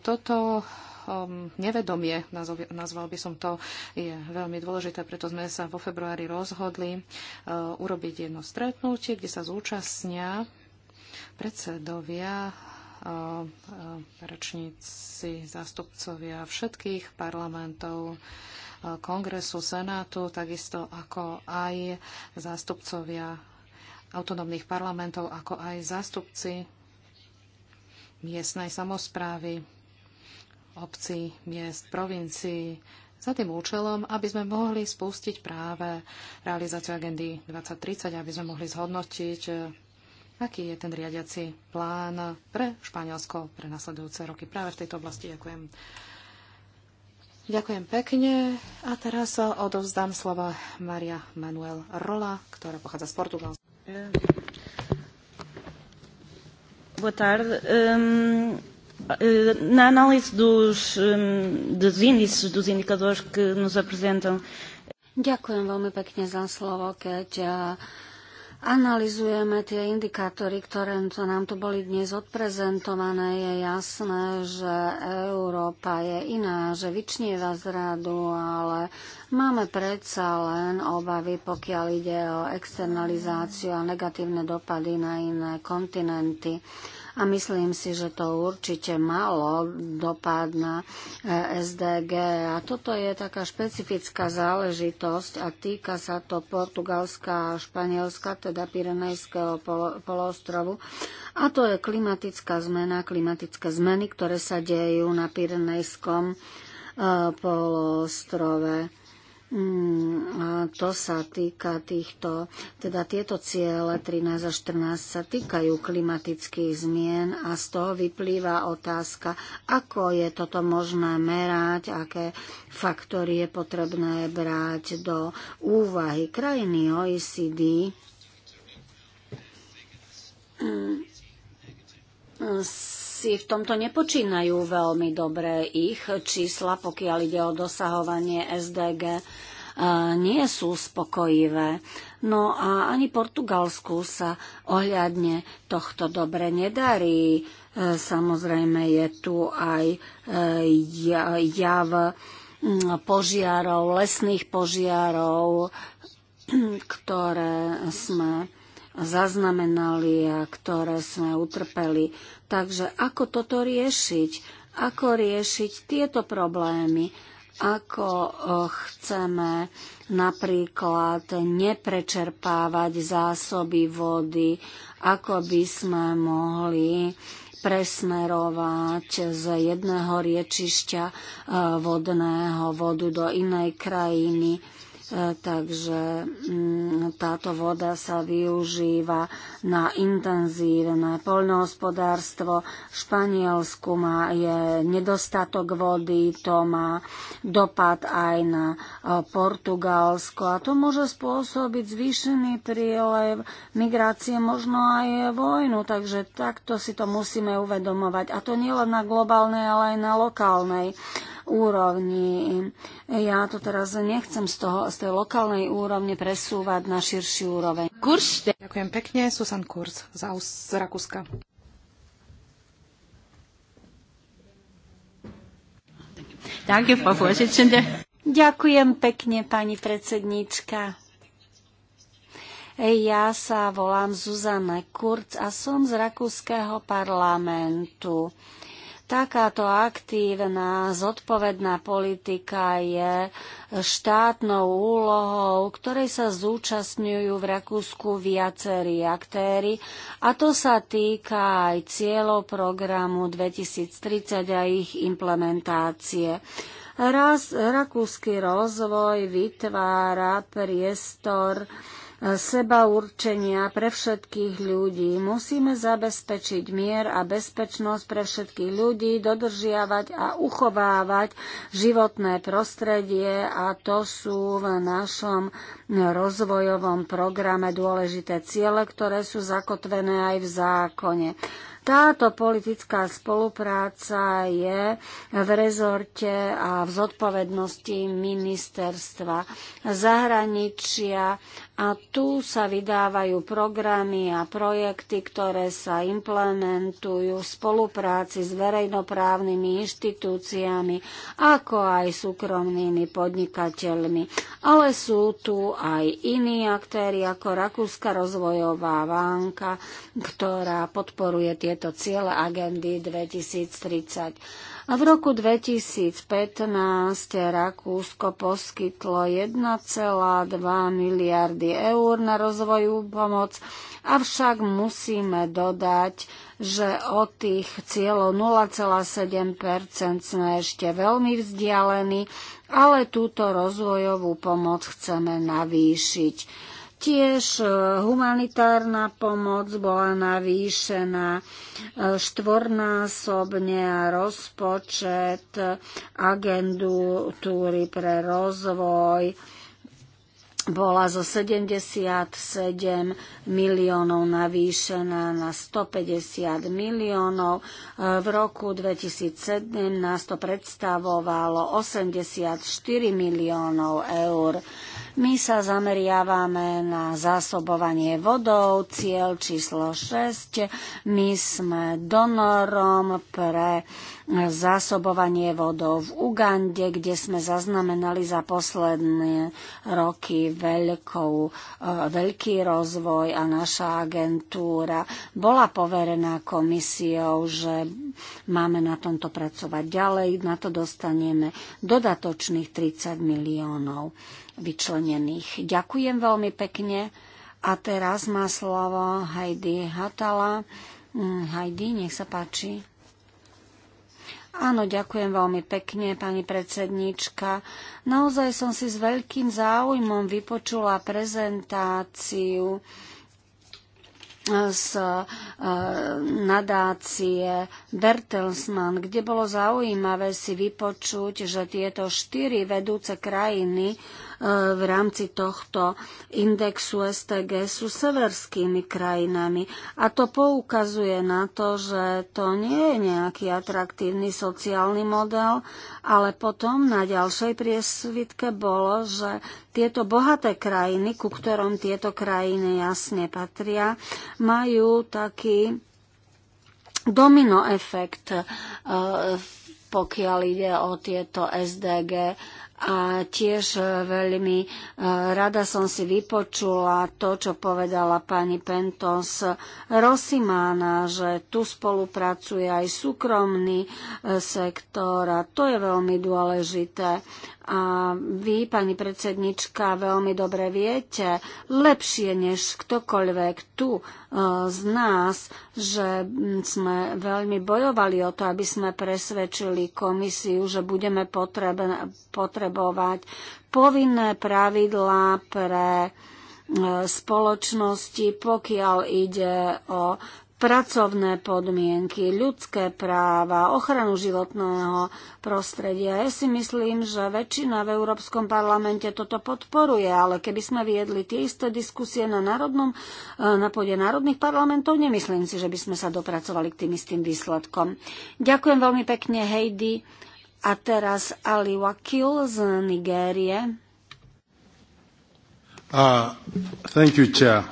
toto um, nevedomie, nazval, by som to, je veľmi dôležité, preto sme sa vo februári rozhodli e, urobiť jedno stretnutie, kde sa zúčastnia predsedovia, eh, rečníci, zástupcovia všetkých parlamentov, eh, kongresu, senátu, takisto ako aj zástupcovia autonómnych parlamentov, ako aj zástupci miestnej samozprávy, obcí, miest, provincií, za tým účelom, aby sme mohli spustiť práve realizáciu agendy 2030, aby sme mohli zhodnotiť eh, Aký je ten riadiaci plán pre Španielsko pre nasledujúce roky práve v tejto oblasti? Ďakujem. Ďakujem pekne. A teraz sa odovzdám slova Maria Manuel Rola, ktorá pochádza z Portugalska. Boa tarde. Um, na análise dos, um, dos índices, dos indicadores que nos apresentam. Ďakujem veľmi pekne za slovo, keď uh, analizujeme tie indikátory, ktoré nám tu boli dnes odprezentované, je jasné, že Európa je iná, že vyčnieva z radu, ale máme predsa len obavy, pokiaľ ide o externalizáciu a negatívne dopady na iné kontinenty a myslím si, že to určite malo dopad na e, SDG. A toto je taká špecifická záležitosť a týka sa to Portugalska a Španielska, teda Pirenejského poloostrovu, A to je klimatická zmena, klimatické zmeny, ktoré sa dejú na Pirenejskom e, poloostrove. Mm, a to sa týka týchto, teda tieto ciele 13 a 14 sa týkajú klimatických zmien a z toho vyplýva otázka, ako je toto možné merať, aké faktory je potrebné brať do úvahy. Krajiny OECD mm, sa asi v tomto nepočínajú veľmi dobré Ich čísla, pokiaľ ide o dosahovanie SDG, e, nie sú spokojivé. No a ani Portugalsku sa ohľadne tohto dobre nedarí. E, samozrejme je tu aj e, jav požiarov, lesných požiarov, ktoré sme zaznamenali a ktoré sme utrpeli. Takže ako toto riešiť? Ako riešiť tieto problémy? Ako eh, chceme napríklad neprečerpávať zásoby vody? Ako by sme mohli presmerovať z jedného riečišťa eh, vodného vodu do inej krajiny? takže mm, táto voda sa využíva na intenzívne poľnohospodárstvo. V Španielsku má, je nedostatok vody, to má dopad aj na e, Portugalsko a to môže spôsobiť zvýšený prílev migrácie, možno aj vojnu, takže takto si to musíme uvedomovať. A to nielen na globálnej, ale aj na lokálnej úrovni. Ja to teraz nechcem z, toho, z tej lokálnej úrovne presúvať na širší úroveň. Kurs. Ďakujem pekne, Susan Kurs z, z Rakúska. Ďakujem pekne, pani predsedníčka. Ja sa volám Zuzana Kurz a som z Rakúskeho parlamentu. Takáto aktívna, zodpovedná politika je štátnou úlohou, ktorej sa zúčastňujú v Rakúsku viacerí aktéry a to sa týka aj cieľov programu 2030 a ich implementácie. Raz, rakúsky rozvoj vytvára priestor seba určenia pre všetkých ľudí. Musíme zabezpečiť mier a bezpečnosť pre všetkých ľudí, dodržiavať a uchovávať životné prostredie a to sú v našom rozvojovom programe dôležité ciele, ktoré sú zakotvené aj v zákone. Táto politická spolupráca je v rezorte a v zodpovednosti ministerstva zahraničia a tu sa vydávajú programy a projekty, ktoré sa implementujú v spolupráci s verejnoprávnymi inštitúciami, ako aj súkromnými podnikateľmi. Ale sú tu aj iní aktéry, ako Rakúska rozvojová banka, ktorá podporuje tieto ciele agendy 2030. A v roku 2015 Rakúsko poskytlo 1,2 miliardy eur na rozvojovú pomoc, avšak musíme dodať, že od tých cieľov 0,7 sme ešte veľmi vzdialení, ale túto rozvojovú pomoc chceme navýšiť. Tiež e, humanitárna pomoc bola navýšená e, štvornásobne a rozpočet agentúry pre rozvoj bola zo 77 miliónov navýšená na 150 miliónov. E, v roku 2017 to predstavovalo 84 miliónov eur. My sa zameriavame na zásobovanie vodou, cieľ číslo 6. My sme donorom pre zásobovanie vodou v Ugande, kde sme zaznamenali za posledné roky veľkou, e, veľký rozvoj a naša agentúra bola poverená komisiou, že máme na tomto pracovať ďalej, na to dostaneme dodatočných 30 miliónov vyčlenených. Ďakujem veľmi pekne a teraz má slovo Heidi Hatala. Mm, Heidi, nech sa páči. Áno, ďakujem veľmi pekne, pani predsednička. Naozaj som si s veľkým záujmom vypočula prezentáciu eh, z eh, nadácie Bertelsmann, kde bolo zaujímavé si vypočuť, že tieto štyri vedúce krajiny v rámci tohto indexu STG sú severskými krajinami. A to poukazuje na to, že to nie je nejaký atraktívny sociálny model, ale potom na ďalšej priesvitke bolo, že tieto bohaté krajiny, ku ktorom tieto krajiny jasne patria, majú taký domino efekt, eh, pokiaľ ide o tieto SDG a tiež e, veľmi e, rada som si vypočula to, čo povedala pani Pentos Rosimána, že tu spolupracuje aj súkromný e, sektor a to je veľmi dôležité. A vy, pani predsednička, veľmi dobre viete, lepšie než ktokoľvek tu z nás, že sme veľmi bojovali o to, aby sme presvedčili komisiu, že budeme potrebne, potrebovať potrebovať povinné pravidlá pre e, spoločnosti, pokiaľ ide o pracovné podmienky, ľudské práva, ochranu životného prostredia. Ja si myslím, že väčšina v Európskom parlamente toto podporuje, ale keby sme viedli tie isté diskusie na, národnom, e, na pôde národných parlamentov, nemyslím si, že by sme sa dopracovali k tým istým výsledkom. Ďakujem veľmi pekne, Heidi. A teraz Ali Wakil z Nigérie. Uh, thank you, chair.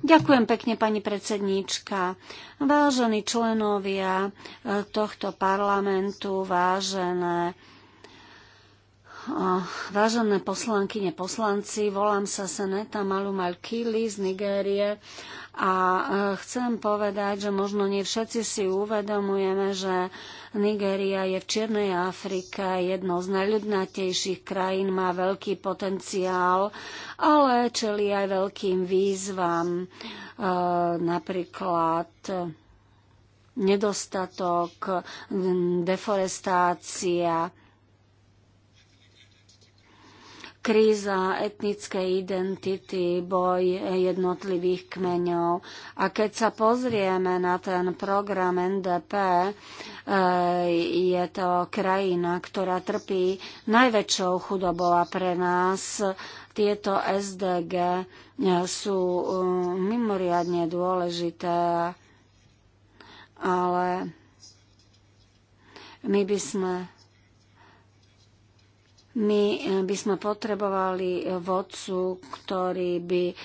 Ďakujem pekne, pani predsedníčka. Vážení členovia e, tohto parlamentu, vážené e, Vážené poslankyne, poslanci, volám sa Seneta Malumal Kili z Nigérie a e, chcem povedať, že možno nie všetci si uvedomujeme, že Nigéria je v Čiernej Afrike jednou z najľudnatejších krajín, má veľký potenciál, ale čeli aj veľkým výzvam, e, napríklad nedostatok, deforestácia, kríza etnickej identity, boj jednotlivých kmeňov. A keď sa pozrieme na ten program NDP, e, je to krajina, ktorá trpí najväčšou chudobou a pre nás tieto SDG e, sú e, mimoriadne dôležité, ale my by sme my eh, by sme potrebovali vodcu, ktorý by eh,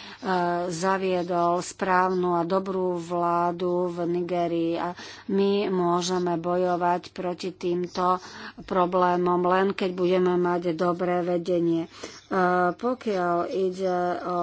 zaviedol správnu a dobrú vládu v Nigerii. A my môžeme bojovať proti týmto problémom len keď budeme mať dobré vedenie. Eh, pokiaľ ide o.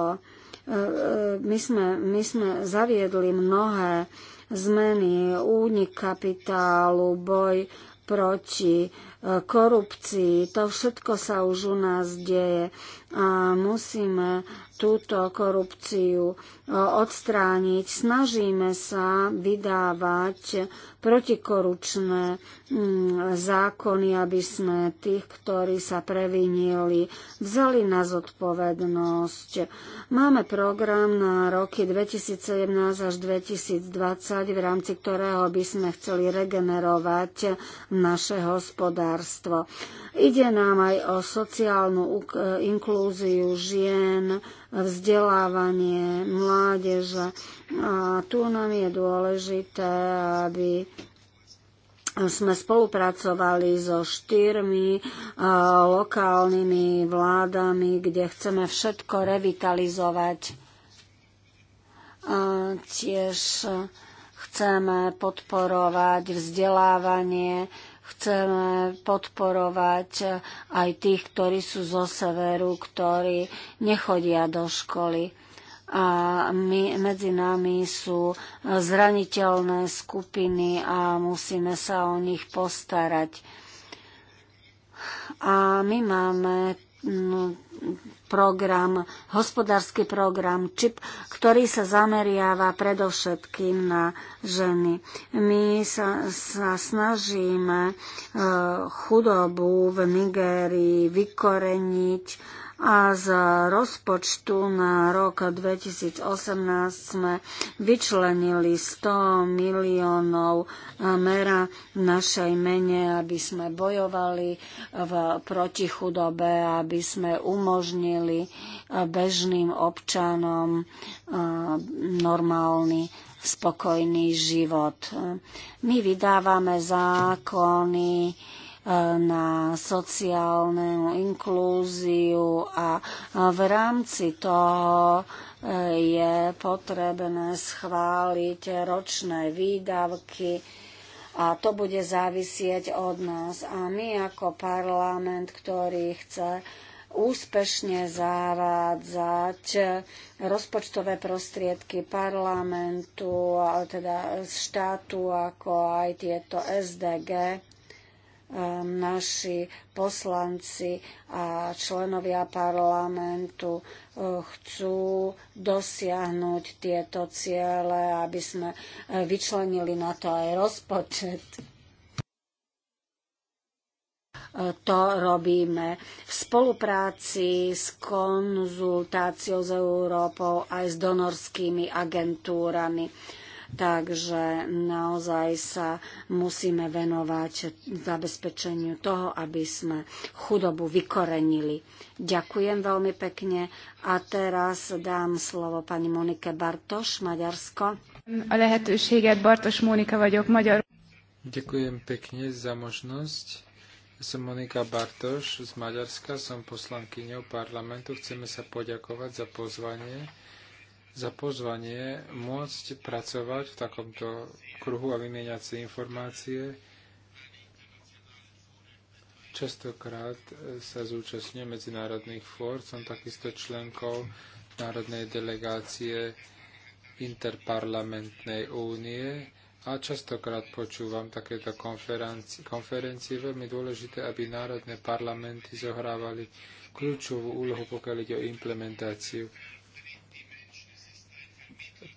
My sme, my sme zaviedli mnohé zmeny, únik kapitálu, boj proti korupcii. To všetko sa už u nás deje a musíme túto korupciu odstrániť. Snažíme sa vydávať protikoručné mm, zákony, aby sme tých, ktorí sa previnili, vzali na zodpovednosť. Máme program na roky 2017 až 2020, v rámci ktorého by sme chceli regenerovať naše hospodárstvo. Ide nám aj o sociálnu e, inklúziu žien, vzdelávanie mladých, mládeže. A tu nám je dôležité, aby sme spolupracovali so štyrmi lokálnymi vládami, kde chceme všetko revitalizovať. E, tiež chceme podporovať vzdelávanie, chceme podporovať aj tých, ktorí sú zo severu, ktorí nechodia do školy a my, medzi nami sú zraniteľné skupiny a musíme sa o nich postarať. A my máme mm, program, hospodársky program ČIP, ktorý sa zameriava predovšetkým na ženy. My sa, sa snažíme e, chudobu v Nigérii vykoreniť, a z rozpočtu na rok 2018 sme vyčlenili 100 miliónov mera našej mene, aby sme bojovali v, protichudobe, aby sme umožnili bežným občanom e, normálny spokojný život. My vydávame zákony, na sociálnu inklúziu a v rámci toho eh, je potrebné schváliť ročné výdavky a to bude závisieť od nás. A my ako parlament, ktorý chce úspešne zavádzať rozpočtové prostriedky parlamentu, teda štátu, ako aj tieto SDG naši poslanci a členovia parlamentu e, chcú dosiahnuť tieto ciele, aby sme e, vyčlenili na to aj rozpočet. E, to robíme v spolupráci s konzultáciou s Európou aj s donorskými agentúrami Takže naozaj sa musíme venovať zabezpečeniu toho, aby sme chudobu vykorenili. Ďakujem veľmi pekne a teraz dám slovo pani Monike Bartoš, Maďarsko. A lehetőséget, Bartoš Monika vagyok, Magyar. Ďakujem pekne za možnosť. Som Monika Bartoš z Maďarska, som poslankyňou parlamentu. Chceme sa poďakovať za pozvanie za pozvanie môcť pracovať v takomto kruhu a vymieňať si informácie. Častokrát sa zúčastňujem medzinárodných fór, som takisto členkou Národnej delegácie Interparlamentnej únie a častokrát počúvam takéto konferencie. konferencie. Veľmi dôležité, aby národné parlamenty zohrávali kľúčovú úlohu, pokiaľ ide o implementáciu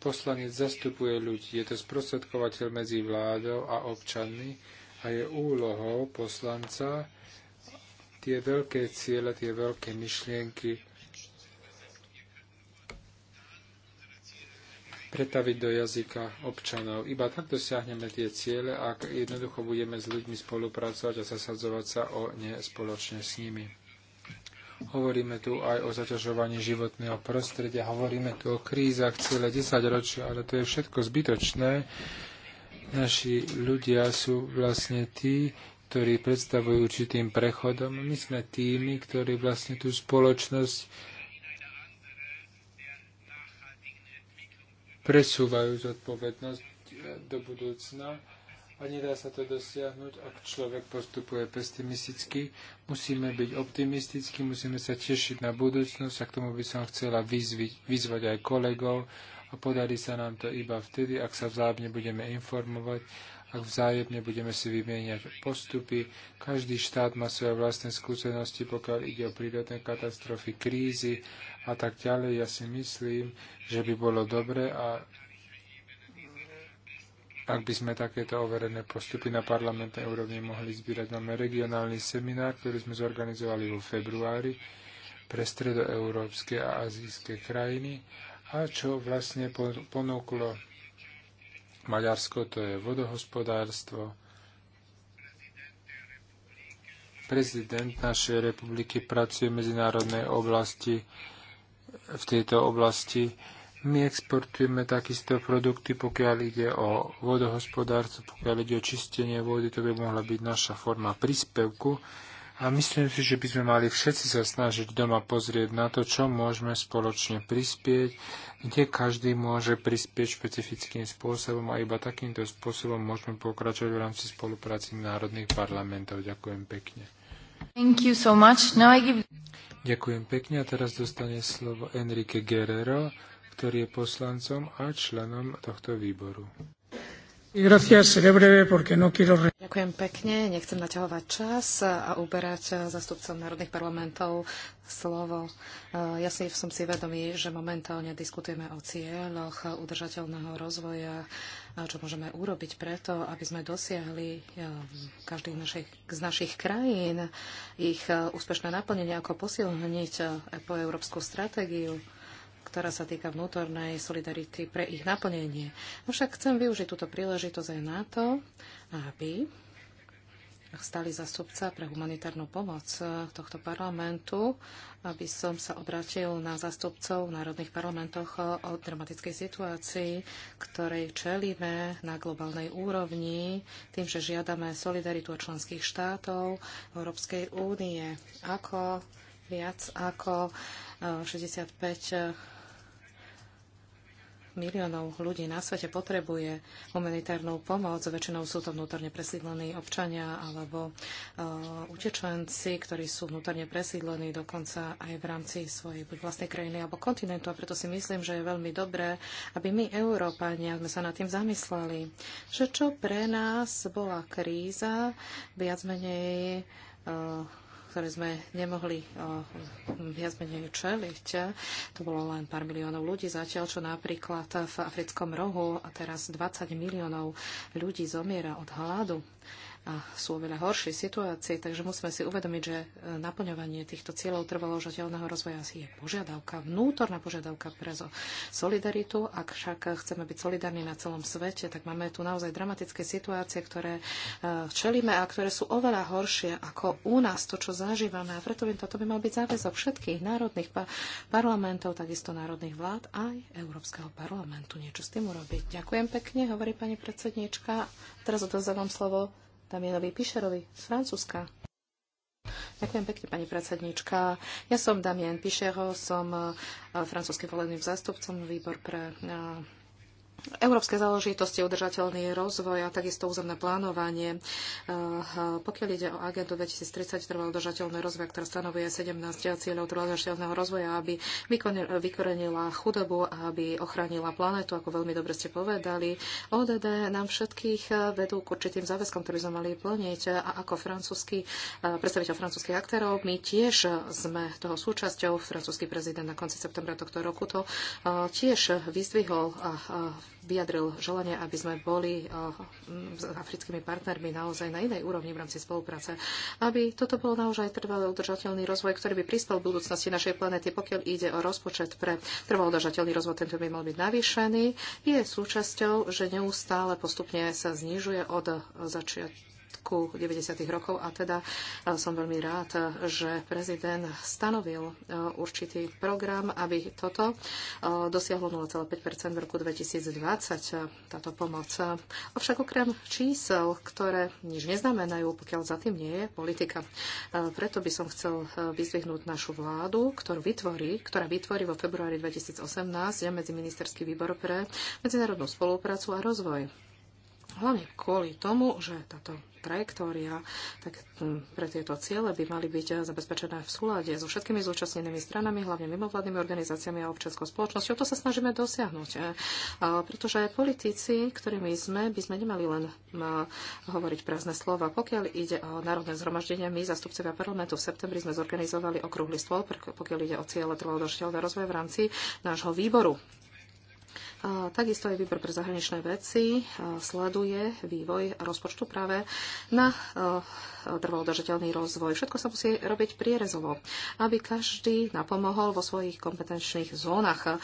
Poslanec zastupuje ľudí, je to sprostredkovateľ medzi vládou a občanmi a je úlohou poslanca tie veľké ciele, tie veľké myšlienky pretaviť do jazyka občanov. Iba tak dosiahneme tie ciele, ak jednoducho budeme s ľuďmi spolupracovať a zasadzovať sa o ne spoločne s nimi. Hovoríme tu aj o zaťažovaní životného prostredia, hovoríme tu o krízach celé 10 ročia, ale to je všetko zbytočné. Naši ľudia sú vlastne tí, ktorí predstavujú určitým prechodom. My sme tými, ktorí vlastne tú spoločnosť presúvajú zodpovednosť do budúcna a nedá sa to dosiahnuť, ak človek postupuje pesimisticky. Musíme byť optimistickí, musíme sa tešiť na budúcnosť a k tomu by som chcela vyzviť, vyzvať aj kolegov a podarí sa nám to iba vtedy, ak sa vzájomne budeme informovať, ak vzájomne budeme si vymieňať postupy. Každý štát má svoje vlastné skúsenosti, pokiaľ ide o prírodné katastrofy, krízy a tak ďalej. Ja si myslím, že by bolo dobre a ak by sme takéto overené postupy na parlamentnej úrovni mohli zbierať. Máme regionálny seminár, ktorý sme zorganizovali vo februári pre stredoeurópske a azijské krajiny a čo vlastne ponúklo Maďarsko, to je vodohospodárstvo. Prezident našej republiky pracuje v medzinárodnej oblasti, v tejto oblasti my exportujeme takisto produkty, pokiaľ ide o vodohospodárstvo, pokiaľ ide o čistenie vody, to by mohla byť naša forma príspevku. A myslím si, že by sme mali všetci sa snažiť doma pozrieť na to, čo môžeme spoločne prispieť, kde každý môže prispieť špecifickým spôsobom a iba takýmto spôsobom môžeme pokračovať v rámci spolupráci národných parlamentov. Ďakujem pekne. Thank you so much. Now I give... Ďakujem pekne a teraz dostane slovo Enrique Guerrero ktorý je poslancom a členom tohto výboru. No Ďakujem pekne, nechcem naťahovať čas a uberať eh, zastupcom národných parlamentov slovo. Eh, ja si, som si vedomý, že momentálne diskutujeme o cieľoch udržateľného rozvoja, čo môžeme urobiť preto, aby sme dosiahli eh, každý z našich, z našich krajín ich úspešné naplnenie, ako posilniť e- po európsku stratégiu ktorá sa týka vnútornej solidarity pre ich naplnenie. Avšak chcem využiť túto príležitosť aj na to, aby stali zastupca pre humanitárnu pomoc tohto parlamentu, aby som sa obrátil na zastupcov v národných parlamentoch o dramatickej situácii, ktorej čelíme na globálnej úrovni, tým, že žiadame solidaritu od členských štátov Európskej únie, ako viac ako 65 eh, miliónov ľudí na svete potrebuje humanitárnu pomoc. Väčšinou sú to vnútorne presídlení občania alebo uh, utečenci, ktorí sú vnútorne presídlení dokonca aj v rámci svojej vlastnej krajiny alebo kontinentu. A preto si myslím, že je veľmi dobré, aby my, Európania, sme sa nad tým zamysleli, že čo pre nás bola kríza, viac menej uh, ktoré sme nemohli viac menej čeliť. To bolo len pár miliónov ľudí, zatiaľ čo napríklad v africkom rohu a teraz 20 miliónov ľudí zomiera od hladu a sú oveľa horšej situácii, takže musíme si uvedomiť, že e, naplňovanie týchto cieľov trvalo žateľného rozvoja je požiadavka, vnútorná požiadavka pre solidaritu. Ak však chceme byť solidárni na celom svete, tak máme tu naozaj dramatické situácie, ktoré e, čelíme a ktoré sú oveľa horšie ako u nás, to, čo zažívame. A preto by toto by mal byť záväzok všetkých národných pa- parlamentov, takisto národných vlád aj Európskeho parlamentu. Niečo s tým urobiť. Ďakujem pekne, hovorí pani predsedníčka. Teraz odozávam slovo Damienovi Pišerovi z Francúzska. Ďakujem pekne, pani predsednička. Ja som Damien Pišero, som eh, francúzským voleným zástupcom výbor pre eh, európske záležitosti, udržateľný rozvoj a takisto územné plánovanie. Eh, pokiaľ ide o agendu 2030 trval udržateľný rozvoj, ktorá stanovuje 17 cieľov udržateľného rozvoja, aby vykorenila chudobu a aby ochránila planetu, ako veľmi dobre ste povedali. ODD nám všetkých eh, vedú k určitým záväzkom, ktorý sme mali plniť a ako francúzsky, eh, predstaviteľ francúzských aktérov, my tiež sme toho súčasťou. Francúzsky prezident na konci septembra tohto roku to tiež vyzdvihol a vyjadril želanie, aby sme boli eh, s africkými partnermi naozaj na inej úrovni v rámci spolupráce, aby toto bol naozaj trvalý udržateľný rozvoj, ktorý by prispel v budúcnosti našej planéty, pokiaľ ide o rozpočet pre trvalý udržateľný rozvoj, tento by mal byť navýšený, je súčasťou, že neustále postupne sa znižuje od eh, začiatku začiatku 90. rokov a teda e, som veľmi rád, e, že prezident stanovil e, určitý program, aby toto dosiahlo 0,5 v roku 2020, táto pomoc. Ovšak okrem čísel, ktoré nič neznamenajú, pokiaľ za tým nie je politika. Preto by som chcel vyzvihnúť našu vládu, ktorú vytvorí, ktorá vytvorí vo februári 2018 medzi ministerský výbor pre medzinárodnú spoluprácu a rozvoj Hlavne kvôli tomu, že táto trajektória, tak hm, pre tieto ciele by mali byť zabezpečené v súlade so všetkými zúčastnenými stranami, hlavne mimovládnymi organizáciami a občianskou spoločnosťou. To sa snažíme dosiahnuť, eh. pretože politici, ktorými sme, by sme nemali len hm, hovoriť prázdne slova. Pokiaľ ide o národné zhromaždenie, my, zastupcovia parlamentu, v septembri sme zorganizovali okrúhly stôl, pokiaľ ide o ciele trvalodržiteľného rozvoja v rámci nášho výboru Takisto aj výbor pre zahraničné veci sleduje vývoj rozpočtu práve na trvalodržateľný rozvoj. Všetko sa musí robiť prierezovo, aby každý napomohol vo svojich kompetenčných zónach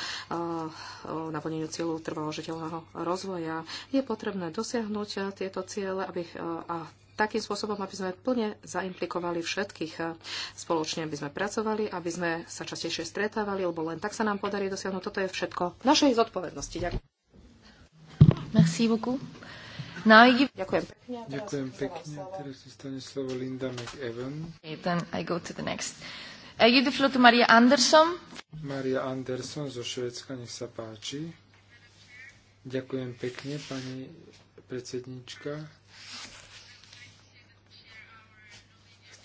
naplneniu cieľu trvalodržateľného rozvoja. Je potrebné dosiahnuť tieto ciele aby, a takým spôsobom, aby sme plne zaimplikovali všetkých. Spoločne aby sme pracovali, aby sme sa častejšie stretávali, lebo len tak sa nám podarí dosiahnuť. Toto je všetko našej zodpovednosti. Ďakujem. Merci beaucoup. No, give... Ďakujem pekne. Ďakujem pekne. Teraz zostane slovo Linda McEwan. Okay, then I go to the next. I uh, give the floor to Maria Anderson. Maria Anderson zo Švedska, nech sa páči. Ďakujem pekne, pani predsednička.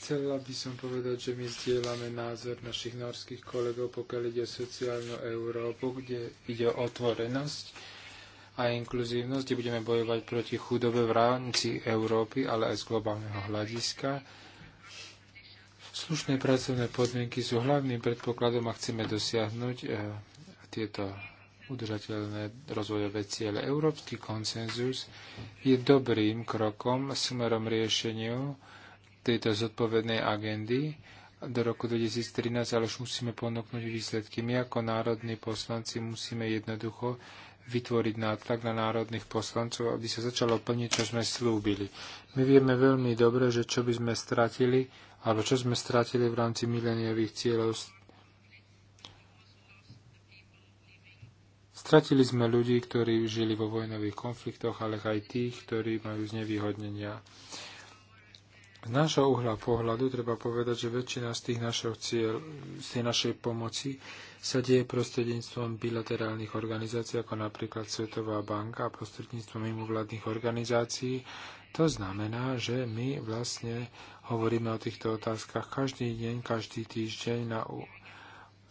Chcela by som povedať, že my zdieľame názor našich norských kolegov, pokiaľ ide o sociálnu Európu, kde ide o otvorenosť a inkluzívnosť, kde budeme bojovať proti chudobe v rámci Európy, ale aj z globálneho hľadiska. Slušné pracovné podmienky sú hlavným predpokladom a chceme dosiahnuť e, tieto udržateľné rozvojové ciele. Európsky konsenzus je dobrým krokom smerom riešeniu tejto zodpovednej agendy do roku 2013, ale už musíme ponúknuť výsledky. My ako národní poslanci musíme jednoducho vytvoriť nátlak na národných poslancov, aby sa začalo plniť, čo sme slúbili. My vieme veľmi dobre, že čo by sme stratili, alebo čo sme stratili v rámci mileniových cieľov. Stratili sme ľudí, ktorí žili vo vojnových konfliktoch, ale aj tých, ktorí majú znevýhodnenia. Z nášho uhla pohľadu treba povedať, že väčšina z tých našich cieľ, z tej našej pomoci sa deje prostredníctvom bilaterálnych organizácií, ako napríklad Svetová banka a prostredníctvom mimovládnych organizácií. To znamená, že my vlastne hovoríme o týchto otázkach každý deň, každý týždeň na,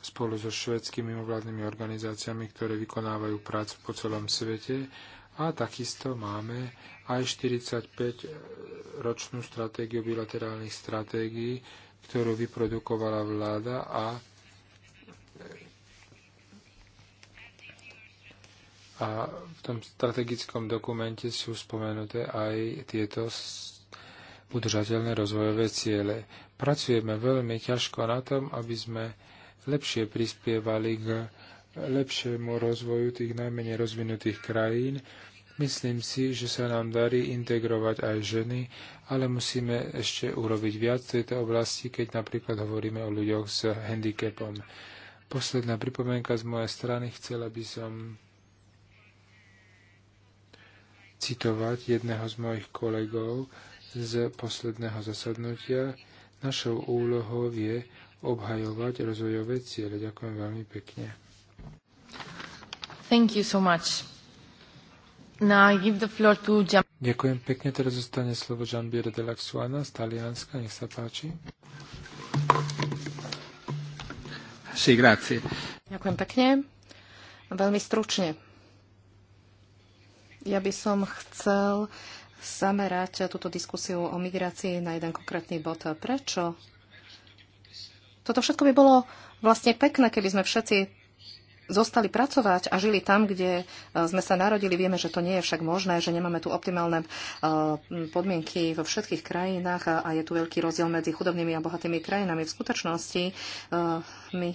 spolu so švedskými mimovládnymi organizáciami, ktoré vykonávajú prácu po celom svete a takisto máme aj 45-ročnú e, stratégiu bilaterálnych stratégií, ktorú vyprodukovala vláda a e, A v tom strategickom dokumente sú spomenuté aj tieto udržateľné rozvojové ciele. Pracujeme veľmi ťažko na tom, aby sme lepšie prispievali k lepšiemu rozvoju tých najmenej rozvinutých krajín. Myslím si, že sa nám darí integrovať aj ženy, ale musíme ešte urobiť viac v tejto oblasti, keď napríklad hovoríme o ľuďoch s handicapom. Posledná pripomienka z mojej strany. Chcela by som citovať jedného z mojich kolegov z posledného zasadnutia. Našou úlohou je obhajovať rozvojové ciele. Ďakujem veľmi pekne. Ďakujem pekne. Teraz zostane slovo jean Giambiere de Laxuana z Talianska. Nech sa páči. Sí, grazie. Ďakujem pekne. Veľmi stručne. Ja by som chcel zamerať túto diskusiu o migrácii na jeden konkrétny bod. Prečo? Toto všetko by bolo vlastne pekné, keby sme všetci zostali pracovať a žili tam, kde e, sme sa narodili. Vieme, že to nie je však možné, že nemáme tu optimálne e, podmienky vo všetkých krajinách a je tu veľký rozdiel medzi chudobnými a bohatými krajinami. V skutočnosti e,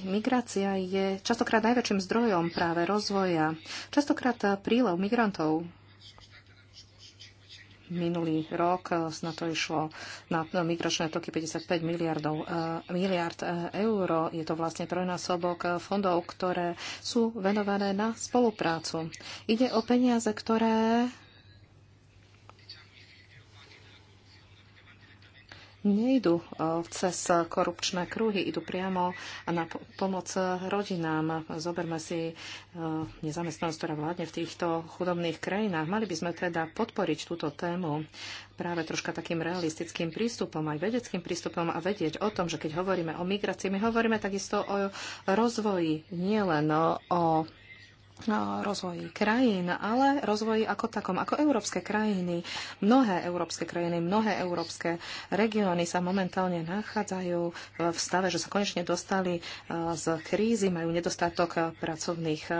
migrácia je častokrát najväčším zdrojom práve rozvoja. Častokrát prílev migrantov minulý rok e, na to išlo na migračné toky 55 miliardov, e, miliard e, eur. Je to vlastne trojnásobok fondov, ktoré sú venované na spoluprácu. Ide o peniaze, ktoré nejdu e, cez korupčné kruhy, idú priamo na pomoc rodinám. Zoberme si e, nezamestnanosť, ktorá vládne v týchto chudobných krajinách. Mali by sme teda podporiť túto tému práve troška takým realistickým prístupom, aj vedeckým prístupom a vedieť o tom, že keď hovoríme o migrácii, my hovoríme takisto o rozvoji, nielen o No, rozvoji krajín, ale rozvoji ako takom, ako európske krajiny. Mnohé európske krajiny, mnohé európske regióny sa momentálne nachádzajú v stave, že sa konečne dostali e, z krízy, majú nedostatok e, pracovných e,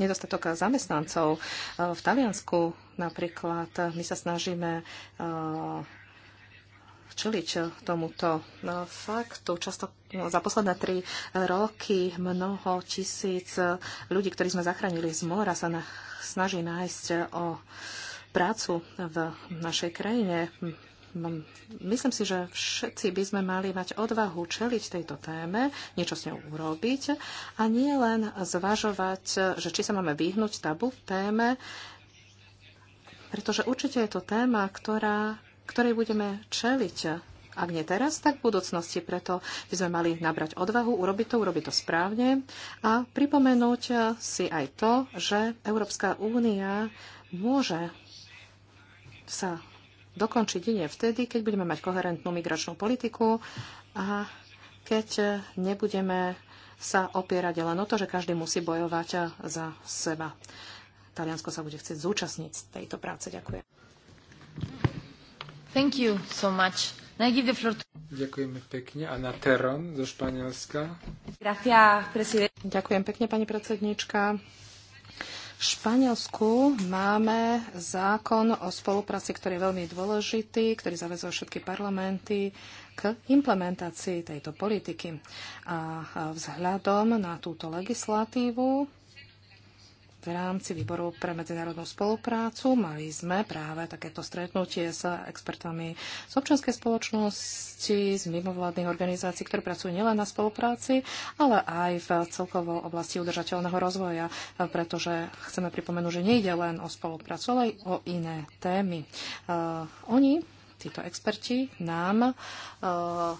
nedostatok zamestnancov. V Taliansku napríklad my sa snažíme čeliť tomuto no, faktu. Často no, za posledné tri roky mnoho tisíc e, ľudí, ktorí sme zachránili z mora, sa na, snaží nájsť e, o prácu v našej krajine. Myslím si, že všetci by sme mali mať odvahu čeliť tejto téme, niečo s ňou urobiť a nie len zvažovať, že či sa máme vyhnúť tabu téme, pretože určite je to téma, ktorá ktorej budeme čeliť. Ak nie teraz, tak v budúcnosti. Preto by sme mali nabrať odvahu, urobiť to, urobiť to správne a pripomenúť si aj to, že Európska únia môže sa dokončiť jedine vtedy, keď budeme mať koherentnú migračnú politiku a keď nebudeme sa opierať len o to, že každý musí bojovať za seba. Taliansko sa bude chcieť zúčastniť tejto práce. Ďakujem. Thank you so much. I give the floor to... Ďakujeme pekne. Ana Teron zo Španielska. Gracias, Ďakujem pekne, pani predsednička. V Španielsku máme zákon o spolupráci, ktorý je veľmi dôležitý, ktorý zavezuje všetky parlamenty k implementácii tejto politiky. A vzhľadom na túto legislatívu v rámci výboru pre medzinárodnú spoluprácu. Mali sme práve takéto stretnutie s expertami z občianskej spoločnosti, z mimovládnych organizácií, ktoré pracujú nielen na spolupráci, ale aj v celkovo oblasti udržateľného rozvoja, pretože chceme pripomenúť, že nejde len o spoluprácu, ale aj o iné témy. Uh, oni, títo experti, nám uh,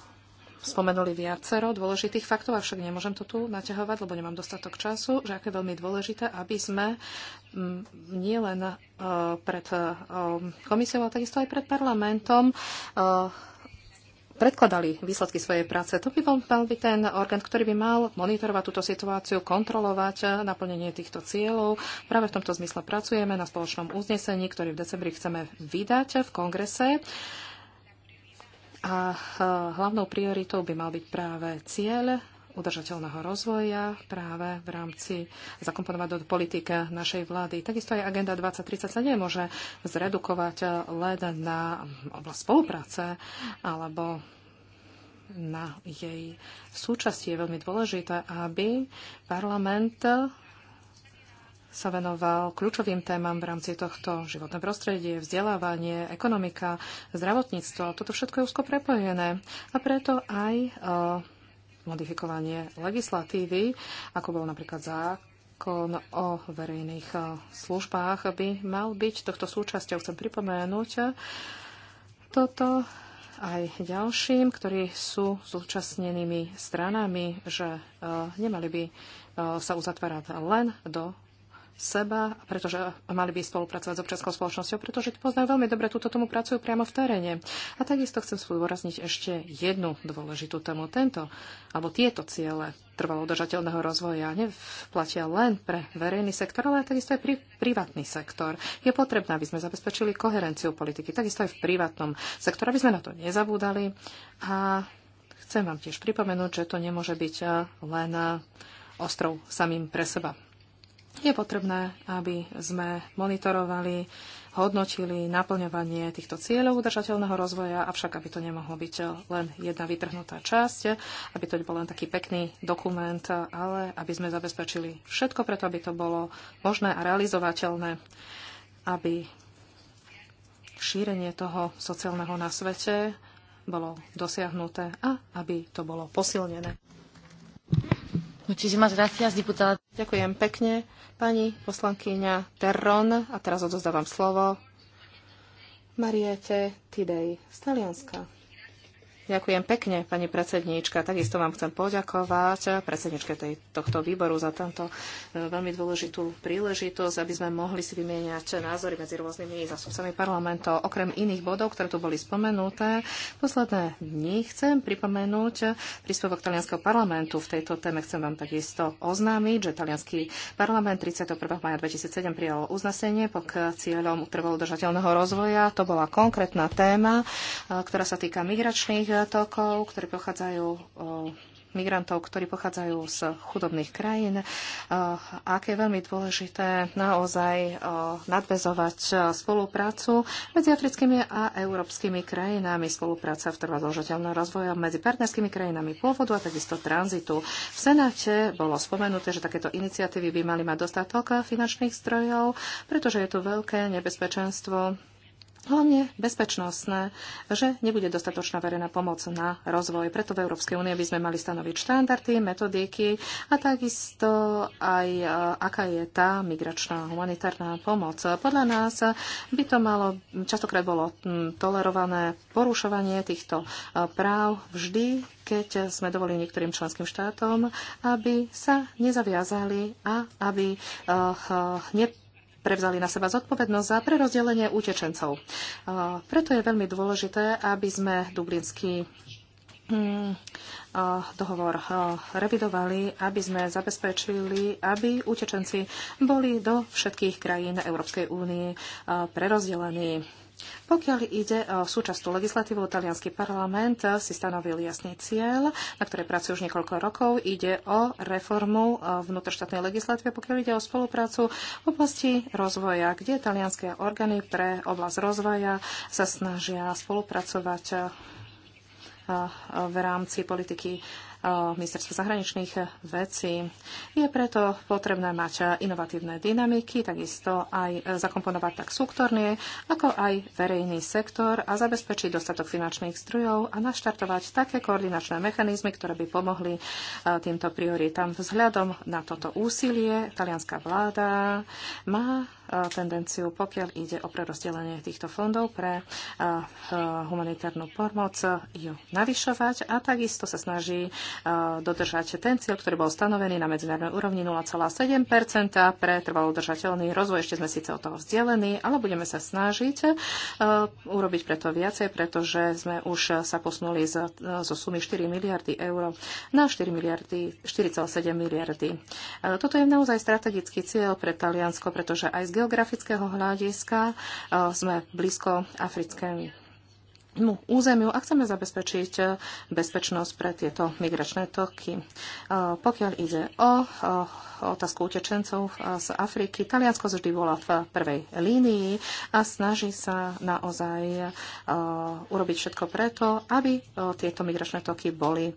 spomenuli viacero dôležitých faktov, avšak nemôžem to tu naťahovať, lebo nemám dostatok času, že aké veľmi dôležité, aby sme mm, nie len e, pred e, komisiou, ale takisto aj pred parlamentom e, predkladali výsledky svojej práce. To by bol, mal byť ten orgán, ktorý by mal monitorovať túto situáciu, kontrolovať naplnenie týchto cieľov. Práve v tomto zmysle pracujeme na spoločnom uznesení, ktorý v decembri chceme vydať v kongrese. Uh, a e, hlavnou prioritou by mal byť práve cieľ udržateľného rozvoja práve v rámci zakomponovať do politike našej vlády. Takisto aj Agenda 2030 sa nemôže zredukovať len na oblasť spolupráce alebo na jej súčasti je veľmi dôležité, aby parlament sa venoval kľúčovým témam v rámci tohto životné prostredie, vzdelávanie, ekonomika, zdravotníctvo. Toto všetko je úzko prepojené a preto aj e, modifikovanie legislatívy, ako bol napríklad zákon o verejných e, službách, by mal byť tohto súčasťou. Chcem pripomenúť e, toto aj ďalším, ktorí sú zúčastnenými stranami, že nemali by sa uzatvárať len do seba, pretože mali by spolupracovať s občianskou spoločnosťou, pretože poznajú veľmi dobre túto tomu pracujú priamo v teréne. A takisto chcem spôrazniť ešte jednu dôležitú tému. Tento, alebo tieto ciele trvalo udržateľného rozvoja neplatia len pre verejný sektor, ale aj takisto aj pri privátny sektor. Je potrebné, aby sme zabezpečili koherenciu politiky, takisto aj v privátnom sektore, aby sme na to nezabúdali. A chcem vám tiež pripomenúť, že to nemôže byť eh, len eh, ostrov samým pre seba. Je potrebné, aby sme monitorovali, hodnotili naplňovanie týchto cieľov udržateľného rozvoja, avšak aby to nemohlo byť len jedna vytrhnutá časť, aby to bol len taký pekný dokument, ale aby sme zabezpečili všetko preto, aby to bolo možné a realizovateľné, aby šírenie toho sociálneho na svete bolo dosiahnuté a aby to bolo posilnené. Ďakujem pekne, pani poslankyňa Terron. A teraz odozdávam slovo Mariete Tidej z Talianska. Ďakujem pekne, pani predsedníčka. Takisto vám chcem poďakovať eh, predsedničke tej, tohto výboru za tento eh, veľmi dôležitú príležitosť, aby sme mohli si vymieňať názory medzi rôznymi zastupcami parlamentov. Okrem iných bodov, ktoré tu boli spomenuté, posledné dni chcem pripomenúť eh, príspevok talianského parlamentu. V tejto téme chcem vám takisto oznámiť, že talianský parlament 31. maja 2007 prijal uznesenie pod cieľom trvalo rozvoja. To bola konkrétna téma, ktorá sa týka migračných tokov, ktorí pochádzajú eh, migrantov, ktorí pochádzajú z chudobných krajín. Eh, Aké je veľmi dôležité naozaj eh, nadvezovať spoluprácu medzi africkými a európskymi krajinami, spolupráca v trvadložateľnom rozvoju medzi partnerskými krajinami pôvodu a takisto tranzitu. V Senáte bolo spomenuté, že takéto iniciatívy by mali mať dostatok finančných strojov, pretože je tu veľké nebezpečenstvo hlavne bezpečnostné, že nebude dostatočná verejná pomoc na rozvoj. Preto v Európskej únie by sme mali stanoviť štandardy, metodiky a takisto aj e, aká je tá migračná humanitárna pomoc. Podľa nás by to malo, častokrát bolo tolerované porušovanie týchto e, práv vždy, keď sme dovolili niektorým členským štátom, aby sa nezaviazali a aby e, ne prevzali na seba zodpovednosť za prerozdelenie utečencov. Preto je veľmi dôležité, aby sme dublinský hm, dohovor revidovali, aby sme zabezpečili, aby utečenci boli do všetkých krajín Európskej únie prerozdelení pokiaľ ide o súčasnú legislatívu, talianský parlament si stanovil jasný cieľ, na ktoré pracuje už niekoľko rokov. Ide o reformu e, vnútroštátnej legislatívy, pokiaľ ide o spoluprácu v oblasti rozvoja, kde talianské orgány pre oblasť rozvoja sa snažia spolupracovať e, e, v rámci politiky ministerstvo zahraničných vecí. Je preto potrebné mať inovatívne dynamiky, takisto aj zakomponovať tak súktorne, ako aj verejný sektor a zabezpečiť dostatok finančných zdrojov a naštartovať také koordinačné mechanizmy, ktoré by pomohli e, týmto prioritám. Vzhľadom na toto úsilie talianská vláda má tendenciu, pokiaľ ide o prerozdelenie týchto fondov pre humanitárnu pomoc, ju navyšovať a takisto sa snaží dodržať ten cieľ, ktorý bol stanovený na medzinárodnej úrovni 0,7 pre trvalo udržateľný rozvoj. Ešte sme síce od toho vzdelení, ale budeme sa snažiť urobiť preto viacej, pretože sme už sa posunuli zo, zo sumy 4 miliardy eur na 4 miliardy, 4,7 miliardy. Toto je naozaj strategický cieľ pre Taliansko, pretože aj z geografického hľadiska e, sme blízko africkému územiu a chceme zabezpečiť e, bezpečnosť pre tieto migračné toky. E, pokiaľ ide o otázku utečencov e, z Afriky, Taliansko vždy bola v prvej línii a snaží sa naozaj urobiť všetko preto, aby tieto migračné toky boli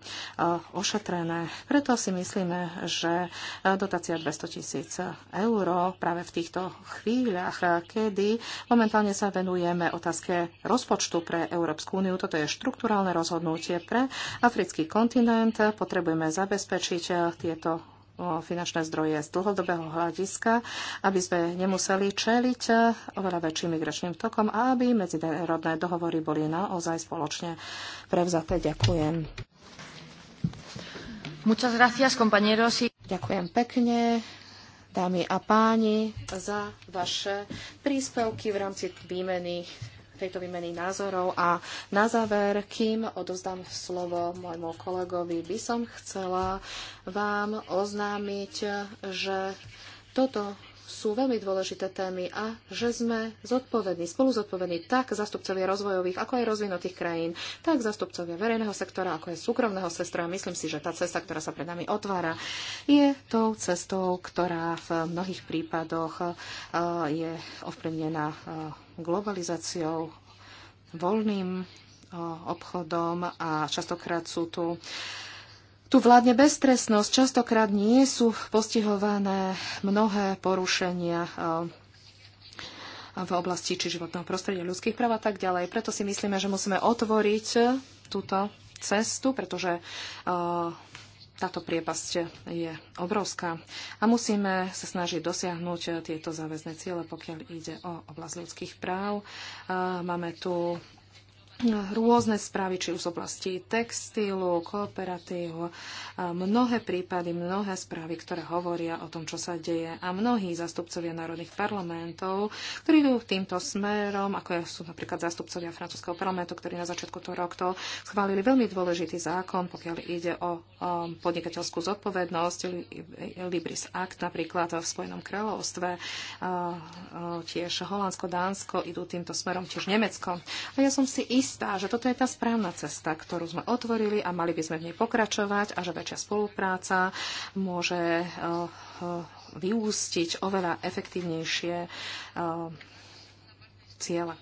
ošetrené. Preto si myslíme, že dotácia 200 tisíc eur práve v týchto chvíľach, kedy momentálne sa venujeme otázke rozpočtu pre Euró Európsku úniu. Toto je štruktúrálne rozhodnutie pre africký kontinent. Potrebujeme zabezpečiť eh, tieto eh, finančné zdroje z dlhodobého hľadiska, aby sme nemuseli čeliť eh, oveľa väčším migračným tokom a aby medzinárodné dohovory boli naozaj spoločne prevzaté. Ďakujem. Muchas gracias, compañeros. Ďakujem pekne, dámy a páni, za vaše príspevky v rámci výmeny tejto výmeny názorov. A na záver, kým odozdám slovo môjmu kolegovi, by som chcela vám oznámiť, že toto sú veľmi dôležité témy a že sme zodpovední, spolu zodpovední tak zastupcovia rozvojových, ako aj rozvinutých krajín, tak zastupcovia verejného sektora, ako aj súkromného sestra. Myslím si, že tá cesta, ktorá sa pred nami otvára, je tou cestou, ktorá v mnohých prípadoch e, je ovplyvnená e, globalizáciou, voľným e, obchodom a častokrát sú tu tu vládne beztresnosť, častokrát nie sú postihované mnohé porušenia eh, v oblasti či životného prostredia, ľudských práv a tak ďalej. Preto si myslíme, že musíme otvoriť eh, túto cestu, pretože eh, táto priepasť je obrovská a musíme sa snažiť dosiahnuť tieto záväzné ciele, pokiaľ ide o oblasť ľudských práv. Máme tu rôzne správy, či už z oblasti textilu, kooperatív, mnohé prípady, mnohé správy, ktoré hovoria o tom, čo sa deje. A mnohí zastupcovia národných parlamentov, ktorí idú týmto smerom, ako sú napríklad zastupcovia francúzského parlamentu, ktorí na začiatku toho rokto schválili veľmi dôležitý zákon, pokiaľ ide o podnikateľskú zodpovednosť, Libris Act napríklad v Spojenom kráľovstve, tiež Holandsko, Dánsko idú týmto smerom, tiež Nemecko. A ja som si istá, že toto je tá správna cesta, ktorú sme otvorili a mali by sme v nej pokračovať a že väčšia spolupráca môže eh, vyústiť oveľa efektívnejšie eh, ciele.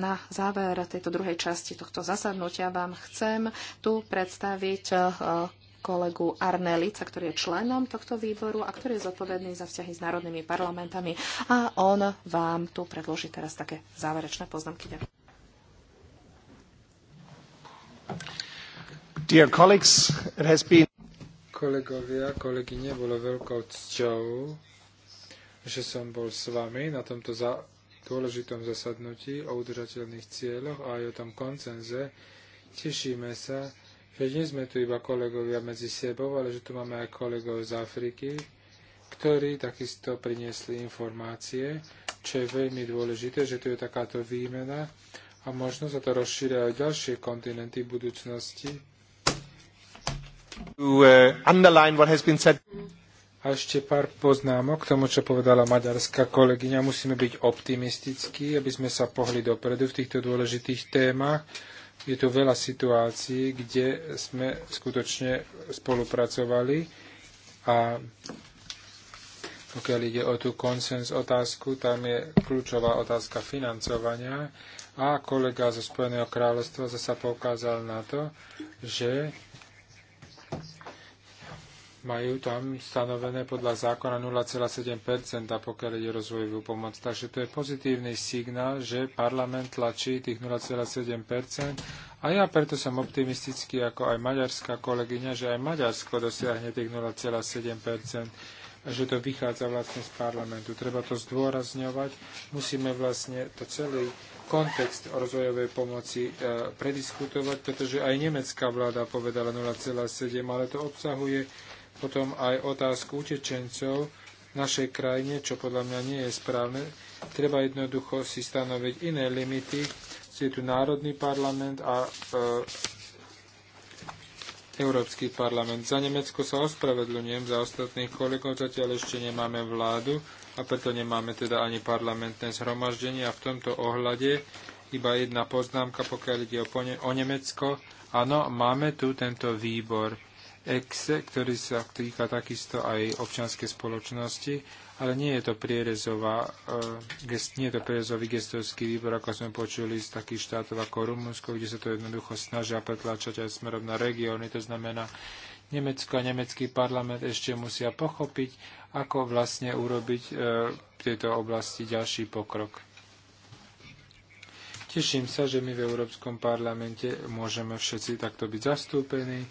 Na záver tejto druhej časti tohto zasadnutia vám chcem tu predstaviť eh, kolegu Arne Lica, ktorý je členom tohto výboru a ktorý je zodpovedný za vzťahy s národnými parlamentami. A on vám tu predloží teraz také záverečné poznámky. Ďakujem. Kolegovia, kolegyne, bolo veľkou cťou, že som bol s vami na tomto za dôležitom zasadnutí o udržateľných cieľoch a aj o tom koncenze. Tešíme sa, že nie sme tu iba kolegovia medzi sebou, ale že tu máme aj kolegov z Afriky, ktorí takisto priniesli informácie, čo je veľmi dôležité, že tu je takáto výmena a možno sa to rozšíria aj ďalšie kontinenty v budúcnosti. To, uh, a ešte pár poznámok k tomu, čo povedala maďarská kolegyňa. Musíme byť optimistickí, aby sme sa pohli dopredu v týchto dôležitých témach. Je tu veľa situácií, kde sme skutočne spolupracovali a pokiaľ ide o tú konsens otázku, tam je kľúčová otázka financovania. A kolega zo Spojeného kráľovstva zase poukázal na to, že majú tam stanovené podľa zákona 0,7%, pokiaľ ide rozvojovú pomoc. Takže to je pozitívny signál, že parlament tlačí tých 0,7%. A ja preto som optimistický, ako aj maďarská kolegyňa, že aj Maďarsko dosiahne tých 0,7% že to vychádza vlastne z parlamentu. Treba to zdôrazňovať. Musíme vlastne to celý kontext rozvojovej pomoci e, prediskutovať, pretože aj nemecká vláda povedala 0,7, ale to obsahuje potom aj otázku utečencov v našej krajine, čo podľa mňa nie je správne. Treba jednoducho si stanoviť iné limity. Je tu národný parlament a e, Európsky parlament. Za Nemecko sa ospravedlňujem, za ostatných kolegov zatiaľ ešte nemáme vládu a preto nemáme teda ani parlamentné zhromaždenie a v tomto ohľade iba jedna poznámka, pokiaľ ide o, ne- o Nemecko. Áno, máme tu tento výbor EXE, ktorý sa týka takisto aj občianskej spoločnosti ale nie je to prierezová, eh, gest, nie je to prierezový gestovský výbor, ako sme počuli z takých štátov ako Rumunsko, kde sa to jednoducho snažia pretláčať aj smerom na regióny. To znamená, Nemecko a nemecký parlament ešte musia pochopiť, ako vlastne urobiť e, v tejto oblasti ďalší pokrok. Teším sa, že my v Európskom parlamente môžeme všetci takto byť zastúpení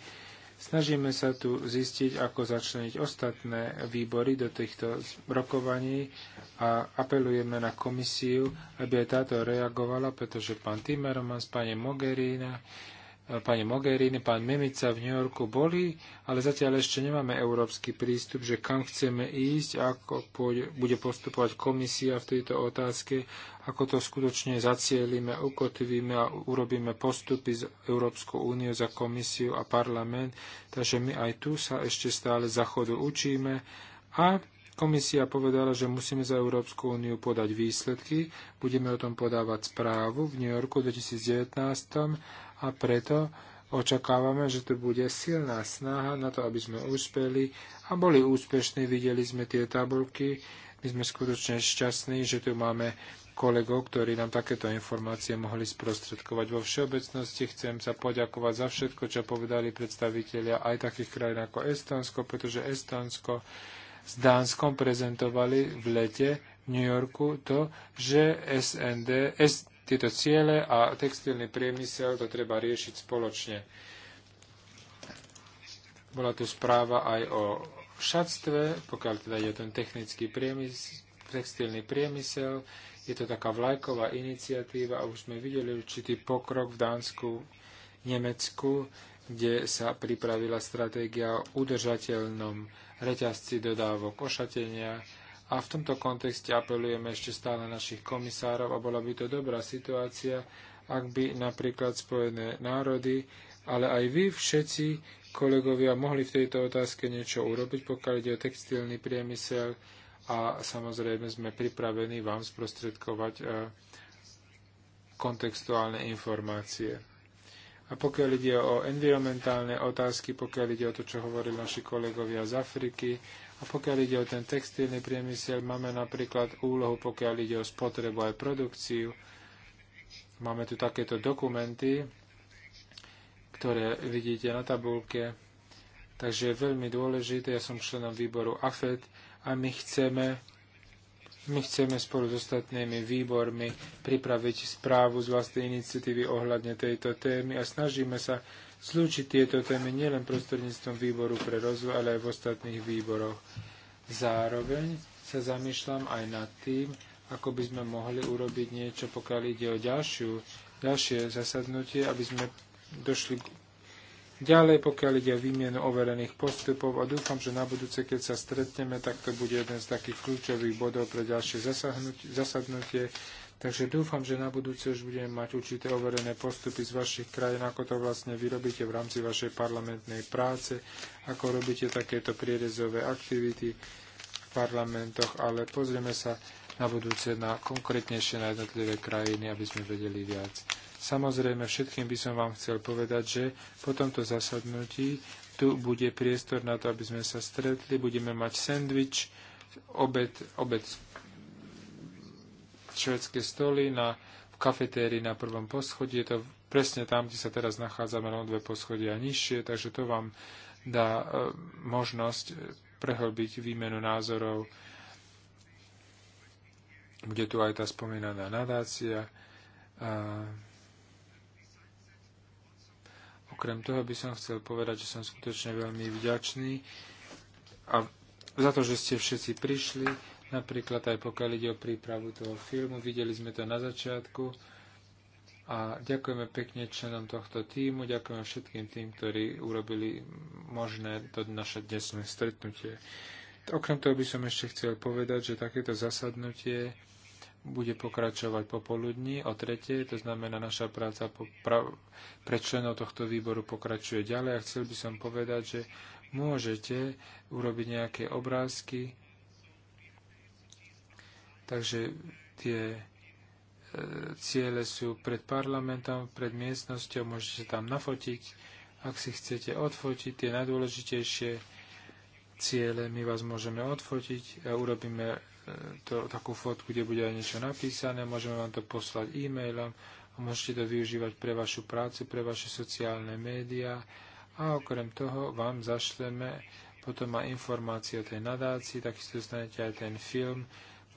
Snažíme sa tu zistiť, ako začleniť ostatné výbory do týchto rokovaní a apelujeme na komisiu, aby aj táto reagovala, pretože pán Timmermans, pani Mogherina pani Mogherini, pán Mimica v New Yorku boli, ale zatiaľ ešte nemáme európsky prístup, že kam chceme ísť, ako bude postupovať komisia v tejto otázke, ako to skutočne zacielíme, ukotvíme a urobíme postupy z Európskou úniu za komisiu a parlament. Takže my aj tu sa ešte stále zachodu učíme a Komisia povedala, že musíme za Európsku úniu podať výsledky. Budeme o tom podávať správu v New Yorku 2019 a preto očakávame, že tu bude silná snaha na to, aby sme úspeli a boli úspešní. Videli sme tie tabulky. My sme skutočne šťastní, že tu máme kolegov, ktorí nám takéto informácie mohli sprostredkovať. Vo všeobecnosti chcem sa poďakovať za všetko, čo povedali predstavitelia aj takých krajín ako Estonsko, pretože Estonsko s Dánskom prezentovali v lete v New Yorku to, že SND, S, tieto ciele a textilný priemysel to treba riešiť spoločne. Bola tu správa aj o šatstve, pokiaľ teda je ten technický priemysel, textilný priemysel. Je to taká vlajková iniciatíva a už sme videli určitý pokrok v Dánsku, Nemecku, kde sa pripravila stratégia o udržateľnom reťazci dodávok ošatenia, a v tomto kontexte apelujeme ešte stále našich komisárov a bola by to dobrá situácia, ak by napríklad Spojené národy, ale aj vy všetci kolegovia mohli v tejto otázke niečo urobiť, pokiaľ ide o textilný priemysel a samozrejme sme pripravení vám sprostredkovať e, kontextuálne informácie. A pokiaľ ide o environmentálne otázky, pokiaľ ide o to, čo hovorili naši kolegovia z Afriky, a pokiaľ ide o ten textilný priemysel, máme napríklad úlohu, pokiaľ ide o spotrebu aj produkciu. Máme tu takéto dokumenty, ktoré vidíte na tabulke. Takže je veľmi dôležité, ja som členom výboru AFED a my chceme, my chceme spolu s ostatnými výbormi pripraviť správu z vlastnej iniciatívy ohľadne tejto témy a snažíme sa zlúčiť tieto témy nielen prostredníctvom výboru pre rozvoj, ale aj v ostatných výboroch. Zároveň sa zamýšľam aj nad tým, ako by sme mohli urobiť niečo, pokiaľ ide o ďalšiu, ďalšie zasadnutie, aby sme došli ďalej, pokiaľ ide o výmienu overených postupov a dúfam, že na budúce, keď sa stretneme, tak to bude jeden z takých kľúčových bodov pre ďalšie zasadnutie Takže dúfam, že na budúce už budeme mať určité overené postupy z vašich krajín, ako to vlastne vyrobíte v rámci vašej parlamentnej práce, ako robíte takéto prierezové aktivity v parlamentoch, ale pozrieme sa na budúce na konkrétnejšie na jednotlivé krajiny, aby sme vedeli viac. Samozrejme, všetkým by som vám chcel povedať, že po tomto zasadnutí tu bude priestor na to, aby sme sa stretli, budeme mať sendvič, obed, obed švedské stoly na, v kafetérii na prvom poschodí. Je to presne tam, kde sa teraz nachádzame, len dve poschodia nižšie, takže to vám dá e, možnosť e, prehlbiť výmenu názorov. Bude tu aj tá spomínaná nadácia. A... Okrem toho by som chcel povedať, že som skutočne veľmi vďačný a za to, že ste všetci prišli napríklad aj pokiaľ ide o prípravu toho filmu. Videli sme to na začiatku a ďakujeme pekne členom tohto týmu, ďakujeme všetkým tým, ktorí urobili možné to naše dnesné stretnutie. Okrem toho by som ešte chcel povedať, že takéto zasadnutie bude pokračovať popoludní o tretie, to znamená naša práca po, pra, pre členov tohto výboru pokračuje ďalej a chcel by som povedať, že môžete urobiť nejaké obrázky Takže tie e, ciele sú pred parlamentom, pred miestnosťou, môžete sa tam nafotiť. Ak si chcete odfotiť tie najdôležitejšie ciele, my vás môžeme odfotiť a urobíme e, to, takú fotku, kde bude aj niečo napísané, môžeme vám to poslať e-mailom a môžete to využívať pre vašu prácu, pre vaše sociálne médiá a okrem toho vám zašleme potom aj informácie o tej nadácii, takisto dostanete aj ten film,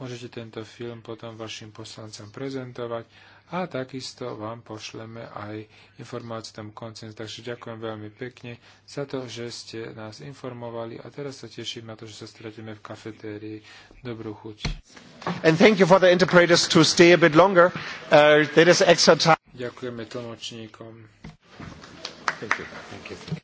Môžete tento film potom vašim poslancom prezentovať a takisto vám pošleme aj informáciu tam koncens. Takže ďakujem veľmi pekne za to, že ste nás informovali a teraz sa teším na to, že sa stretneme v kafetérii. Dobrú chuť. And thank you for the interpreters to stay a bit longer. Uh, there is extra time. Ďakujeme tlmočníkom. Thank you. Thank you.